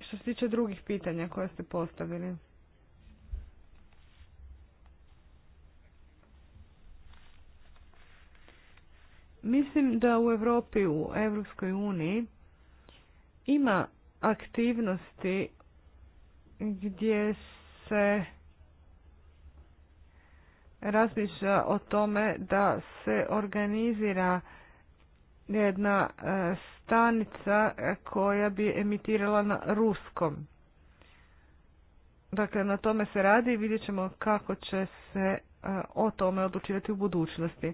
Što se tiče drugih pitanja koje ste postavili. Mislim da u Europi, u Europskoj uniji ima aktivnosti gdje se razmišlja o tome da se organizira jedna e, stanica e, koja bi emitirala na ruskom. Dakle, na tome se radi i vidjet ćemo kako će se e, o tome odlučivati u budućnosti.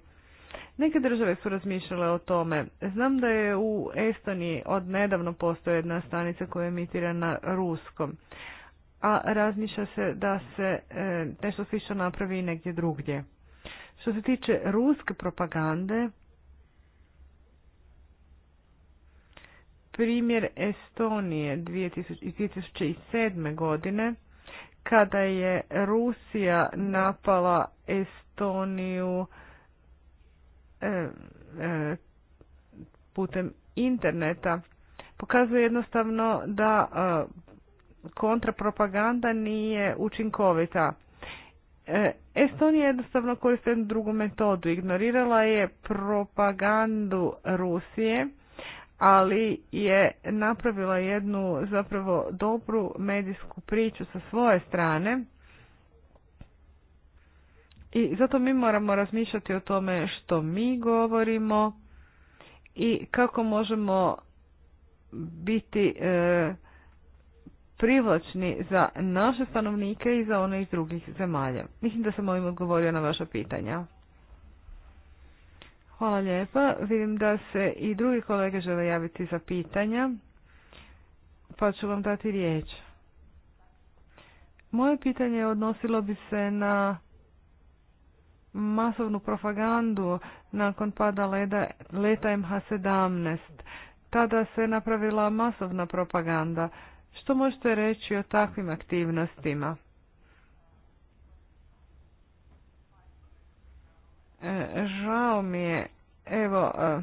Neke države su razmišljale o tome. Znam da je u Estoniji od nedavno postoje jedna stanica koja emitira na ruskom a razmišlja se da se e, nešto slično napravi negdje drugdje. Što se tiče ruske propagande, primjer Estonije 2007. godine, kada je Rusija napala Estoniju e, e, putem interneta, pokazuje jednostavno da kontrapropaganda nije učinkovita. E, Estonija jednostavno koriste drugu metodu. Ignorirala je propagandu Rusije, ali je napravila jednu zapravo dobru medijsku priču sa svoje strane. I zato mi moramo razmišljati o tome što mi govorimo i kako možemo biti e, privlačni za naše stanovnike i za one iz drugih zemalja. Mislim da sam ovim odgovorio na vaša pitanja. Hvala lijepa. Vidim da se i drugi kolege žele javiti za pitanja, pa ću vam dati riječ. Moje pitanje odnosilo bi se na masovnu propagandu nakon pada leda, leta MH17. Tada se napravila masovna propaganda. Što možete reći o takvim aktivnostima? E, žao mi je, evo, e,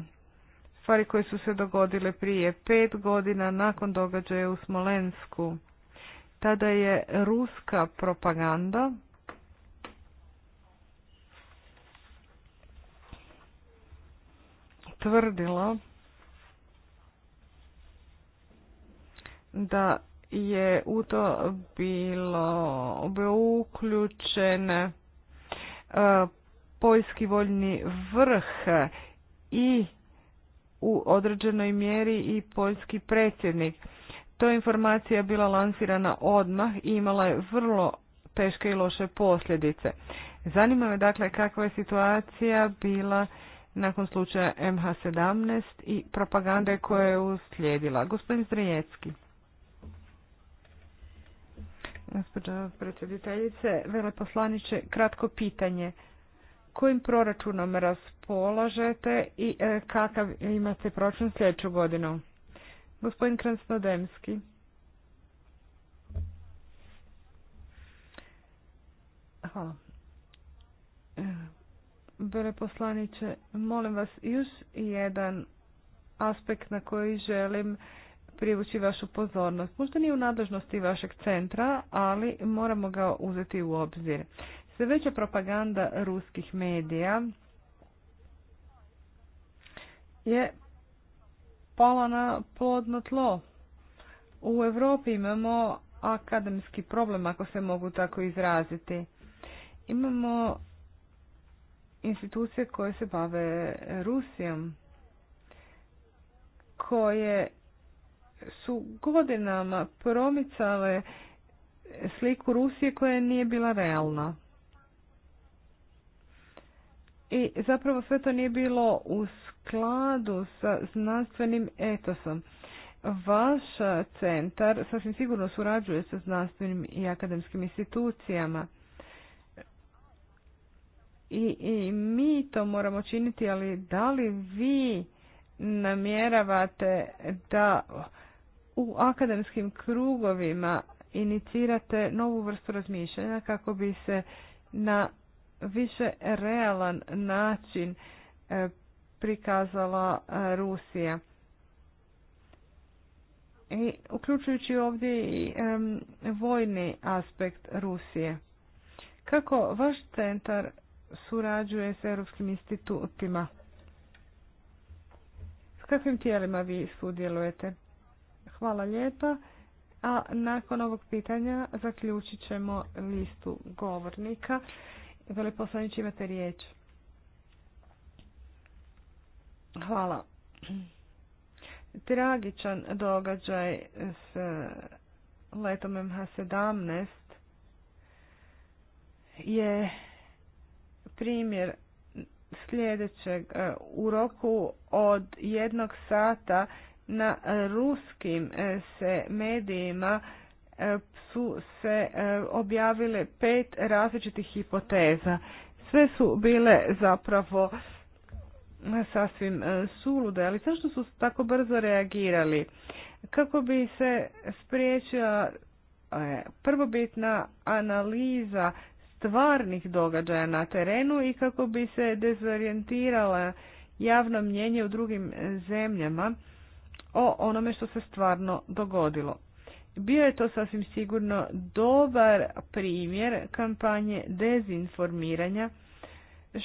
stvari koje su se dogodile prije pet godina nakon događaja u Smolensku. Tada je ruska propaganda tvrdila da je u to bilo uključen e, poljski voljni vrh i u određenoj mjeri i poljski predsjednik. To je informacija bila lansirana odmah i imala je vrlo teške i loše posljedice. Zanima me dakle kakva je situacija bila nakon slučaja MH17 i propagande koja je uslijedila. Gospodin Zdrijecki. Gospođo predsjediteljice, veleposlaniče, kratko pitanje. Kojim proračunom raspolažete i e, kakav imate proračun sljedeću godinu? Gospodin Krasnodemski. Hvala. E, veleposlaniče, molim vas, još jedan aspekt na koji želim privući vašu pozornost. Možda nije u nadležnosti vašeg centra, ali moramo ga uzeti u obzir. Sve veća propaganda ruskih medija je pala na plodno tlo. U Europi imamo akademski problem, ako se mogu tako izraziti. Imamo institucije koje se bave Rusijom, koje su godinama promicale sliku Rusije koja nije bila realna. I zapravo sve to nije bilo u skladu sa znanstvenim etosom. Vaš centar sasvim sigurno surađuje sa znanstvenim i akademskim institucijama. I, I mi to moramo činiti, ali da li vi namjeravate da u akademskim krugovima inicirate novu vrstu razmišljanja kako bi se na više realan način e, prikazala e, Rusija. I uključujući ovdje i e, vojni aspekt Rusije. Kako vaš centar surađuje s europskim institutima? S kakvim tijelima vi sudjelujete? Hvala lijepa. A nakon ovog pitanja zaključit ćemo listu govornika. Veliposlanić imate riječ. Hvala. Tragičan događaj s letom MH17 je primjer sljedećeg u roku od jednog sata na ruskim e, se medijima e, su se e, objavile pet različitih hipoteza. Sve su bile zapravo sasvim sulude, ali zašto su tako brzo reagirali? Kako bi se spriječila prvobitna analiza stvarnih događaja na terenu i kako bi se dezorijentirala javno mnjenje u drugim zemljama, o onome što se stvarno dogodilo. Bio je to sasvim sigurno dobar primjer kampanje dezinformiranja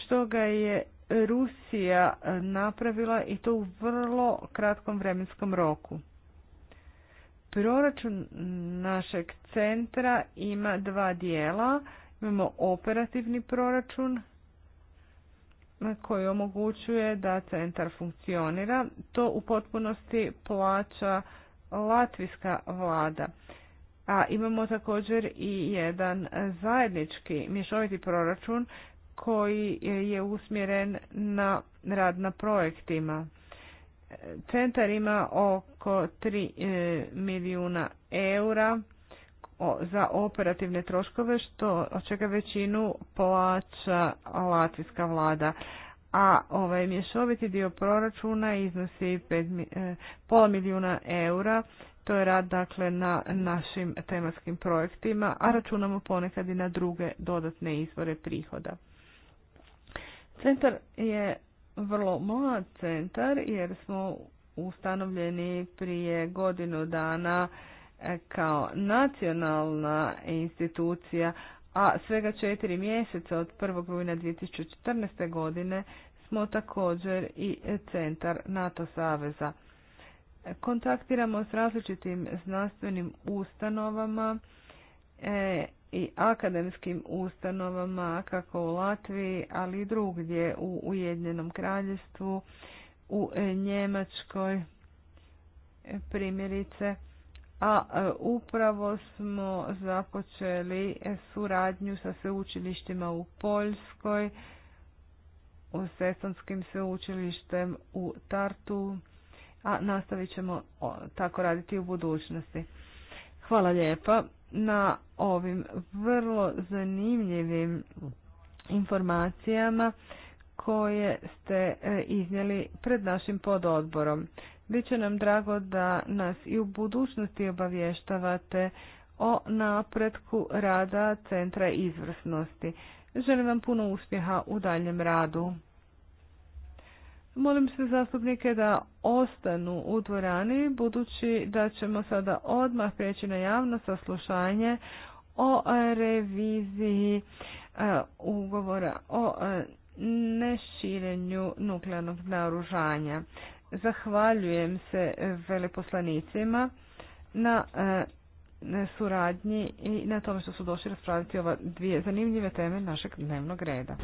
što ga je Rusija napravila i to u vrlo kratkom vremenskom roku. Proračun našeg centra ima dva dijela. Imamo operativni proračun koji omogućuje da centar funkcionira. To u potpunosti plaća latvijska vlada. A imamo također i jedan zajednički mješoviti proračun koji je usmjeren na rad na projektima. Centar ima oko 3 eh, milijuna eura za operativne troškove što od čega većinu plaća latvijska vlada. A ovaj mješoviti dio proračuna iznosi e, pola milijuna eura. To je rad dakle na našim tematskim projektima, a računamo ponekad i na druge dodatne izvore prihoda. Centar je vrlo mlad centar jer smo ustanovljeni prije godinu dana kao nacionalna institucija, a svega četiri mjeseca od 1. rujna 2014. godine smo također i centar NATO saveza. Kontaktiramo s različitim znanstvenim ustanovama e, i akademskim ustanovama kako u Latviji, ali i drugdje u Ujedinjenom kraljestvu, u Njemačkoj primjerice a e, upravo smo započeli suradnju sa sveučilištima u Poljskoj, u Estonskim sveučilištem u Tartu, a nastavit ćemo tako raditi u budućnosti. Hvala lijepa na ovim vrlo zanimljivim informacijama koje ste e, iznijeli pred našim pododborom. Biće nam drago da nas i u budućnosti obavještavate o napretku rada Centra izvrsnosti. Želim vam puno uspjeha u daljem radu. Molim sve zastupnike da ostanu u dvorani, budući da ćemo sada odmah prijeći na javno saslušanje o reviziji e, ugovora o e, neširenju nuklearnog naružanja. Zahvaljujem se veleposlanicima e, na suradnji i na tome što su došli raspraviti ova dvije zanimljive teme našeg dnevnog reda.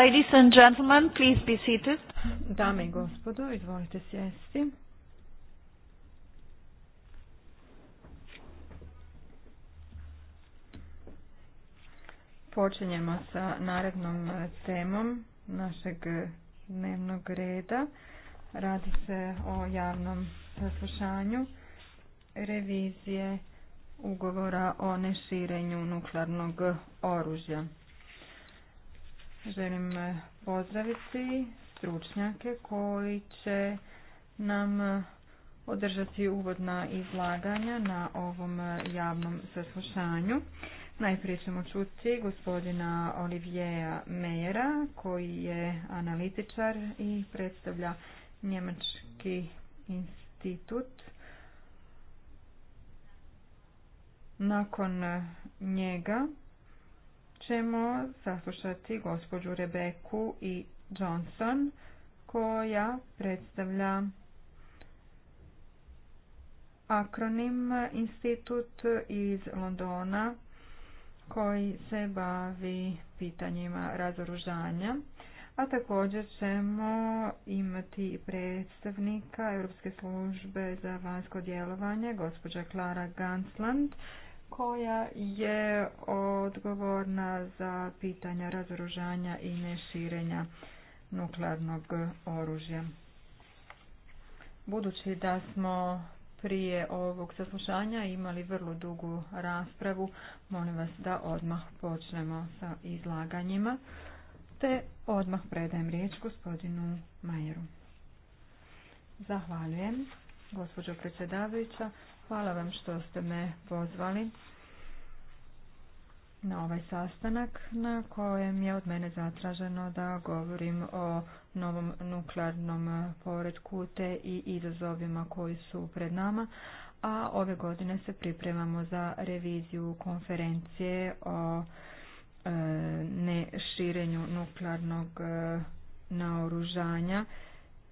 Ladies and gentlemen, please be seated. Dame i gospodo, izvolite sjesti. Počinjemo sa narednom temom našeg dnevnog reda. Radi se o javnom saslušanju revizije ugovora o neširenju nuklearnog oružja. Želim e, pozdraviti stručnjake koji će nam e, održati uvodna izlaganja na ovom e, javnom saslušanju. Najprije ćemo čuti gospodina Olivijeja Mejera koji je analitičar i predstavlja Njemački institut. Nakon njega ćemo saslušati gospođu Rebeku i Johnson koja predstavlja akronim institut iz Londona koji se bavi pitanjima razoružanja. A također ćemo imati predstavnika Europske službe za vanjsko djelovanje, gospođa Klara Gansland, koja je odgovorna za pitanja razoružanja i neširenja nuklearnog oružja. Budući da smo prije ovog saslušanja imali vrlo dugu raspravu, molim vas da odmah počnemo sa izlaganjima, te odmah predajem riječ gospodinu Majeru. Zahvaljujem, gospođo predsjedavajuća. Hvala vam što ste me pozvali na ovaj sastanak na kojem je od mene zatraženo da govorim o novom nuklearnom poredku te i izazovima koji su pred nama, a ove godine se pripremamo za reviziju konferencije o e, neširenju nuklearnog e, naoružanja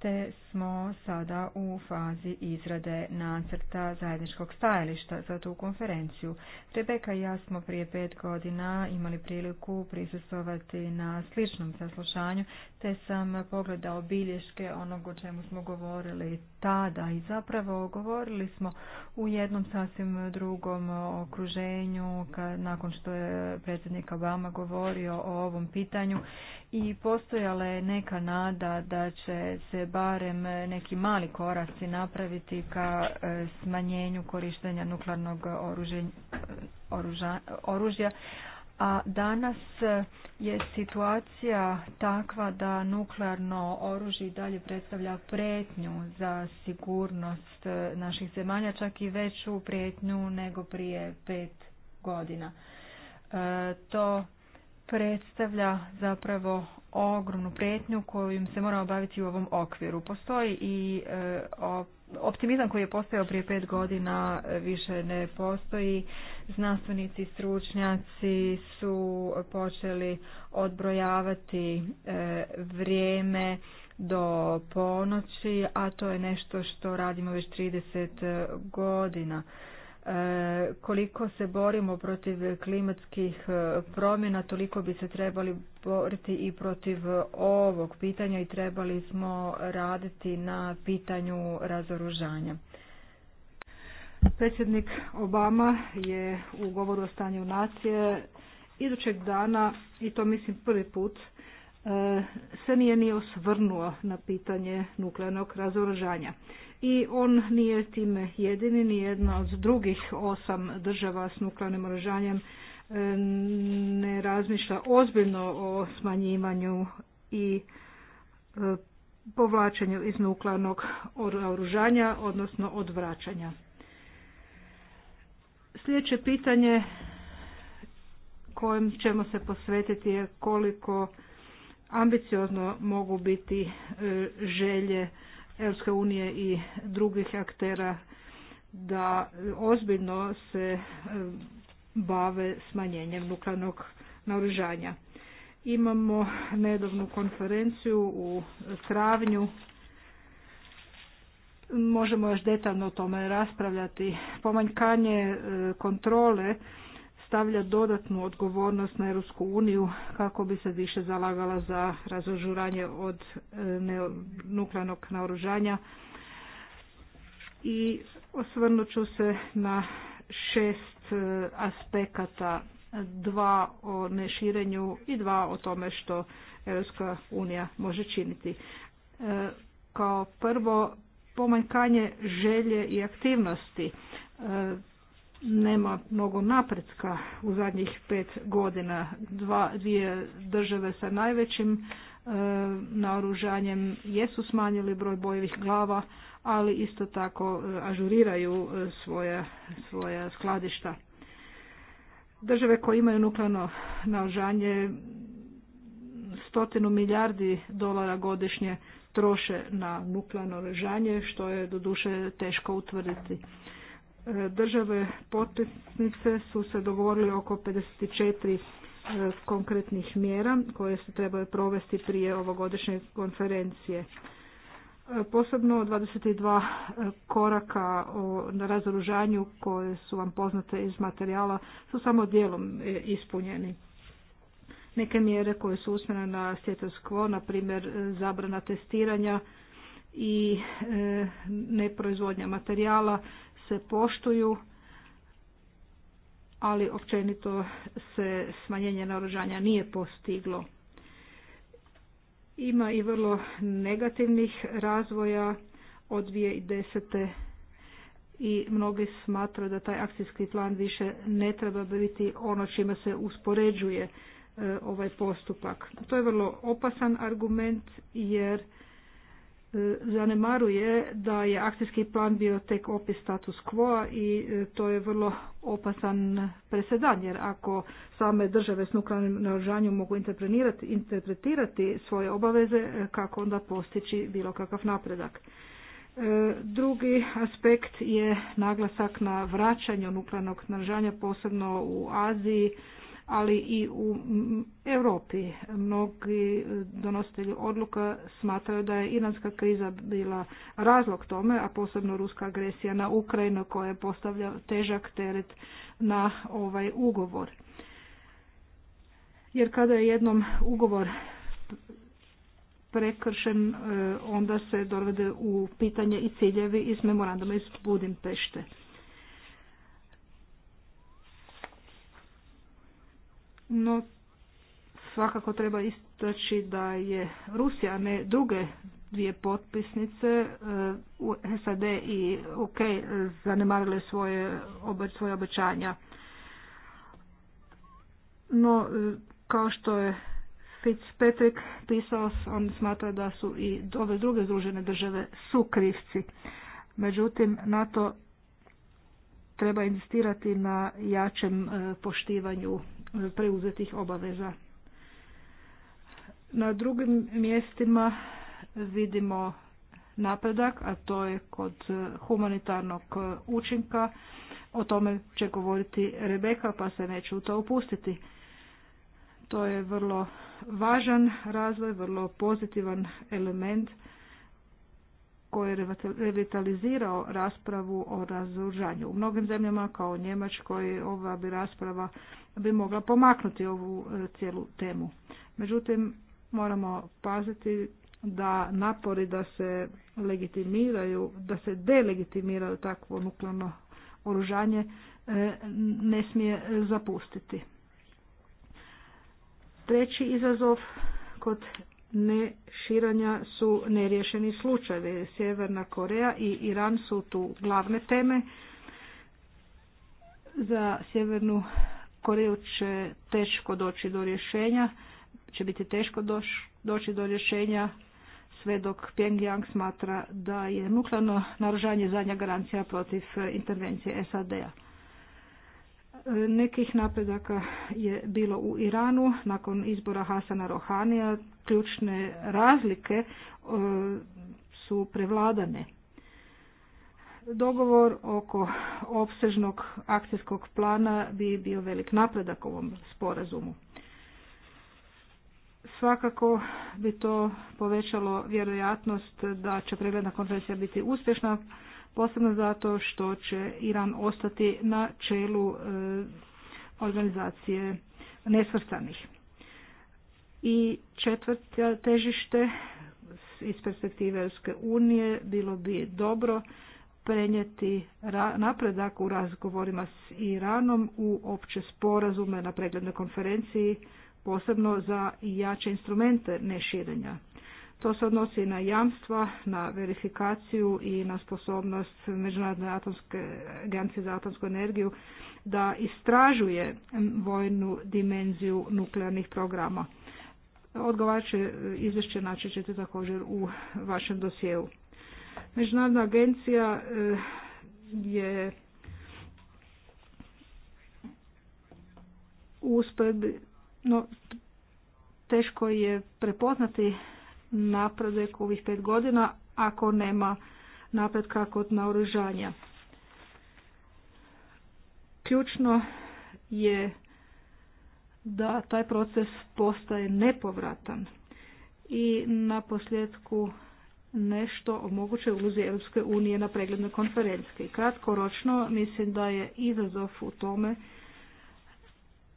te smo sada u fazi izrade nacrta zajedničkog stajališta za tu konferenciju. Rebeka i ja smo prije pet godina imali priliku prisustovati na sličnom saslušanju, te sam pogledao bilješke onog o čemu smo govorili tada i zapravo govorili smo u jednom sasvim drugom okruženju nakon što je predsjednik Obama govorio o ovom pitanju i postojala je neka nada da će se barem e, neki mali koraci napraviti ka e, smanjenju korištenja nuklearnog oružja, a danas e, je situacija takva da nuklearno oružje dalje predstavlja prijetnju za sigurnost naših zemalja, čak i veću prijetnju nego prije pet godina. To predstavlja zapravo ogromnu prijetnju kojom se moramo baviti u ovom okviru. Postoji i e, optimizam koji je postojao prije pet godina e, više ne postoji. Znanstvenici, stručnjaci su počeli odbrojavati e, vrijeme do ponoći, a to je nešto što radimo već 30 godina. E, koliko se borimo protiv klimatskih e, promjena, toliko bi se trebali boriti i protiv ovog pitanja i trebali smo raditi na pitanju razoružanja. Predsjednik Obama je u govoru o stanju nacije idućeg dana, i to mislim prvi put, E, se nije ni osvrnuo na pitanje nuklearnog razoružanja. I on nije time jedini, ni jedna od drugih osam država s nuklearnim oružanjem e, ne razmišlja ozbiljno o smanjivanju i e, povlačenju iz nuklearnog oružanja, odnosno odvraćanja. Sljedeće pitanje kojem ćemo se posvetiti je koliko ambiciozno mogu biti e, želje Europske unije i drugih aktera da ozbiljno se e, bave smanjenjem nuklearnog naoružanja. Imamo nedavnu konferenciju u travnju. Možemo još detaljno o tome raspravljati. Pomanjkanje e, kontrole stavlja dodatnu odgovornost na Europsku uniju kako bi se više zalagala za razožuranje od e, nuklearnog naoružanja i osvrnut ću se na šest e, aspekata, dva o neširenju i dva o tome što Europska unija može činiti. E, kao prvo, pomanjkanje želje i aktivnosti nema mnogo napretka u zadnjih pet godina. Dva, dvije države sa najvećim e, naoružanjem jesu smanjili broj bojevih glava, ali isto tako e, ažuriraju e, svoja, svoja skladišta. Države koje imaju nuklearno naoružanje stotinu milijardi dolara godišnje troše na nuklearno naoružanje, što je doduše teško utvrditi. Države potpisnice su se dogovorili oko 54 e, konkretnih mjera koje se trebaju provesti prije ovogodišnje konferencije. E, posebno 22 e, koraka na razoružanju koje su vam poznate iz materijala su samo dijelom ispunjeni. Neke mjere koje su usmjene na status quo, na primjer zabrana testiranja i neproizvodnja materijala se poštuju, ali općenito se smanjenje naoružanja nije postiglo. Ima i vrlo negativnih razvoja od 2010. i mnogi smatraju da taj akcijski plan više ne treba biti ono čime se uspoređuje e, ovaj postupak. To je vrlo opasan argument jer E, zanemaruje da je akcijski plan bio tek opis status quo i e, to je vrlo opasan presedan jer ako same države s nuklearnim naoružanjem mogu interpretirati svoje obaveze e, kako onda postići bilo kakav napredak. Drugi aspekt je naglasak na vraćanju nuklearnog naoružanja posebno u Aziji ali i u Europi mnogi e, donositelji odluka smatraju da je iranska kriza bila razlog tome, a posebno ruska agresija na Ukrajinu koja je postavlja težak teret na ovaj ugovor. Jer kada je jednom ugovor prekršen, e, onda se dovede u pitanje i ciljevi iz memoranduma iz Budimpešte. No, svakako treba istaći da je Rusija, a ne druge dvije potpisnice, e, SAD i UK, zanemarile svoje, svoje obećanja. No, e, kao što je Fitzpatrick pisao, on smatra da su i ove druge združene države su krivci. Međutim, NATO treba insistirati na jačem e, poštivanju preuzetih obaveza. Na drugim mjestima vidimo napredak, a to je kod humanitarnog učinka. O tome će govoriti Rebeka, pa se neću u to upustiti. To je vrlo važan razvoj, vrlo pozitivan element koji je revitalizirao raspravu o razoružanju. U mnogim zemljama kao Njemačkoj ova bi rasprava bi mogla pomaknuti ovu e, cijelu temu. Međutim, moramo paziti da napori da se legitimiraju, da se delegitimiraju takvo nuklearno oružanje e, ne smije zapustiti. Treći izazov kod ne su nerješeni slučajevi. Sjeverna Koreja i Iran su tu glavne teme. Za Sjevernu Koreju će teško doći do rješenja, će biti teško doći do rješenja sve dok Pyongyang smatra da je nuklearno naružanje zadnja garancija protiv intervencije SAD-a. Nekih napredaka je bilo u Iranu nakon izbora Hasana Rohanija. Ključne razlike e, su prevladane. Dogovor oko opsežnog akcijskog plana bi bio velik napredak ovom sporazumu. Svakako bi to povećalo vjerojatnost da će pregledna konferencija biti uspješna posebno zato što će Iran ostati na čelu e, organizacije nesvrstanih. I četvrta težište iz perspektive Europske unije bilo bi dobro prenijeti napredak u razgovorima s Iranom u opće sporazume na preglednoj konferenciji, posebno za jače instrumente neširenja. To se odnosi na jamstva, na verifikaciju i na sposobnost Međunarodne atomske, agencije za atomsku energiju da istražuje vojnu dimenziju nuklearnih programa. Odgovarajuće izvješće naći ćete također u vašem dosjeu. Međunarodna agencija eh, je uspred, no, teško je prepoznati u ovih pet godina ako nema napretka kod naoružanja. Ključno je da taj proces postaje nepovratan. I na posljedku nešto o mogućoj Europske unije na preglednoj konferenciji. Kratkoročno mislim da je izazov u tome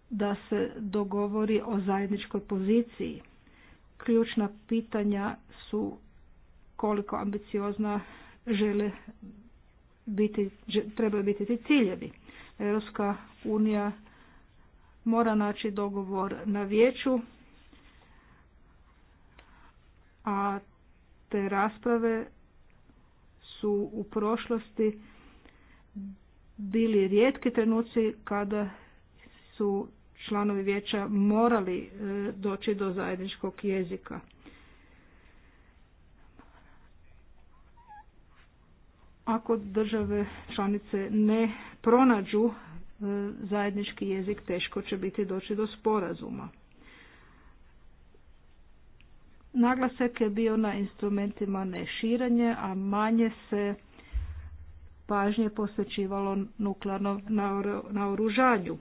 da se dogovori o zajedničkoj poziciji Ključna pitanja su koliko ambiciozna žele biti, trebaju biti ti ciljevi. Europska unija mora naći dogovor na vijeću, a te rasprave su u prošlosti bili rijetki trenuci kada su članovi vijeća morali e, doći do zajedničkog jezika. Ako države članice ne pronađu e, zajednički jezik, teško će biti doći do sporazuma. Naglasak je bio na instrumentima neširanje, a manje se pažnje posvećivalo nuklearnom naoružanju.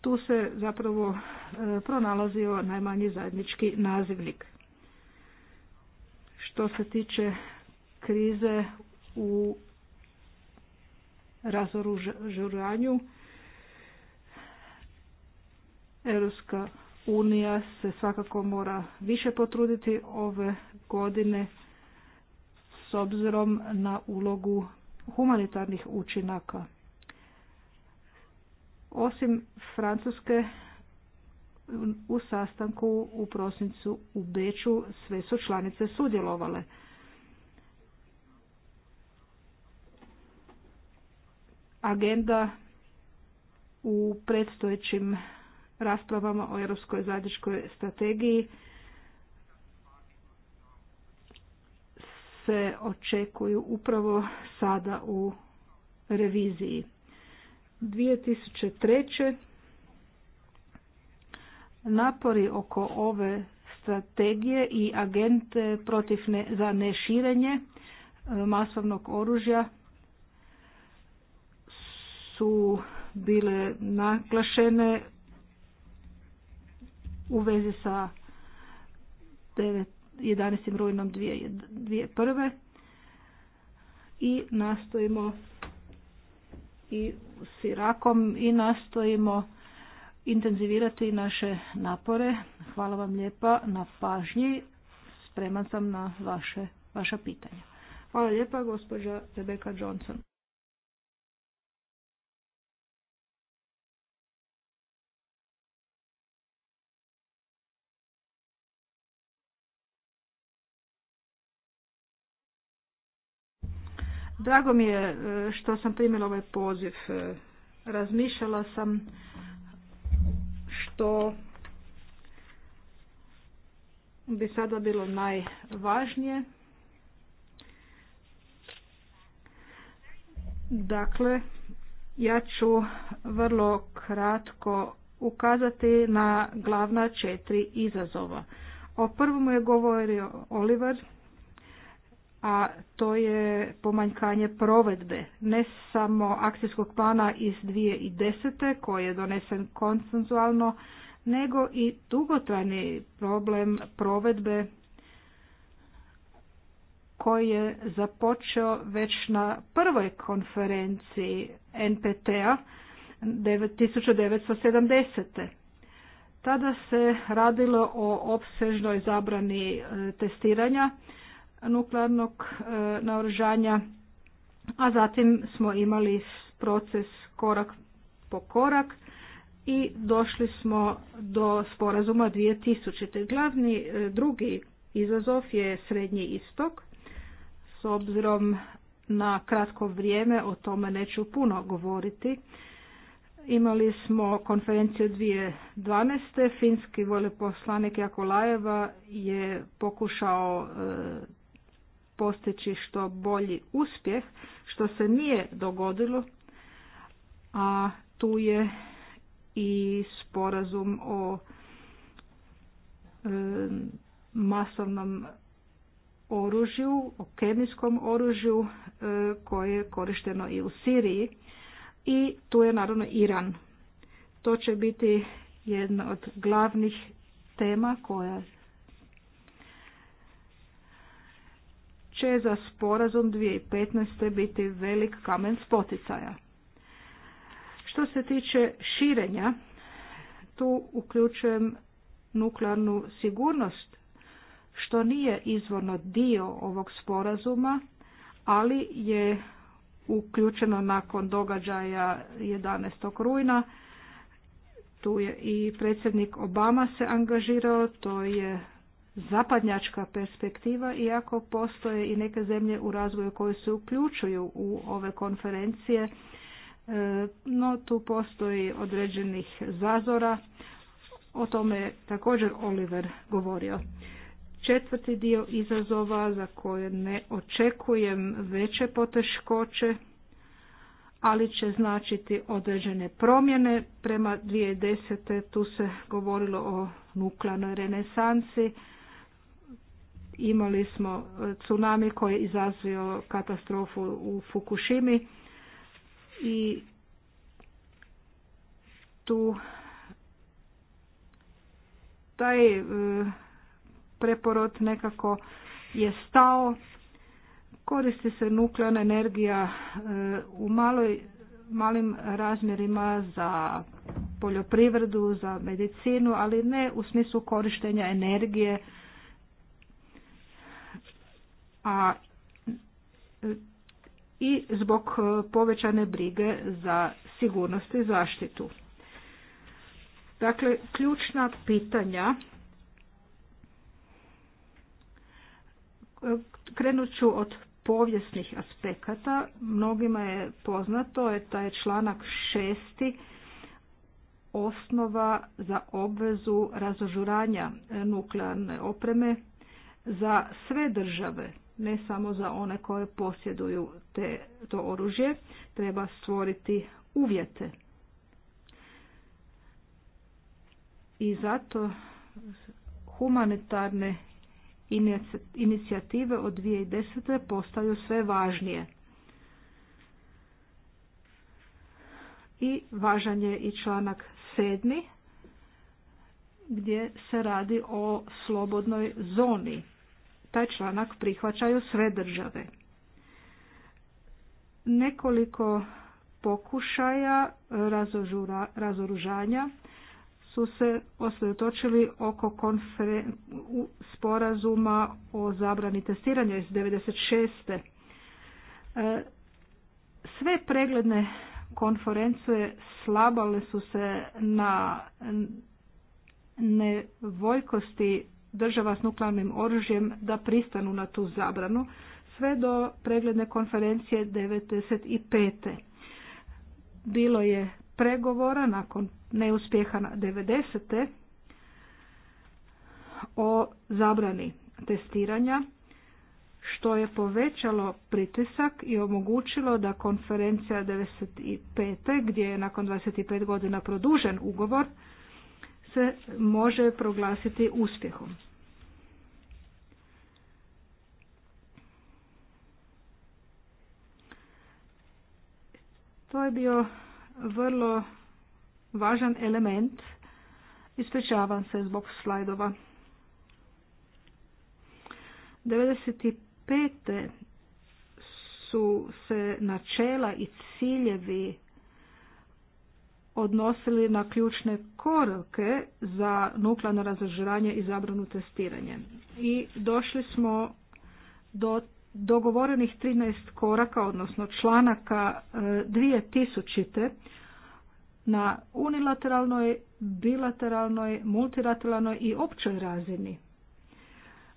tu se zapravo e, pronalazio najmanji zajednički nazivnik. Što se tiče krize u razoružanju, Europska unija se svakako mora više potruditi ove godine s obzirom na ulogu humanitarnih učinaka osim Francuske u sastanku u prosincu u Beču sve su članice sudjelovale. Agenda u predstojećim raspravama o Europskoj zajedničkoj strategiji se očekuju upravo sada u reviziji. 2003. napori oko ove strategije i agente protiv ne, za neširenje e, masovnog oružja su bile naglašene u vezi sa 9, 11. rujnom 2001. i nastojimo i s Irakom i nastojimo intenzivirati naše napore. Hvala vam lijepa na pažnji. Spreman sam na vaše, vaša pitanja. Hvala lijepa gospođa Rebecca Johnson. Drago mi je e, što sam primila ovaj poziv. E, razmišljala sam što bi sada bilo najvažnije. Dakle, ja ću vrlo kratko ukazati na glavna četiri izazova. O prvom je govorio Oliver, a to je pomanjkanje provedbe, ne samo akcijskog plana iz 2010. koji je donesen konsenzualno, nego i dugotrajni problem provedbe koji je započeo već na prvoj konferenciji NPT-a 1970. Tada se radilo o opsežnoj zabrani e, testiranja nuklearnog e, naoružanja, a zatim smo imali proces korak po korak i došli smo do sporazuma 2000. Glavni e, drugi izazov je Srednji istok. S obzirom na kratko vrijeme o tome neću puno govoriti. Imali smo konferenciju 2012. Finski voljeposlanik Jakolajeva je pokušao e, postići što bolji uspjeh, što se nije dogodilo, a tu je i sporazum o e, masovnom oružju, o kemijskom oružju e, koje je korišteno i u Siriji i tu je naravno Iran. To će biti jedna od glavnih tema koja će za sporazum 2015. biti velik kamen spoticaja. Što se tiče širenja, tu uključujem nuklearnu sigurnost, što nije izvorno dio ovog sporazuma, ali je uključeno nakon događaja 11. rujna. Tu je i predsjednik Obama se angažirao, to je zapadnjačka perspektiva, iako postoje i neke zemlje u razvoju koje se uključuju u ove konferencije, e, no tu postoji određenih zazora. O tome je također Oliver govorio. Četvrti dio izazova za koje ne očekujem veće poteškoće, ali će značiti određene promjene. Prema 2010. tu se govorilo o nuklearnoj renesansi, Imali smo e, tsunami koji je izazvio katastrofu u Fukushimi i tu taj e, preporod nekako je stao. Koristi se nuklearna energija e, u maloj, malim razmjerima za poljoprivredu, za medicinu, ali ne u smislu korištenja energije a i zbog e, povećane brige za sigurnost i zaštitu. Dakle, ključna pitanja e, krenut ću od povijesnih aspekata. Mnogima je poznato je taj članak šesti osnova za obvezu razožuranja nuklearne opreme za sve države ne samo za one koje posjeduju te, to oružje, treba stvoriti uvjete. I zato humanitarne inicijative od 2010. postaju sve važnije. I važan je i članak sedmi gdje se radi o slobodnoj zoni taj članak prihvaćaju sve države. Nekoliko pokušaja razoružanja su se osvjetočili oko sporazuma o zabrani testiranja iz 96. E, sve pregledne konference slabale su se na nevoljkosti država s nuklearnim oružjem da pristanu na tu zabranu sve do pregledne konferencije 95. Bilo je pregovora nakon neuspjeha na 90. o zabrani testiranja što je povećalo pritisak i omogućilo da konferencija 95. gdje je nakon 25 godina produžen ugovor se može proglasiti uspjehom. To je bio vrlo važan element. Ispričavam se zbog slajdova. 95. su se načela i ciljevi odnosili na ključne korake za nuklearno razožiranje i zabranu testiranje. I došli smo do dogovorenih 13 koraka, odnosno članaka 2000. E, na unilateralnoj, bilateralnoj, multilateralnoj i općoj razini.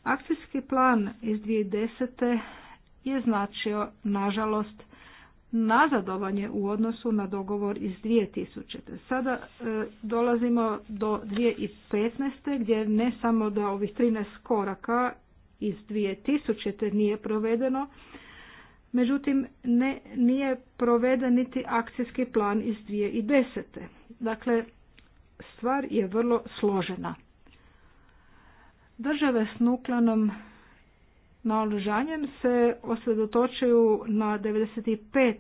Akcijski plan iz 2010. je značio, nažalost, nazadovanje u odnosu na dogovor iz 2000. Sada e, dolazimo do 2015. gdje ne samo da ovih 13 koraka iz 2000. nije provedeno, međutim ne, nije proveden niti akcijski plan iz 2010. Dakle, stvar je vrlo složena. Države s nuklenom naoružanjem se osredotočuju na 95.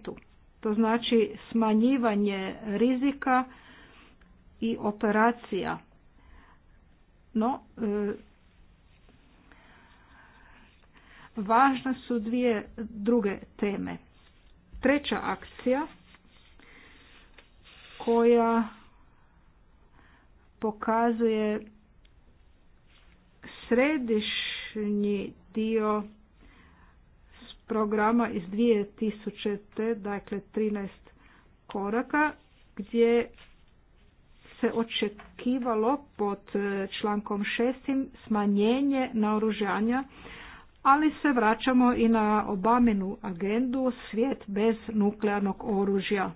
To znači smanjivanje rizika i operacija. No, e, važne su dvije druge teme. Treća akcija koja pokazuje središnji dio programa iz 2000. dakle 13 koraka gdje se očekivalo pod e, člankom 6. smanjenje naoružanja, ali se vraćamo i na obamenu agendu svijet bez nuklearnog oružja.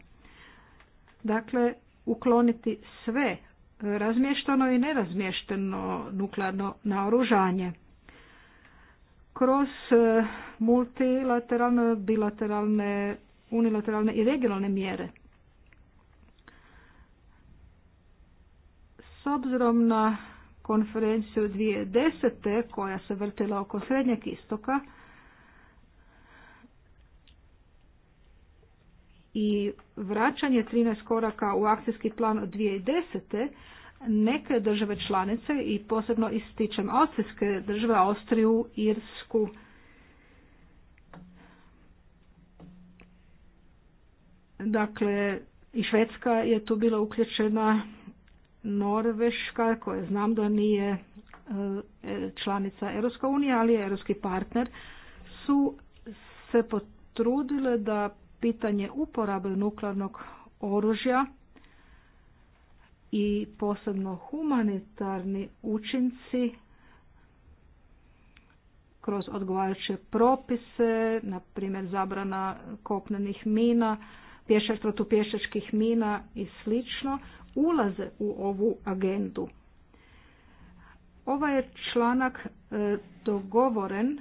Dakle, ukloniti sve e, razmješteno i nerazmješteno nuklearno naoružanje kroz e, multilateralne, bilateralne, unilateralne i regionalne mjere. S obzirom na konferenciju 2010. koja se vrtila oko Srednjeg istoka i vraćanje 13 koraka u akcijski plan od 2010. Neke države članice i posebno ističem austrijske države, Austriju, Irsku, dakle i Švedska je tu bila uključena, Norveška koja znam da nije e, članica EU ali je europski partner, su se potrudile da pitanje uporabe nuklearnog oružja i posebno humanitarni učinci kroz odgovarajuće propise, na primjer zabrana kopnenih mina, pješač pješačkih mina i slično, ulaze u ovu agendu. Ovaj je članak e, dogovoren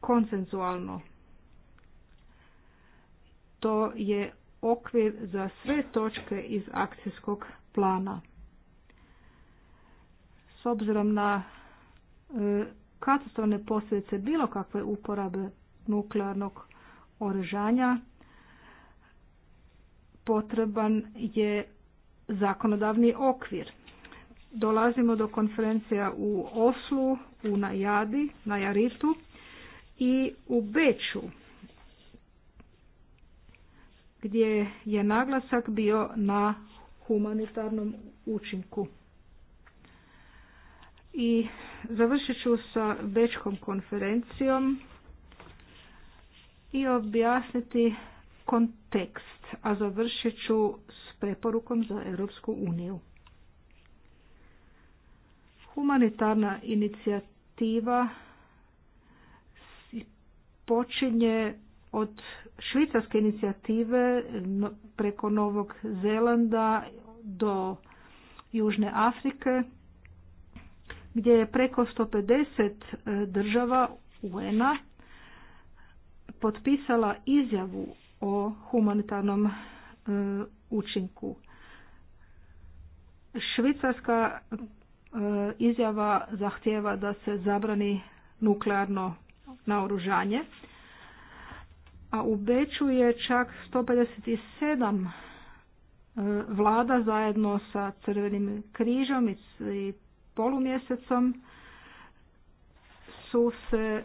konsenzualno. To je okvir za sve točke iz akcijskog plana. S obzirom na e, katastrofne posljedice bilo kakve uporabe nuklearnog oružanja potreban je zakonodavni okvir. Dolazimo do konferencija u Oslu, u Najadi, na Jaritu i u Beču gdje je naglasak bio na humanitarnom učinku. I završit ću sa Bečkom konferencijom i objasniti kontekst, a završit ću s preporukom za Europsku uniju. Humanitarna inicijativa počinje od švicarske inicijative preko Novog Zelanda do Južne Afrike gdje je preko 150 e, država UN-a potpisala izjavu o humanitarnom e, učinku. Švicarska e, izjava zahtjeva da se zabrani nuklearno naoružanje a u Beču je čak 157 e, vlada zajedno sa Crvenim križom i polumjesecom su se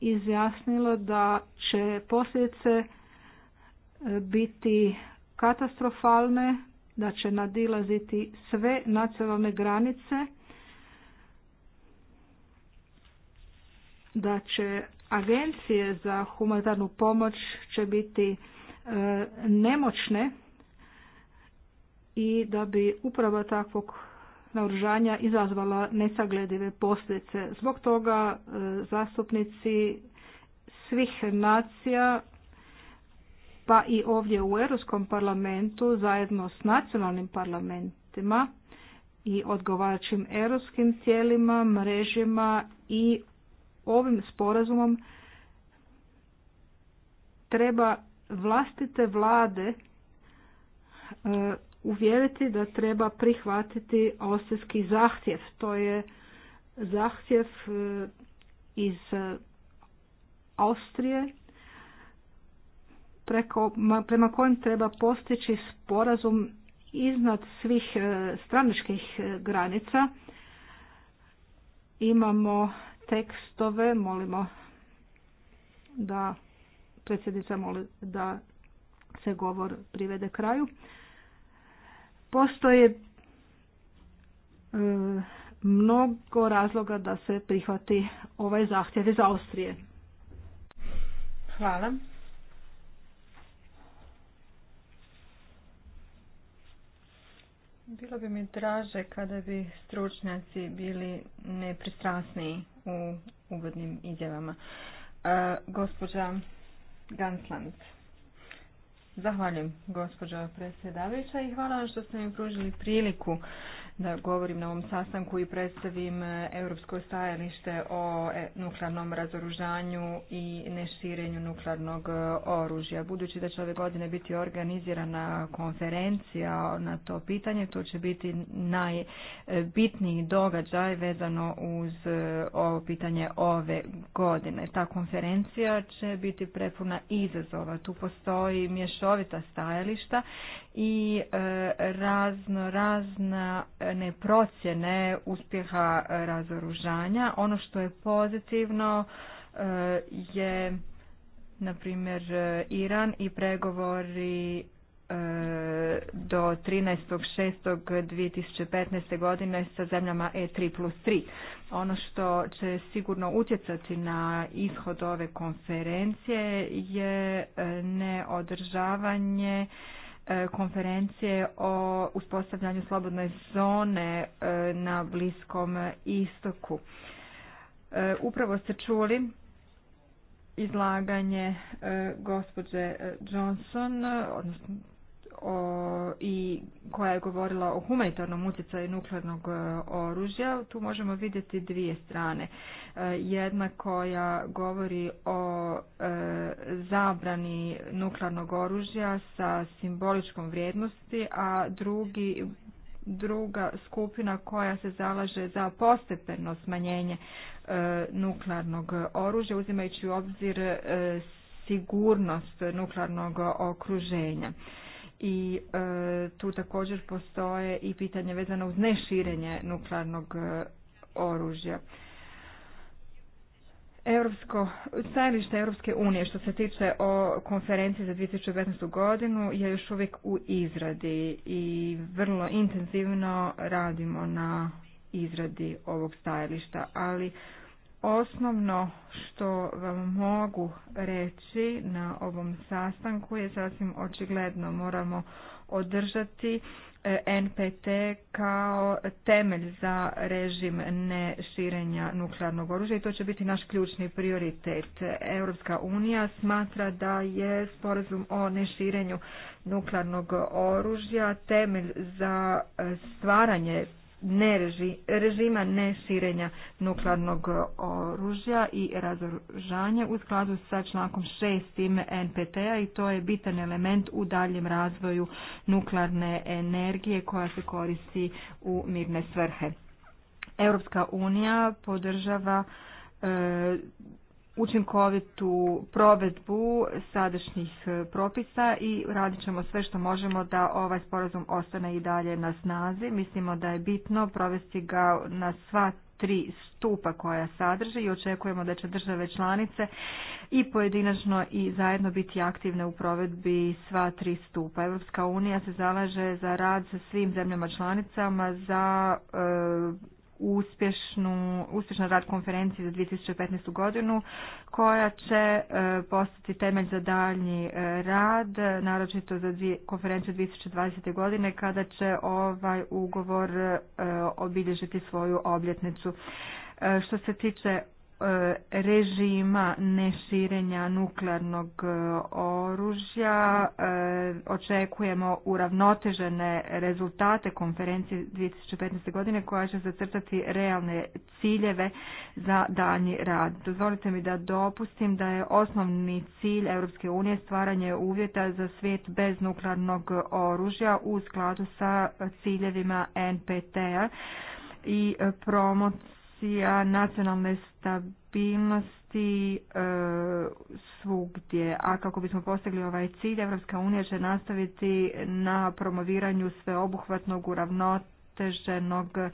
izjasnilo da će posljedice e, biti katastrofalne, da će nadilaziti sve nacionalne granice da će agencije za humanitarnu pomoć će biti e, nemoćne i da bi uprava takvog naoružanja izazvala nesagledive posljedice. Zbog toga e, zastupnici svih nacija pa i ovdje u Europskom parlamentu zajedno s nacionalnim parlamentima i odgovarajućim europskim tijelima, mrežima i ovim sporazumom treba vlastite vlade e, uvjeriti da treba prihvatiti austrijski zahtjev. To je zahtjev e, iz e, Austrije preko, prema kojem treba postići sporazum iznad svih straničkih granica. Imamo tekstove. Molimo da predsjednica moli da se govor privede kraju. Postoje e, mnogo razloga da se prihvati ovaj zahtjev iz Austrije. Hvala. Bilo bi mi draže kada bi stručnjaci bili nepristrasniji u uvodnim izjavama. E, gospođa Gansland. Zahvaljujem gospođo predsjedavajuća i hvala vam što ste mi pružili priliku da govorim na ovom sastanku i predstavim e, europsko stajalište o e, nuklearnom razoružanju i neširenju nuklearnog e, oružja. Budući da će ove godine biti organizirana konferencija na to pitanje, to će biti najbitniji događaj vezano uz ovo pitanje ove godine. Ta konferencija će biti prepuna izazova. Tu postoji mješovita stajališta i razno razna ne procjene uspjeha razoružanja. Ono što je pozitivno e, je na primjer Iran i pregovori e, do 13.6.2015. godine sa zemljama E3 plus 3. Ono što će sigurno utjecati na ishod ove konferencije je e, neodržavanje E, konferencije o uspostavljanju slobodne zone e, na Bliskom istoku. E, upravo ste čuli izlaganje gospođe Johnson, odnosno o, i koja je govorila o humanitarnom utjecaju nuklearnog e, oružja, tu možemo vidjeti dvije strane. E, jedna koja govori o e, zabrani nuklearnog oružja sa simboličkom vrijednosti, a drugi druga skupina koja se zalaže za postepeno smanjenje nuklearnog oružja uzimajući u obzir sigurnost nuklearnog okruženja i e, tu također postoje i pitanje vezano uz neširenje nuklearnog e, oružja. Europsko, stajalište Europske unije što se tiče o konferenciji za 2015. godinu je još uvijek u izradi i vrlo intenzivno radimo na izradi ovog stajališta, ali Osnovno što vam mogu reći na ovom sastanku je sasvim očigledno moramo održati e, NPT kao temelj za režim neširenja nuklearnog oružja i to će biti naš ključni prioritet. Europska unija smatra da je sporazum o neširenju nuklearnog oružja temelj za e, stvaranje ne režima neširenja nuklearnog e, oružja i razoružanja u skladu sa člankom 6. NPT-a i to je bitan element u daljem razvoju nuklearne energije koja se koristi u mirne svrhe. Europska unija podržava e, učinkovitu provedbu sadašnjih e, propisa i radit ćemo sve što možemo da ovaj sporazum ostane i dalje na snazi. Mislimo da je bitno provesti ga na sva tri stupa koja sadrži i očekujemo da će države članice i pojedinačno i zajedno biti aktivne u provedbi sva tri stupa. Europska unija se zalaže za rad sa svim zemljama članicama za e, uspješnu, uspješan rad konferencije za 2015. godinu koja će e, postati temelj za daljnji e, rad, naročito za dvije, konferenciju 2020. godine kada će ovaj ugovor e, obilježiti svoju obljetnicu. Što se tiče E, režima neširenja nuklearnog e, oružja. E, očekujemo uravnotežene rezultate konferencije 2015. godine koja će zacrtati realne ciljeve za danji rad. Dozvolite mi da dopustim da je osnovni cilj Europske unije stvaranje uvjeta za svijet bez nuklearnog oružja u skladu sa ciljevima npt i promoc nacionalne stabilnosti e, svugdje. A kako bismo postigli ovaj cilj, Evropska unija će nastaviti na promoviranju sveobuhvatnog uravnoteženog teženog e,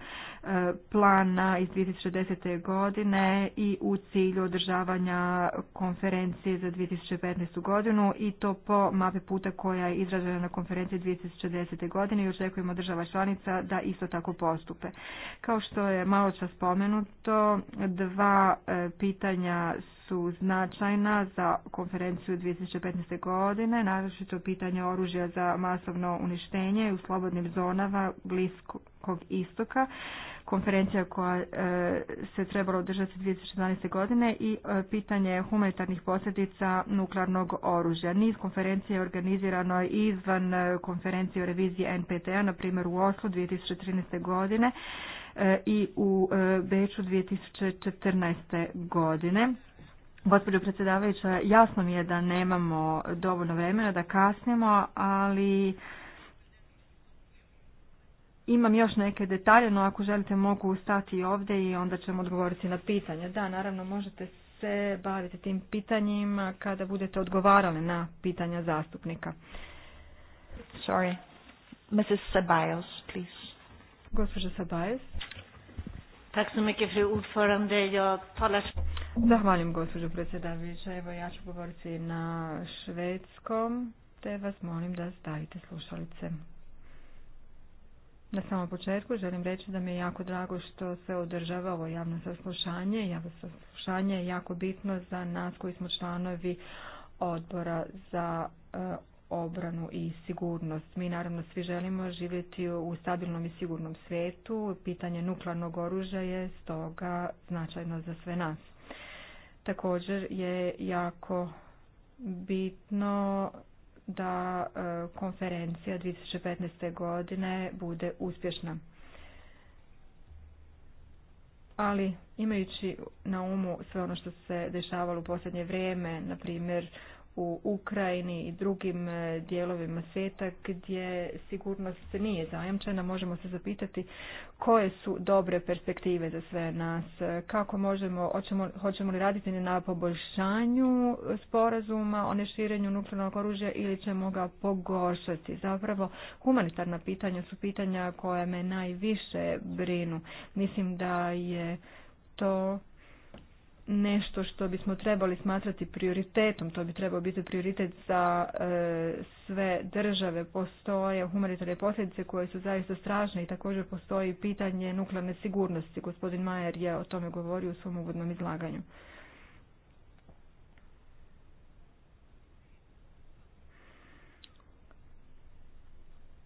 plana iz 2010. godine i u cilju održavanja konferencije za 2015. godinu i to po mape puta koja je izražena na konferenciji 2010. godine i očekujemo država članica da isto tako postupe. Kao što je malo čas spomenuto, dva e, pitanja su značajna za konferenciju 2015. godine, naročito pitanje oružja za masovno uništenje u slobodnim zonama Bliskog istoka, konferencija koja e, se trebala održati 2012. godine i e, pitanje humanitarnih posljedica nuklearnog oružja. Niz konferencije je organizirano izvan e, konferencije o reviziji NPT-a, na primjer u Oslu 2013. godine i u Beču 2014. godine. Gospođo predsjedavajuća, jasno mi je da nemamo dovoljno vremena, da kasnimo, ali imam još neke detalje, no ako želite mogu stati ovdje i onda ćemo odgovoriti na pitanje. Da, naravno možete se baviti tim pitanjima kada budete odgovarali na pitanja zastupnika. Sorry. Mrs. Sabajos, please. Gospođa Sabajos. Tak Zahvaljujem gospođo predsjedavića. Evo ja ću govoriti na švedskom, te vas molim da stavite slušalice. Na samom početku želim reći da mi je jako drago što se održava ovo javno saslušanje. Javno saslušanje je jako bitno za nas koji smo članovi odbora za e, obranu i sigurnost. Mi naravno svi želimo živjeti u stabilnom i sigurnom svijetu. Pitanje nuklearnog oružja je stoga značajno za sve nas. Također je jako bitno da e, konferencija 2015. godine bude uspješna. Ali imajući na umu sve ono što se dešavalo u posljednje vrijeme, na primjer u Ukrajini i drugim e, dijelovima svijeta gdje sigurnost nije zajamčena, možemo se zapitati koje su dobre perspektive za sve nas, e, kako možemo, hoćemo, li raditi na poboljšanju sporazuma o neširenju nuklearnog oružja ili ćemo ga pogoršati. Zapravo, humanitarna pitanja su pitanja koja me najviše brinu. Mislim da je to nešto što bismo trebali smatrati prioritetom, to bi trebao biti prioritet za e, sve države, postoje humanitarne posljedice koje su zaista strašne i također postoji pitanje nuklearne sigurnosti. Gospodin Majer je o tome govorio u svom uvodnom izlaganju.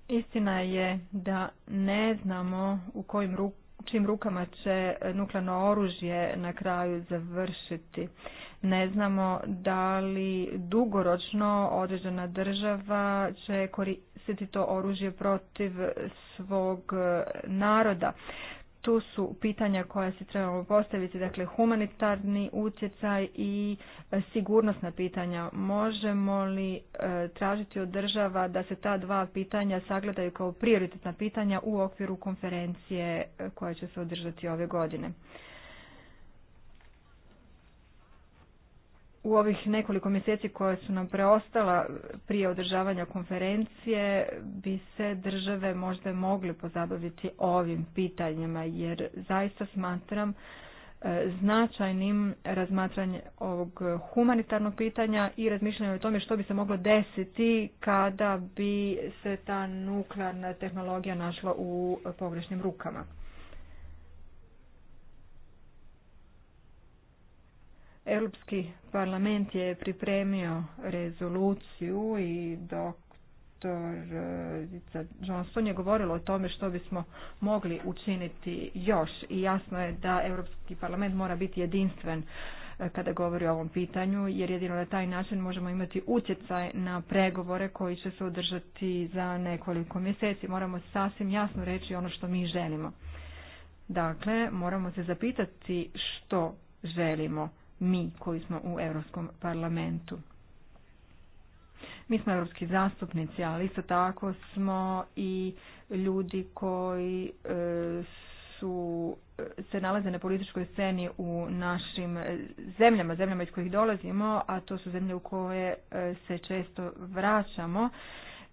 Istina je da ne znamo u kojim rukama čim rukama će nuklearno oružje na kraju završiti. Ne znamo da li dugoročno određena država će koristiti to oružje protiv svog naroda tu su pitanja koja se trebamo postaviti, dakle humanitarni utjecaj i e, sigurnosna pitanja. Možemo li e, tražiti od država da se ta dva pitanja sagledaju kao prioritetna pitanja u okviru konferencije e, koja će se održati ove godine? u ovih nekoliko mjeseci koje su nam preostala prije održavanja konferencije bi se države možda mogle pozabaviti ovim pitanjima jer zaista smatram e, značajnim razmatranje ovog humanitarnog pitanja i razmišljanje o tome što bi se moglo desiti kada bi se ta nuklearna tehnologija našla u pogrešnim rukama. Europski parlament je pripremio rezoluciju i doktor Johnson je govorilo o tome što bismo mogli učiniti još i jasno je da Europski parlament mora biti jedinstven eh, kada govori o ovom pitanju, jer jedino na taj način možemo imati utjecaj na pregovore koji će se održati za nekoliko mjeseci. Moramo sasvim jasno reći ono što mi želimo. Dakle, moramo se zapitati što želimo mi koji smo u Europskom parlamentu. Mi smo europski zastupnici, ali isto tako smo i ljudi koji e, su se nalaze na političkoj sceni u našim zemljama, zemljama iz kojih dolazimo, a to su zemlje u koje e, se često vraćamo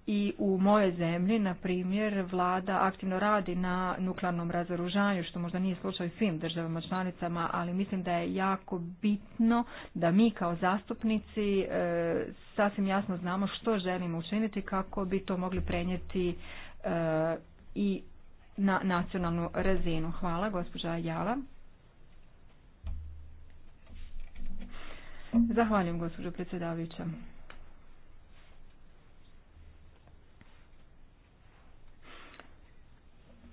i u moje zemlji, na primjer, vlada aktivno radi na nuklearnom razoružanju, što možda nije slučaj svim državama članicama, ali mislim da je jako bitno da mi kao zastupnici e, sasvim jasno znamo što želimo učiniti kako bi to mogli prenijeti e, i na nacionalnu razinu. Hvala, gospođa Jala. Zahvaljujem, gospođo predsjedavića.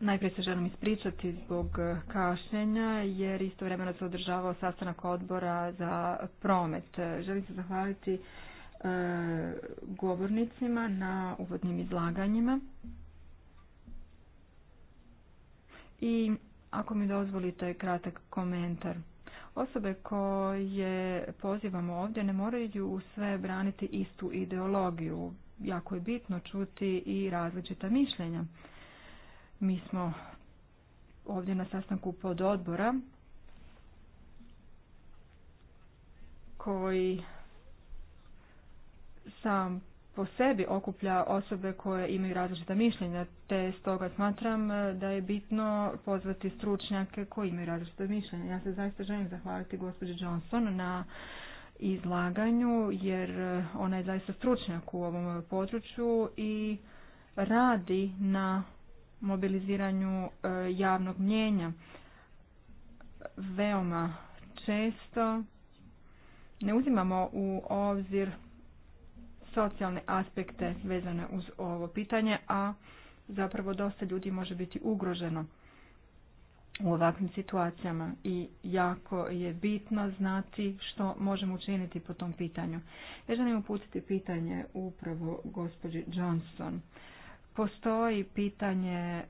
Najprije se želim ispričati zbog e, kašnjenja jer istovremeno se održavao sastanak odbora za promet. E, želim se zahvaliti e, govornicima na uvodnim izlaganjima. I ako mi dozvolite kratak komentar. Osobe koje pozivamo ovdje ne moraju sve braniti istu ideologiju. Jako je bitno čuti i različita mišljenja. Mi smo ovdje na sastanku pod odbora koji sam po sebi okuplja osobe koje imaju različita mišljenja, te stoga smatram e, da je bitno pozvati stručnjake koji imaju različita mišljenja. Ja se zaista želim zahvaliti gospođi Johnson na izlaganju, jer e, ona je zaista stručnjak u ovom području i radi na mobiliziranju e, javnog mnjenja. Veoma često ne uzimamo u obzir socijalne aspekte vezane uz ovo pitanje, a zapravo dosta ljudi može biti ugroženo u ovakvim situacijama i jako je bitno znati što možemo učiniti po tom pitanju. Ja želim uputiti pitanje upravo gospođi Johnson postoji pitanje e,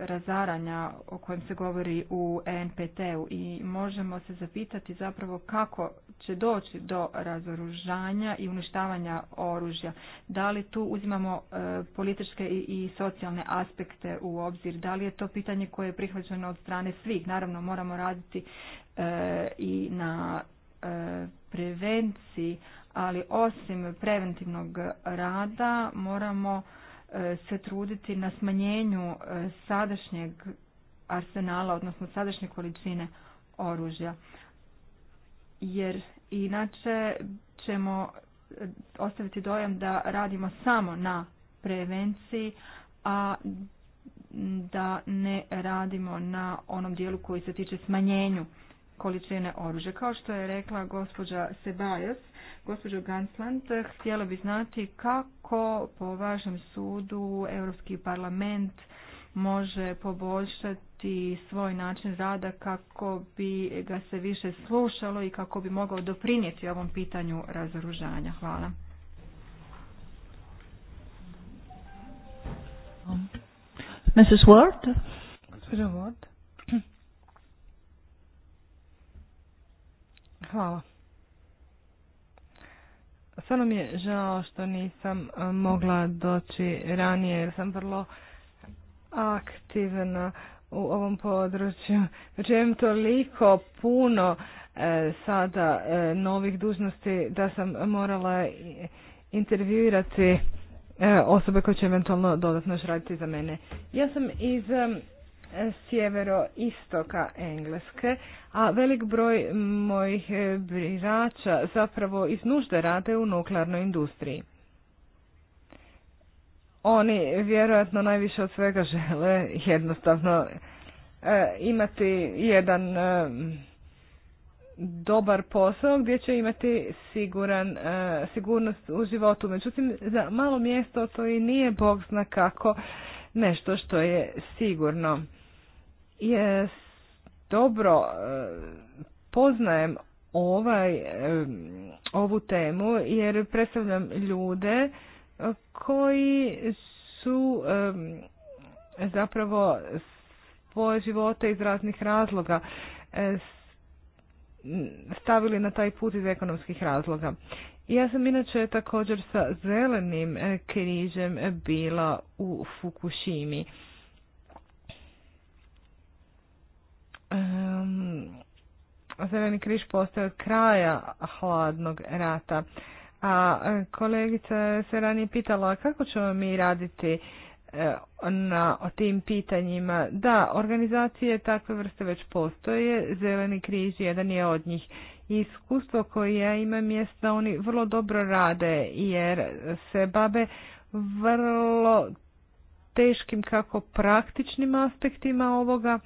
razaranja o kojem se govori u NPT-u i možemo se zapitati zapravo kako će doći do razoružanja i uništavanja oružja. Da li tu uzimamo e, političke i, i socijalne aspekte u obzir? Da li je to pitanje koje je prihvaćeno od strane svih? Naravno moramo raditi e, i na e, prevenciji, ali osim preventivnog rada moramo E, se truditi na smanjenju e, sadašnjeg arsenala, odnosno sadašnje količine oružja. Jer inače ćemo e, ostaviti dojam da radimo samo na prevenciji, a da ne radimo na onom dijelu koji se tiče smanjenju količine oružja. Kao što je rekla gospođa Sebajes, gospođo Gansland, htjela bi znati kako po vašem sudu Europski parlament može poboljšati svoj način rada kako bi ga se više slušalo i kako bi mogao doprinijeti ovom pitanju razoružanja. Hvala. Mrs. Ward? Ward. Hvala. Stvarno mi je žao što nisam e, mogla doći ranije jer sam vrlo aktivna u ovom području. Znači imam toliko puno e, sada e, novih dužnosti da sam morala intervjuirati osobe koje će eventualno dodatno još raditi za mene. Ja sam iz sjevero-istoka Engleske, a velik broj mojih e, birača zapravo iz nužde rade u nuklearnoj industriji. Oni vjerojatno najviše od svega žele jednostavno e, imati jedan e, dobar posao gdje će imati siguran, sigurnost u životu. Međutim, za malo mjesto to i nije Bog zna kako nešto što je sigurno je dobro e, poznajem ovaj, e, ovu temu jer predstavljam ljude koji su e, zapravo svoje živote iz raznih razloga stavili na taj put iz ekonomskih razloga. Ja sam inače također sa zelenim križem bila u Fukushimi Zeleni križ postoje od kraja hladnog rata. A e, kolegica se ranije pitala kako ćemo mi raditi e, na tim pitanjima. Da, organizacije takve vrste već postoje, Zeleni križ jedan je od njih. Iskustvo koje ja imam je da oni vrlo dobro rade jer se babe vrlo teškim kako praktičnim aspektima ovoga,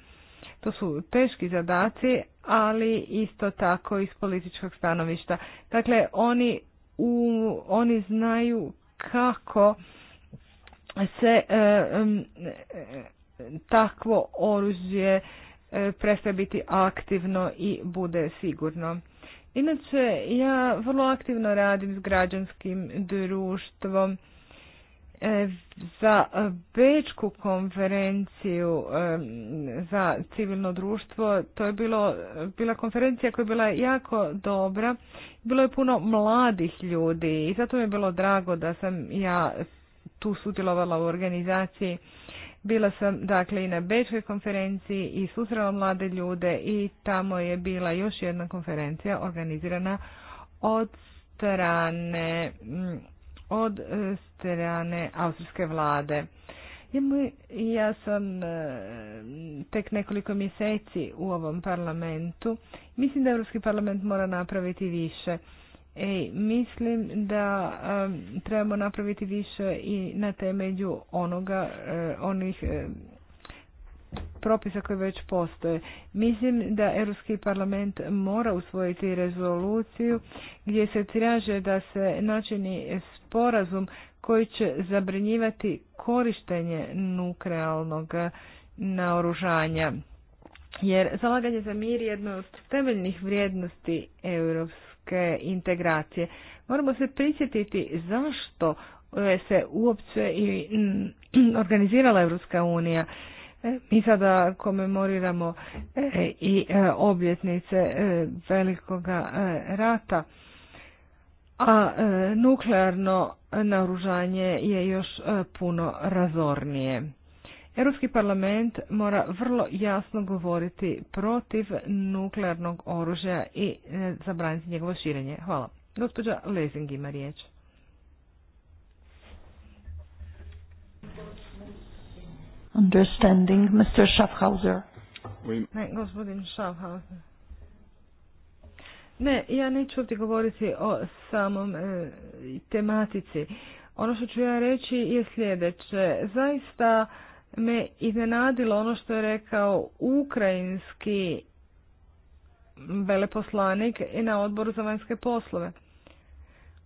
to su teški zadaci, ali isto tako iz političkog stanovišta. Dakle, oni, u, oni znaju kako se e, takvo oružje e, prestaje biti aktivno i bude sigurno. Inače, ja vrlo aktivno radim s građanskim društvom E, za Bečku konferenciju e, za civilno društvo, to je bilo, bila konferencija koja je bila jako dobra. Bilo je puno mladih ljudi i zato mi je bilo drago da sam ja tu sudjelovala u organizaciji. Bila sam dakle i na Bečkoj konferenciji i susrela mlade ljude i tamo je bila još jedna konferencija organizirana od strane od e, strane austrijske vlade. Ja sam e, tek nekoliko mjeseci u ovom parlamentu. Mislim da Europski parlament mora napraviti više. I mislim da e, trebamo napraviti više i na temelju onoga, onih propisa koji već postoje. Mislim da Europski parlament mora usvojiti rezoluciju gdje se traže da se načini sporazum koji će zabranjivati korištenje nuklearnog naoružanja. Jer zalaganje za mir je jedno od temeljnih vrijednosti europske integracije. Moramo se prisjetiti zašto se uopće i organizirala Europska unija. E, mi sada komemoriramo e, i e, obljetnice Velikoga rata a e, nuklearno naružanje je još e, puno razornije. Europski parlament mora vrlo jasno govoriti protiv nuklearnog oružja i e, zabraniti njegovo širenje. Hvala. Gospođa Lezing ima riječ. Understanding Mr. Schaffhauser. Ne, gospodin Schaffhauser. Ne, ja neću ovdje govoriti o samom e, tematici. Ono što ću ja reći je sljedeće. Zaista me iznenadilo ono što je rekao ukrajinski veleposlanik i na odboru za vanjske poslove.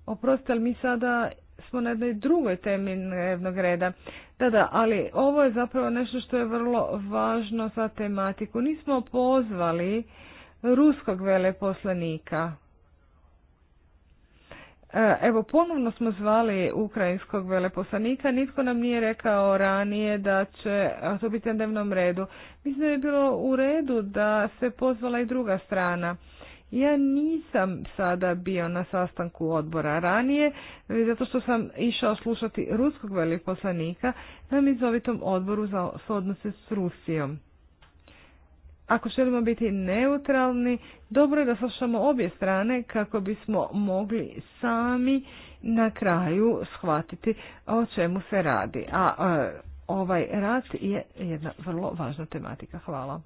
Oprostite, mi sada smo na jednoj drugoj temi dnevnog reda. Da, da, ali ovo je zapravo nešto što je vrlo važno za tematiku. Nismo pozvali ruskog veleposlanika. E, evo, ponovno smo zvali ukrajinskog veleposlanika, nitko nam nije rekao ranije da će to biti na dnevnom redu. Mislim da je bilo u redu da se pozvala i druga strana. Ja nisam sada bio na sastanku odbora ranije, e, zato što sam išao slušati ruskog veliposlanika na mizovitom odboru za odnose s Rusijom. Ako želimo biti neutralni, dobro je da slušamo obje strane kako bismo mogli sami na kraju shvatiti o čemu se radi. A e, ovaj rat je jedna vrlo važna tematika. Hvala.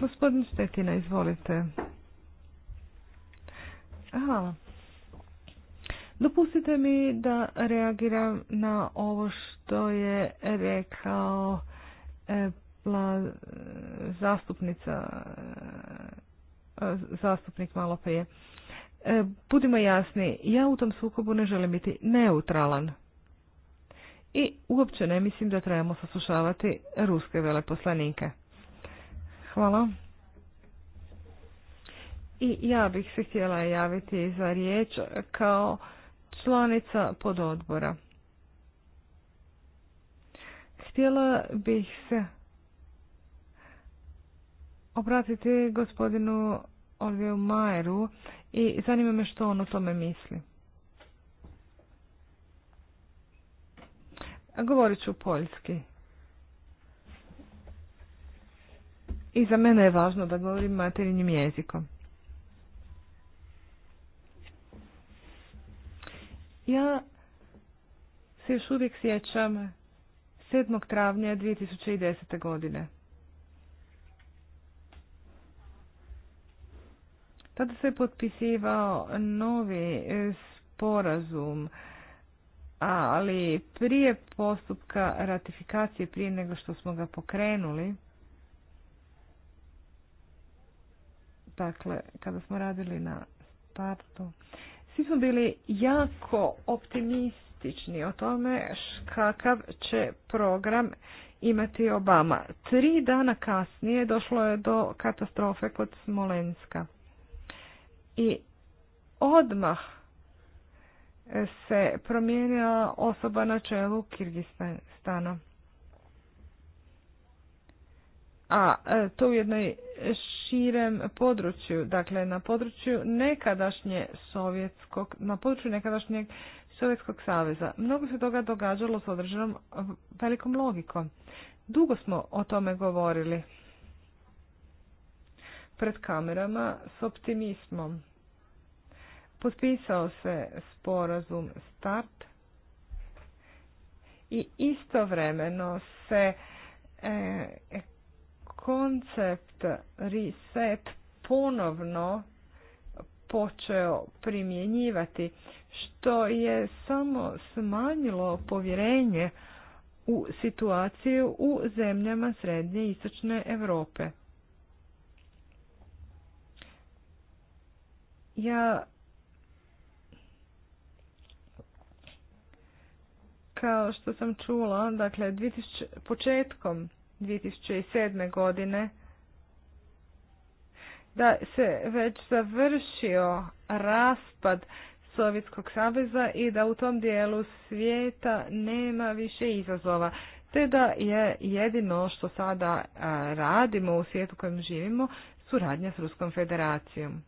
Gospodin Štetina, izvolite. Hvala. Dopustite mi da reagiram na ovo što je rekao e, zastupnica, e, zastupnik malo prije. E, budimo jasni, ja u tom sukobu ne želim biti neutralan. I uopće ne mislim da trebamo saslušavati ruske veleposlanike. Hvala. I ja bih se htjela javiti za riječ kao članica pododbora. Htjela bih se obratiti gospodinu Olviju Majeru i zanima me što on o tome misli. Govorit ću poljski. I za mene je važno da govorim materinjim jezikom. Ja se još uvijek sjećam 7. travnja 2010. godine. Tada se potpisivao novi e, sporazum, ali prije postupka ratifikacije, prije nego što smo ga pokrenuli, dakle, kada smo radili na startu, svi smo bili jako optimistični o tome kakav će program imati Obama. Tri dana kasnije došlo je do katastrofe kod Smolenska i odmah se promijenila osoba na čelu Kirgistana. A e, to u jednoj širem području, dakle na području nekadašnje sovjetskog, na području nekadašnjeg Sovjetskog saveza. Mnogo se toga događalo s određenom velikom logikom. Dugo smo o tome govorili pred kamerama s optimizmom. Potpisao se sporazum Start i istovremeno se e, koncept reset ponovno počeo primjenjivati, što je samo smanjilo povjerenje u situaciju u zemljama srednje i istočne Europe. Ja kao što sam čula, dakle 2000, početkom 2007. godine da se već završio raspad Sovjetskog saveza i da u tom dijelu svijeta nema više izazova, te da je jedino što sada radimo u svijetu u kojem živimo suradnja s Ruskom federacijom.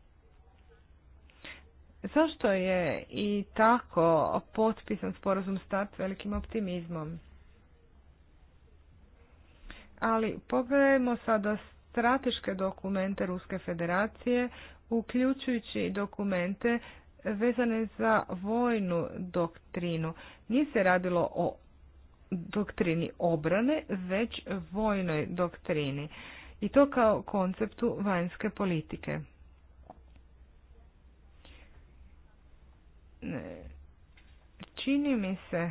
Zašto je i tako potpisan sporazum start velikim optimizmom? Ali pogledajmo sada strateške dokumente Ruske federacije, uključujući dokumente vezane za vojnu doktrinu. Nije se radilo o doktrini obrane, već vojnoj doktrini. I to kao konceptu vanjske politike. čini mi se,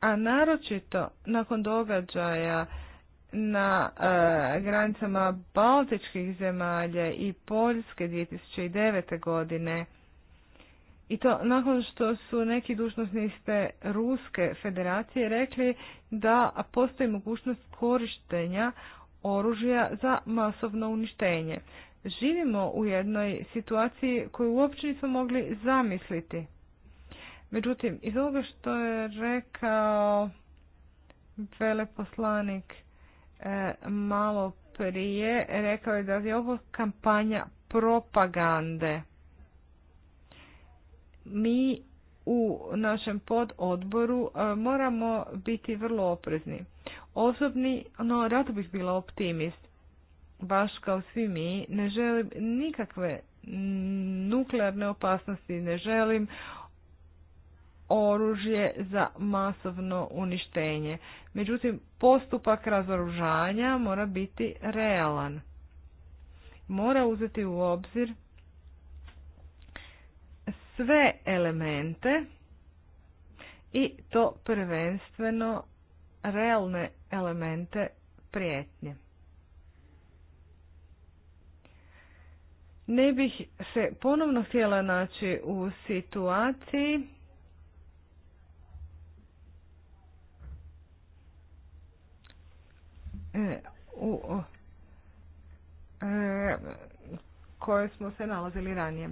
a naročito nakon događaja na e, granicama Baltičkih zemalja i Poljske 2009. godine, i to nakon što su neki dužnosnici Ruske federacije rekli da postoji mogućnost korištenja oružja za masovno uništenje živimo u jednoj situaciji koju uopće nismo mogli zamisliti. Međutim, iz ovoga što je rekao veleposlanik e, malo prije, rekao je da je ovo kampanja propagande. Mi u našem pododboru e, moramo biti vrlo oprezni. Osobni, no rado bih bila optimist baš kao svi mi, ne želim nikakve nuklearne opasnosti, ne želim oružje za masovno uništenje. Međutim, postupak razoružanja mora biti realan. Mora uzeti u obzir sve elemente i to prvenstveno realne elemente prijetnje. Ne bih se ponovno htjela naći u situaciji e, u e, koje smo se nalazili ranije.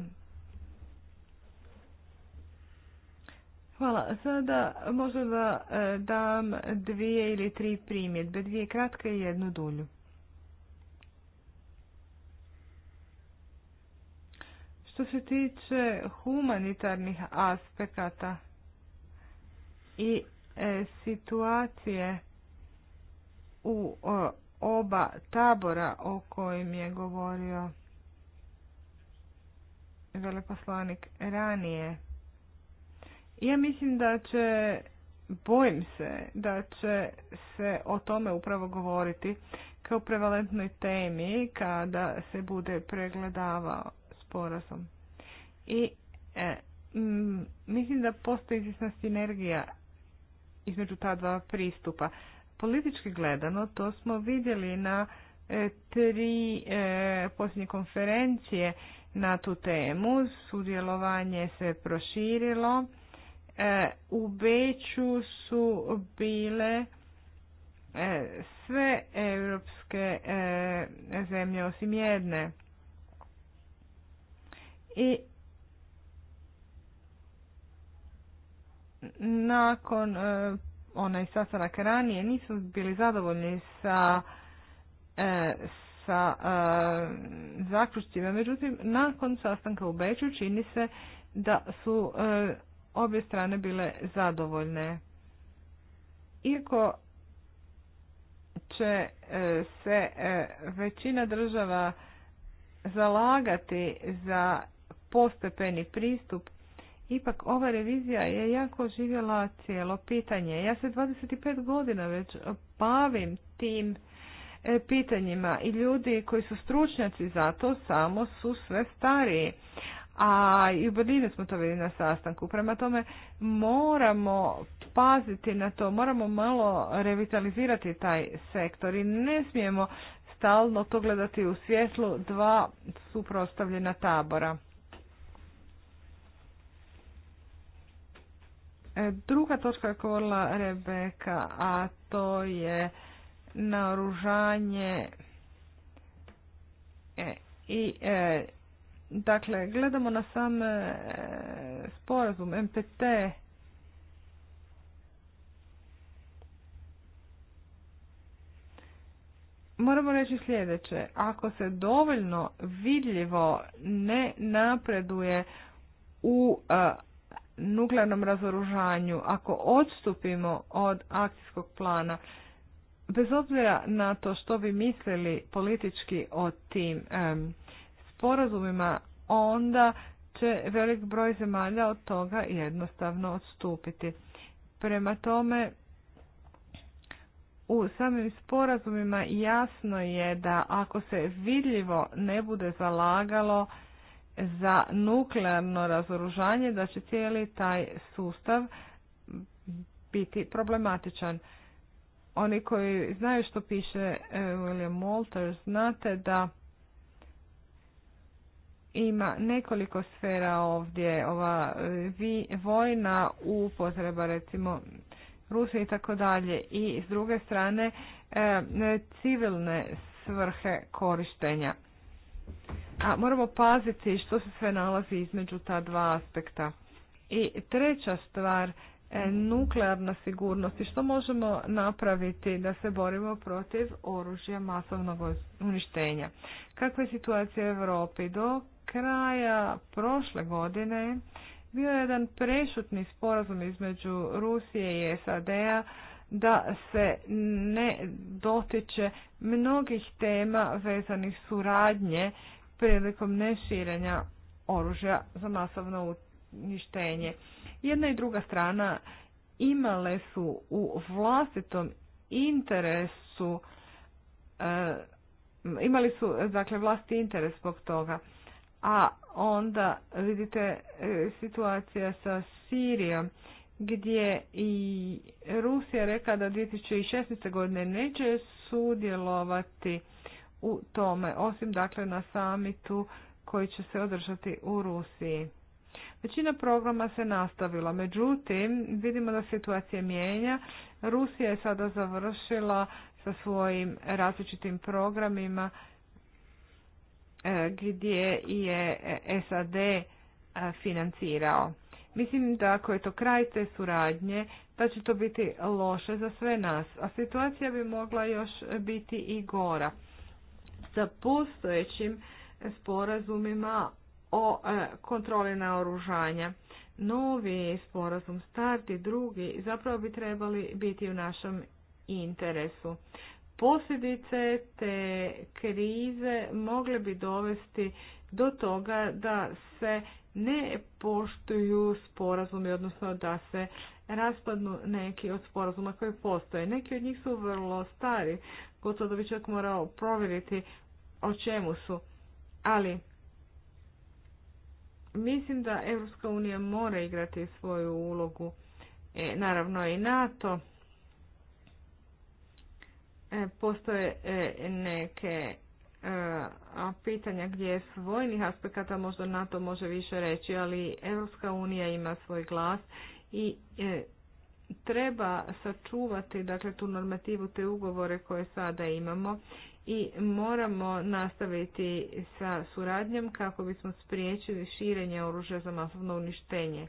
Hvala. Sada možda da e, dam dvije ili tri primjedbe, dvije kratke i jednu dulju. Što se tiče humanitarnih aspekata i e, situacije u oba tabora o kojim je govorio veleposlanik ranije. Ja mislim da će, bojim se, da će se o tome upravo govoriti kao prevalentnoj temi kada se bude pregledavao sporazum. I e, mislim da postoji izvjesna sinergija između ta dva pristupa. Politički gledano, to smo vidjeli na e, tri e, posljednje konferencije na tu temu. Sudjelovanje se proširilo. E, u Beću su bile e, sve europske zemlje osim jedne. I nakon e, onaj sastanak ranije nisu bili zadovoljni sa e, sa e, zaključcima. Međutim, nakon sastanka u Beču čini se da su obje strane bile zadovoljne. Iako će se većina država zalagati za postepeni pristup, ipak ova revizija je jako živjela cijelo pitanje. Ja se 25 godina već bavim tim e, pitanjima i ljudi koji su stručnjaci za to samo su sve stariji. A i u Berlinu smo to vidjeli na sastanku. Prema tome moramo paziti na to, moramo malo revitalizirati taj sektor i ne smijemo stalno to gledati u svjetlu dva suprostavljena tabora. E, druga točka je govorila Rebeka, a to je naoružanje e, i e, dakle gledamo na sam sporazum MPT Moramo reći sljedeće, ako se dovoljno vidljivo ne napreduje u nuklearnom razoružanju, ako odstupimo od akcijskog plana, bez obzira na to što bi mislili politički o tim sporazumima, onda će velik broj zemalja od toga jednostavno odstupiti. Prema tome, u samim sporazumima jasno je da ako se vidljivo ne bude zalagalo za nuklearno razoružanje da će cijeli taj sustav biti problematičan. Oni koji znaju što piše e, William Walter, znate da ima nekoliko sfera ovdje, ova e, vojna upotreba recimo Rusije i tako dalje i s druge strane e, civilne svrhe korištenja a moramo paziti što se sve nalazi između ta dva aspekta. I treća stvar, e, nuklearna sigurnost i što možemo napraviti da se borimo protiv oružja masovnog uništenja. Kakva je situacija u Europi? Do kraja prošle godine bio je jedan prešutni sporazum između Rusije i SAD-a da se ne dotiče mnogih tema vezanih suradnje prilikom neširenja oružja za masovno uništenje. Jedna i druga strana imale su u vlastitom interesu e, imali su dakle vlasti interes zbog toga. A onda vidite e, situacija sa Sirijom gdje i Rusija reka da 2016. godine neće sudjelovati u tome, osim dakle na samitu koji će se održati u Rusiji. Većina programa se nastavila, međutim vidimo da situacija mijenja. Rusija je sada završila sa svojim različitim programima e, gdje je SAD e, financirao. Mislim da ako je to kraj te suradnje, da će to biti loše za sve nas, a situacija bi mogla još biti i gora sa postojećim sporazumima o e, kontroli naoružanja. Novi sporazum start drugi zapravo bi trebali biti u našem interesu. Posljedice te krize mogle bi dovesti do toga da se ne poštuju sporazumi, odnosno da se raspadnu neki od sporazuma koji postoje. Neki od njih su vrlo stari, gotovo da bi čovjek morao provjeriti o čemu su. Ali, mislim da Europska unija mora igrati svoju ulogu, e, naravno i NATO. E, postoje e, neke pitanja gdje s vojnih aspekata možda NATO može više reći, ali Europska unija ima svoj glas i treba sačuvati dakle, tu normativu, te ugovore koje sada imamo i moramo nastaviti sa suradnjom kako bismo spriječili širenje oružja za masovno uništenje.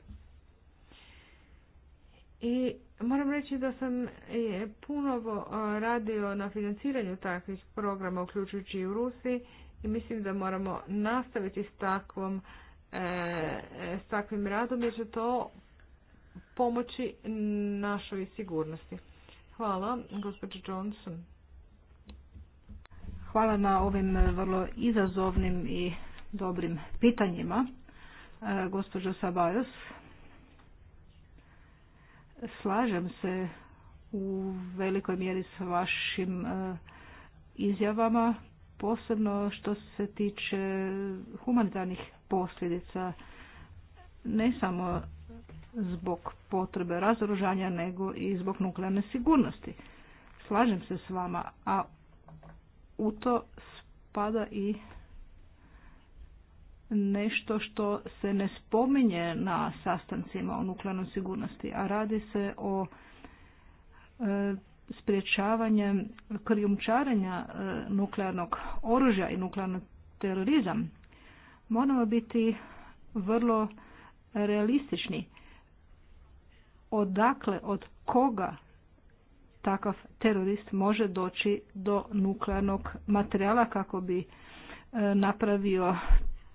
I moram reći da sam puno radio na financiranju takvih programa, uključujući i u Rusiji, i mislim da moramo nastaviti s takvom e, s takvim radom jer će to pomoći našoj sigurnosti. Hvala, gospođo Johnson. Hvala na ovim e, vrlo izazovnim i dobrim pitanjima, e, gospođo Sabajos. Slažem se u velikoj mjeri sa vašim e, izjavama, posebno što se tiče humanitarnih posljedica ne samo zbog potrebe razoružanja nego i zbog nuklearne sigurnosti. Slažem se s vama, a u to spada i nešto što se ne spominje na sastancima o nuklearnoj sigurnosti, a radi se o e, krijumčarenja e, nuklearnog oružja i nuklearnog terorizam. Moramo biti vrlo realistični odakle, od koga takav terorist može doći do nuklearnog materijala kako bi e, napravio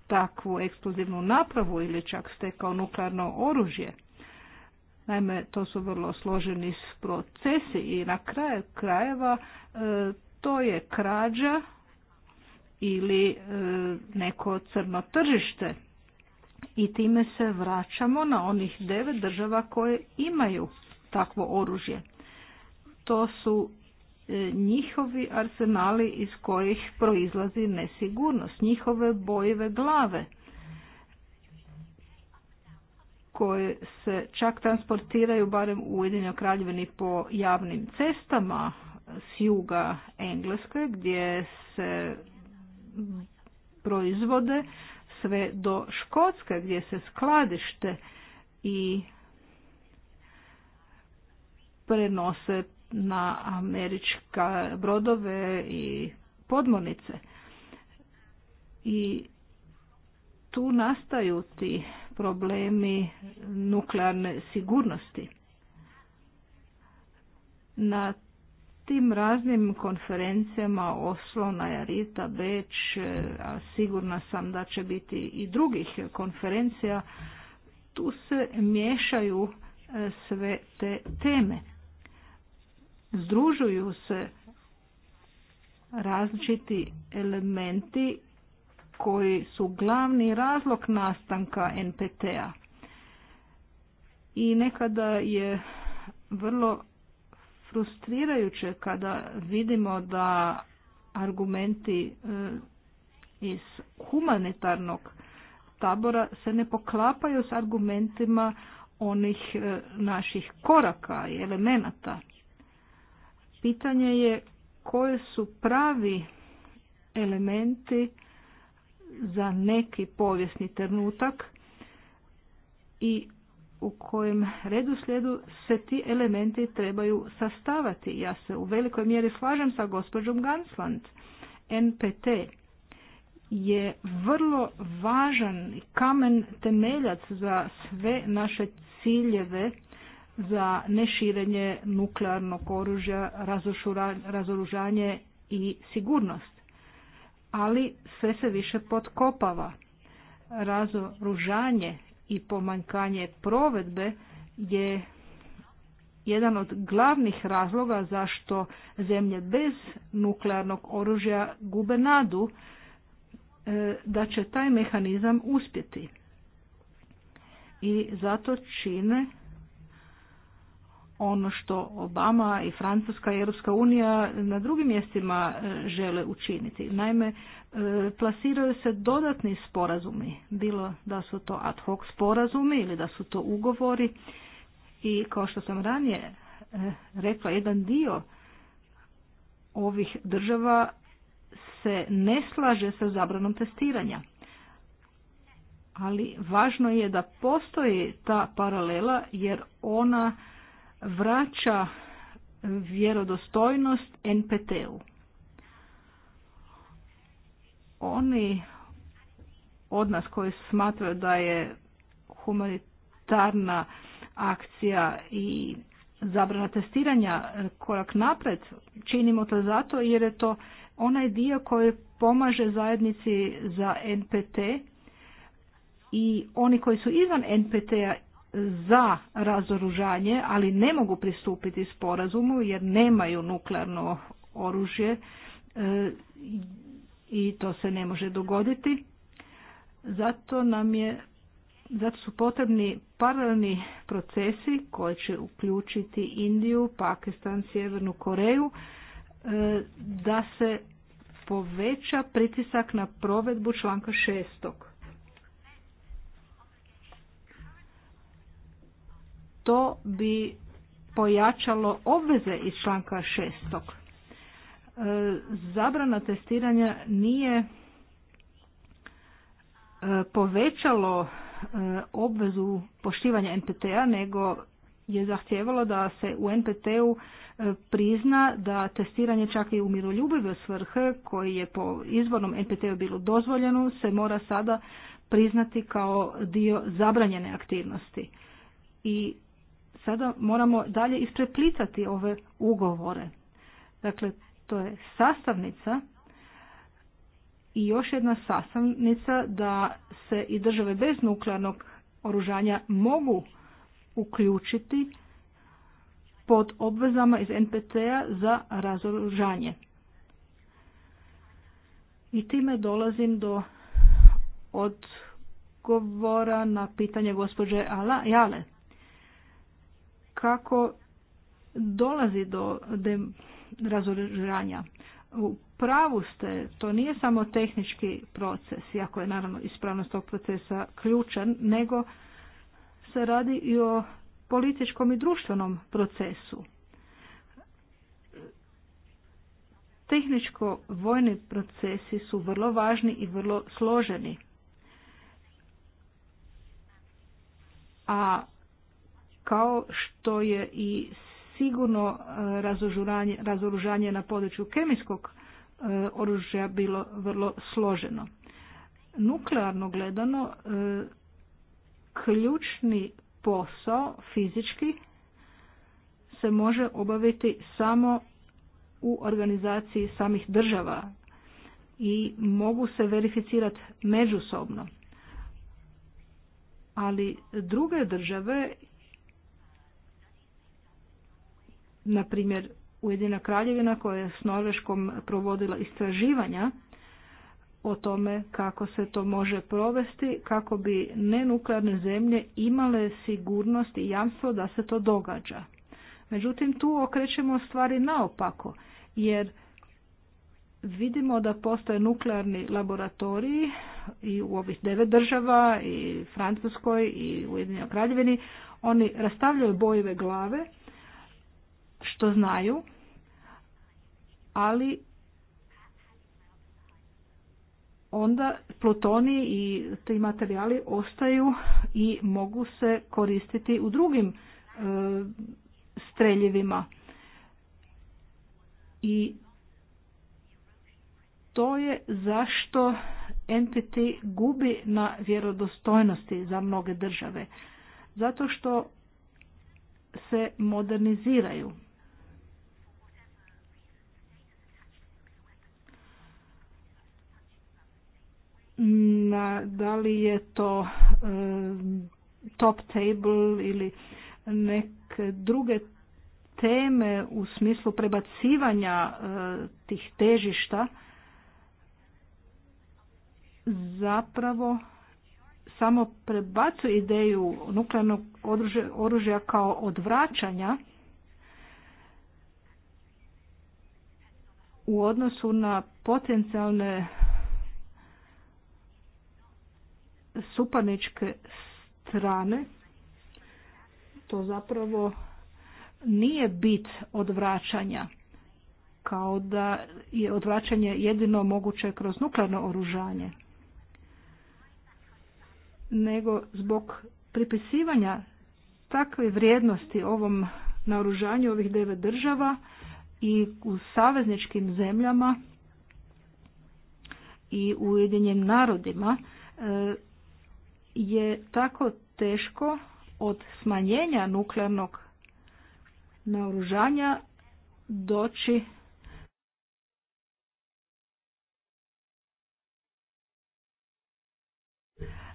takvu eksplozivnu napravu ili čak stekao nuklearno oružje. Naime, to su vrlo složeni procesi i na kraju krajeva e, to je krađa ili e, neko crno tržište i time se vraćamo na onih devet država koje imaju takvo oružje. To su e, njihovi arsenali iz kojih proizlazi nesigurnost, njihove bojeve glave koje se čak transportiraju barem u Ujedinjenoj kraljevini po javnim cestama s juga Engleske gdje se proizvode sve do Škotske gdje se skladište i prenose na američka brodove i podmornice. I tu nastaju ti problemi nuklearne sigurnosti. Na tim raznim konferencijama Oslo, Najarita, Beč, e, a sigurna sam da će biti i drugih konferencija, tu se miješaju e, sve te teme. Združuju se različiti elementi koji su glavni razlog nastanka NPT-a. I nekada je vrlo frustrirajuće kada vidimo da argumenti e, iz humanitarnog tabora se ne poklapaju s argumentima onih e, naših koraka i elemenata. Pitanje je koje su pravi elementi za neki povijesni trenutak i u kojem redu slijedu se ti elementi trebaju sastavati. Ja se u velikoj mjeri slažem sa gospođom Gansland. NPT je vrlo važan kamen temeljac za sve naše ciljeve za neširenje nuklearnog oružja, razoružanje i sigurnost. Ali sve se više potkopava. Razoružanje i pomanjkanje provedbe je jedan od glavnih razloga zašto zemlje bez nuklearnog oružja gube nadu e, da će taj mehanizam uspjeti. I zato čine ono što Obama i Francuska i Europska unija na drugim mjestima e, žele učiniti. Naime, plasiraju se dodatni sporazumi, bilo da su to ad hoc sporazumi ili da su to ugovori i kao što sam ranije e, rekla, jedan dio ovih država se ne slaže sa zabranom testiranja. Ali važno je da postoji ta paralela jer ona vraća vjerodostojnost NPT-u. Oni od nas koji smatraju da je humanitarna akcija i zabrana testiranja korak napred, činimo to zato jer je to onaj dio koji pomaže zajednici za NPT i oni koji su izvan NPT-a za razoružanje, ali ne mogu pristupiti sporazumu jer nemaju nuklearno oružje, e, i to se ne može dogoditi. Zato nam je zato su potrebni paralelni procesi koji će uključiti Indiju, Pakistan, Sjevernu Koreju e, da se poveća pritisak na provedbu članka šestog. To bi pojačalo obveze iz članka šestog zabrana testiranja nije e, povećalo e, obvezu poštivanja NPT-a, nego je zahtjevalo da se u NPT-u e, prizna da testiranje čak i u miroljubive svrhe, koji je po izvornom NPT-u bilo dozvoljeno, se mora sada priznati kao dio zabranjene aktivnosti. I sada moramo dalje ispreplitati ove ugovore. Dakle, to je sastavnica i još jedna sastavnica da se i države bez nuklearnog oružanja mogu uključiti pod obvezama iz NPT-a za razoružanje. I time dolazim do odgovora na pitanje gospođe Ala Jale. Kako dolazi do razoružanja. U pravu ste, to nije samo tehnički proces, iako je naravno ispravnost tog procesa ključan, nego se radi i o političkom i društvenom procesu. Tehničko-vojni procesi su vrlo važni i vrlo složeni. A kao što je i sigurno e, razoružanje na području kemijskog e, oružja bilo vrlo složeno. Nuklearno gledano, e, ključni posao fizički se može obaviti samo u organizaciji samih država i mogu se verificirati međusobno. Ali druge države na primjer Ujedina Kraljevina koja je s Norveškom provodila istraživanja o tome kako se to može provesti kako bi nenuklearne zemlje imale sigurnost i jamstvo da se to događa. Međutim, tu okrećemo stvari naopako, jer vidimo da postoje nuklearni laboratoriji i u ovih devet država i Francuskoj i Ujedinjenoj Kraljevini. Oni rastavljaju bojive glave što znaju, ali onda plutoni i ti materijali ostaju i mogu se koristiti u drugim e, streljivima. I to je zašto NPT gubi na vjerodostojnosti za mnoge države. Zato što se moderniziraju. na, da li je to eh, top table ili neke druge teme u smislu prebacivanja eh, tih težišta zapravo samo prebacu ideju nuklearnog oružja kao odvraćanja u odnosu na potencijalne supaničke strane to zapravo nije bit odvraćanja kao da je odvraćanje jedino moguće kroz nuklearno oružanje nego zbog pripisivanja takve vrijednosti ovom naoružanju ovih devet država i u savezničkim zemljama i u Ujedinjenim narodima e, je tako teško od smanjenja nuklearnog naoružanja doći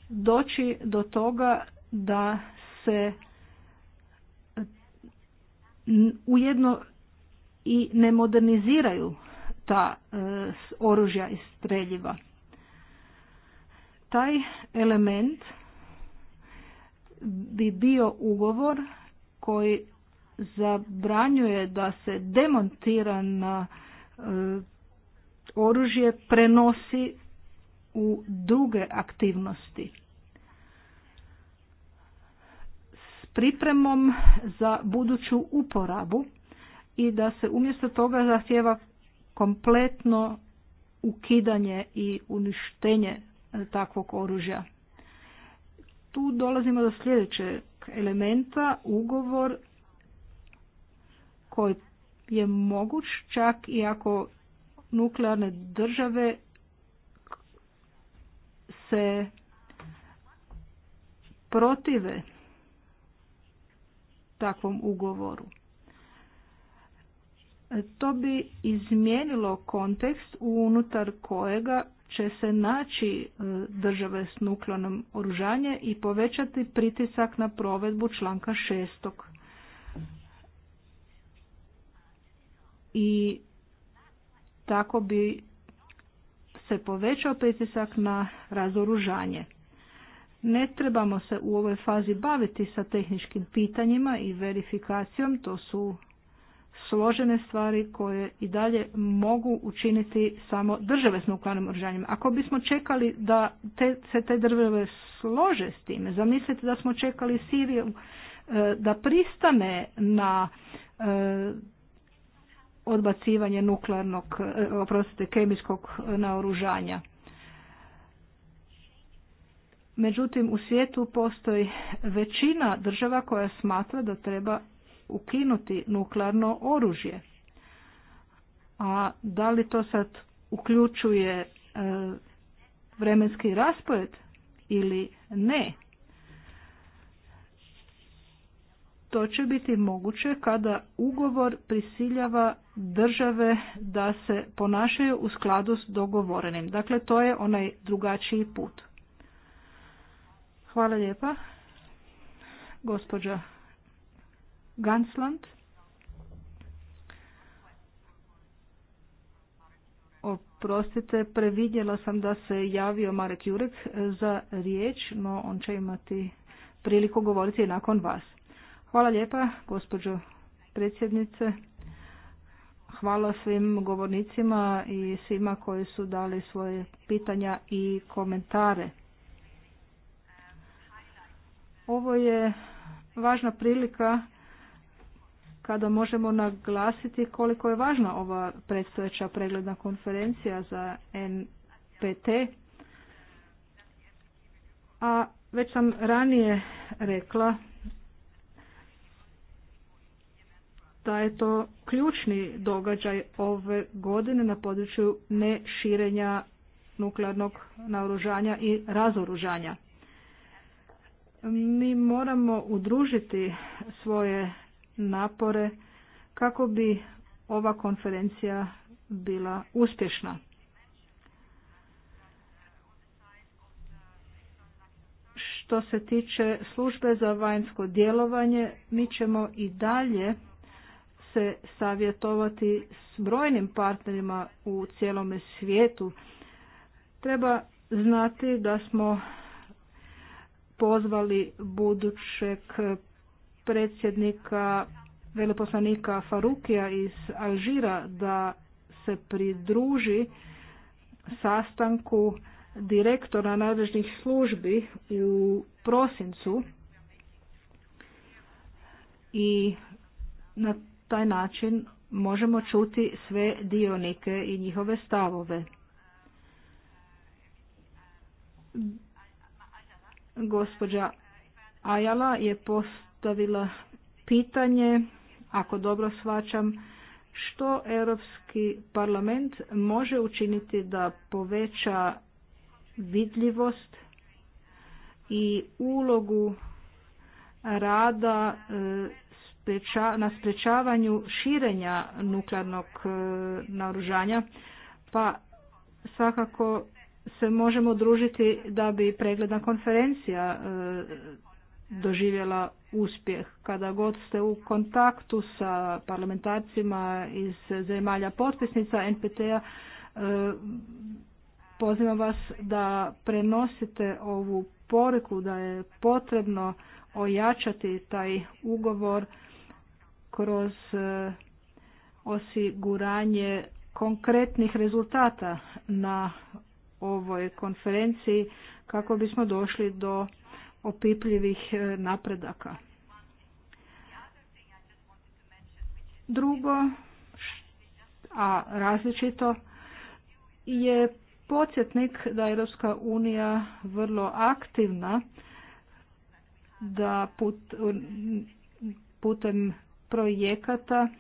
doći do toga da se ujedno i ne moderniziraju ta e, oružja i streljiva. Taj element bi bio ugovor koji zabranjuje da se demontirana e, oružje prenosi u druge aktivnosti. S pripremom za buduću uporabu i da se umjesto toga zahtjeva kompletno ukidanje i uništenje takvog oružja. Tu dolazimo do sljedećeg elementa, ugovor koji je moguć čak i ako nuklearne države se protive takvom ugovoru. To bi izmijenilo kontekst unutar kojega će se naći e, države s nuklearnom oružanje i povećati pritisak na provedbu članka šestog. I tako bi se povećao pritisak na razoružanje. Ne trebamo se u ovoj fazi baviti sa tehničkim pitanjima i verifikacijom, to su složene stvari koje i dalje mogu učiniti samo države s nuklearnim oružanjem. Ako bismo čekali da te, se te države slože s time, zamislite da smo čekali Siriju e, da pristane na e, odbacivanje nuklearnog, e, oprostite, kemijskog naoružanja. Međutim, u svijetu postoji većina država koja smatra da treba ukinuti nuklearno oružje. A da li to sad uključuje e, vremenski raspored ili ne? To će biti moguće kada ugovor prisiljava države da se ponašaju u skladu s dogovorenim. Dakle, to je onaj drugačiji put. Hvala lijepa. Gospođa Gansland Oprostite, previdjela sam da se javio Marek Jurek za riječ, no on će imati priliku govoriti nakon vas. Hvala lijepa, gospođo predsjednice. Hvala svim govornicima i svima koji su dali svoje pitanja i komentare. Ovo je važna prilika kada možemo naglasiti koliko je važna ova predstojeća pregledna konferencija za NPT. A već sam ranije rekla da je to ključni događaj ove godine na području neširenja nuklearnog naoružanja i razoružanja. Mi moramo udružiti svoje napore kako bi ova konferencija bila uspješna. Što se tiče službe za vanjsko djelovanje, mi ćemo i dalje se savjetovati s brojnim partnerima u cijelome svijetu. Treba znati da smo pozvali budućeg predsjednika veleposlanika Farukija iz Alžira da se pridruži sastanku direktora nadležnih službi u prosincu i na taj način možemo čuti sve dionike i njihove stavove. Gospođa Ajala je post postavila pitanje, ako dobro shvaćam, što Europski parlament može učiniti da poveća vidljivost i ulogu rada e, na sprečavanju širenja nuklearnog e, naoružanja, pa svakako se možemo družiti da bi pregledna konferencija e, doživjela uspjeh. Kada god ste u kontaktu sa parlamentarcima iz zemalja potpisnica NPT-a, e, pozivam vas da prenosite ovu poruku da je potrebno ojačati taj ugovor kroz e, osiguranje konkretnih rezultata na ovoj konferenciji kako bismo došli do opipljivih e, napredaka. Drugo, a različito, je podsjetnik da Europska unija vrlo aktivna da put, putem projekata e,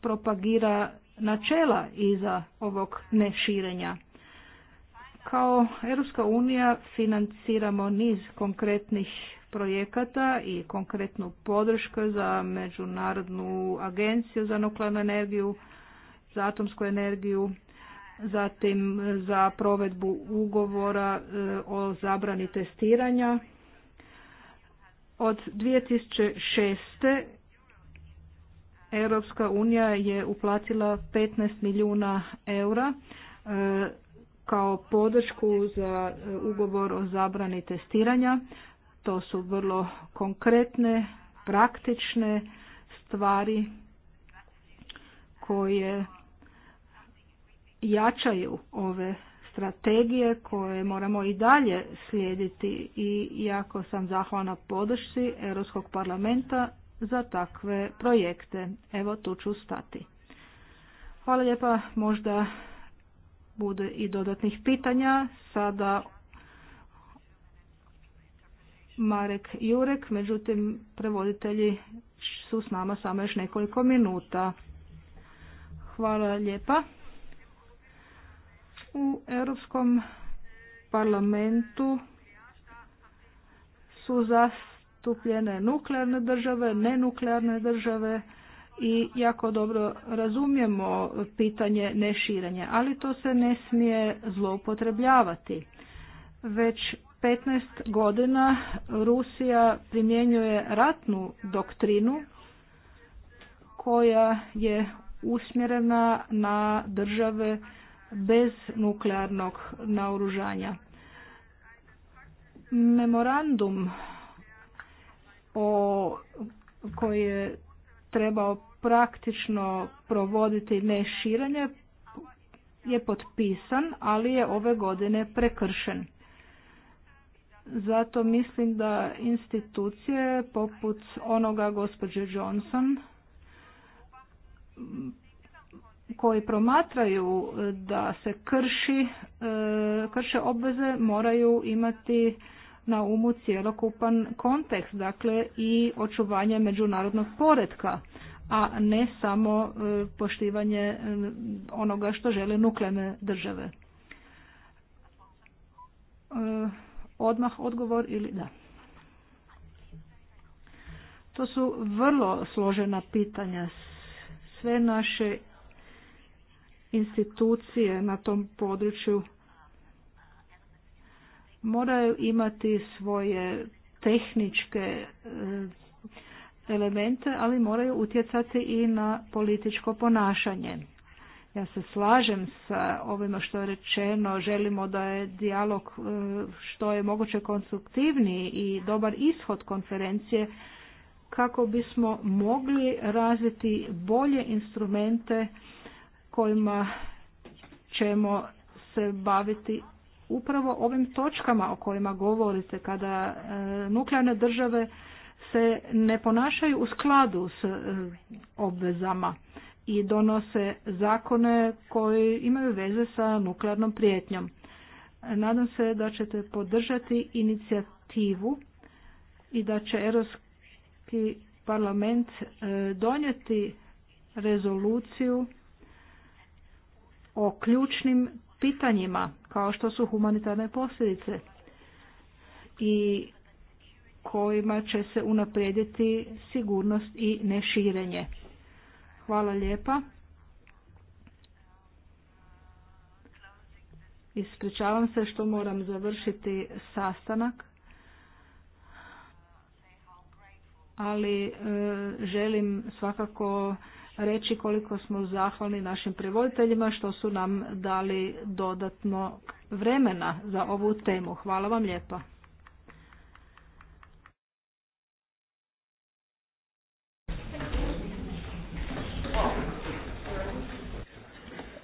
propagira načela iza ovog neširenja. Kao Europska unija financiramo niz konkretnih projekata i konkretnu podršku za Međunarodnu agenciju za nuklearnu energiju, za atomsku energiju, zatim za provedbu ugovora e, o zabrani testiranja. Od 2006. Europska unija je uplatila 15 milijuna eura e, kao podršku za e, ugovor o zabrani testiranja. To su vrlo konkretne, praktične stvari koje jačaju ove strategije koje moramo i dalje slijediti i jako sam zahvalna podršci Europskog parlamenta za takve projekte. Evo tu ću stati. Hvala lijepa, možda bude i dodatnih pitanja. Sada Marek Jurek, međutim prevoditelji su s nama samo još nekoliko minuta. Hvala lijepa. U Europskom parlamentu su zastupljene nuklearne države, nenuklearne države, i jako dobro razumijemo pitanje neširenja, ali to se ne smije zloupotrebljavati. Već 15 godina Rusija primjenjuje ratnu doktrinu koja je usmjerena na države bez nuklearnog naoružanja. Memorandum o koji je trebao praktično provoditi neširanje je potpisan, ali je ove godine prekršen. Zato mislim da institucije poput onoga gospođe Johnson koji promatraju e, da se krši, e, krše obveze moraju imati na umu cjelokupan kontekst, dakle i očuvanje međunarodnog poredka, a ne samo e, poštivanje e, onoga što žele nuklearne države. E, odmah odgovor ili da. To su vrlo složena pitanja. Sve naše institucije na tom području moraju imati svoje tehničke elemente, ali moraju utjecati i na političko ponašanje. Ja se slažem sa ovim što je rečeno, želimo da je dijalog e, što je moguće konstruktivniji i dobar ishod konferencije kako bismo mogli razviti bolje instrumente kojima ćemo se baviti upravo ovim točkama o kojima govorite kada e, nuklearne države se ne ponašaju u skladu s e, obvezama i donose zakone koji imaju veze sa nuklearnom prijetnjom. Nadam se da ćete podržati inicijativu i da će Europski parlament e, donijeti rezoluciju o ključnim pitanjima kao što su humanitarne posljedice i kojima će se unaprijediti sigurnost i neširenje. Hvala lijepa. Ispričavam se što moram završiti sastanak, ali e, želim svakako reći koliko smo zahvalni našim prevoditeljima što su nam dali dodatno vremena za ovu temu. Hvala vam lijepa.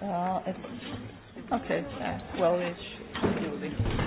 Uh, it's, okay, uh well, it's, building.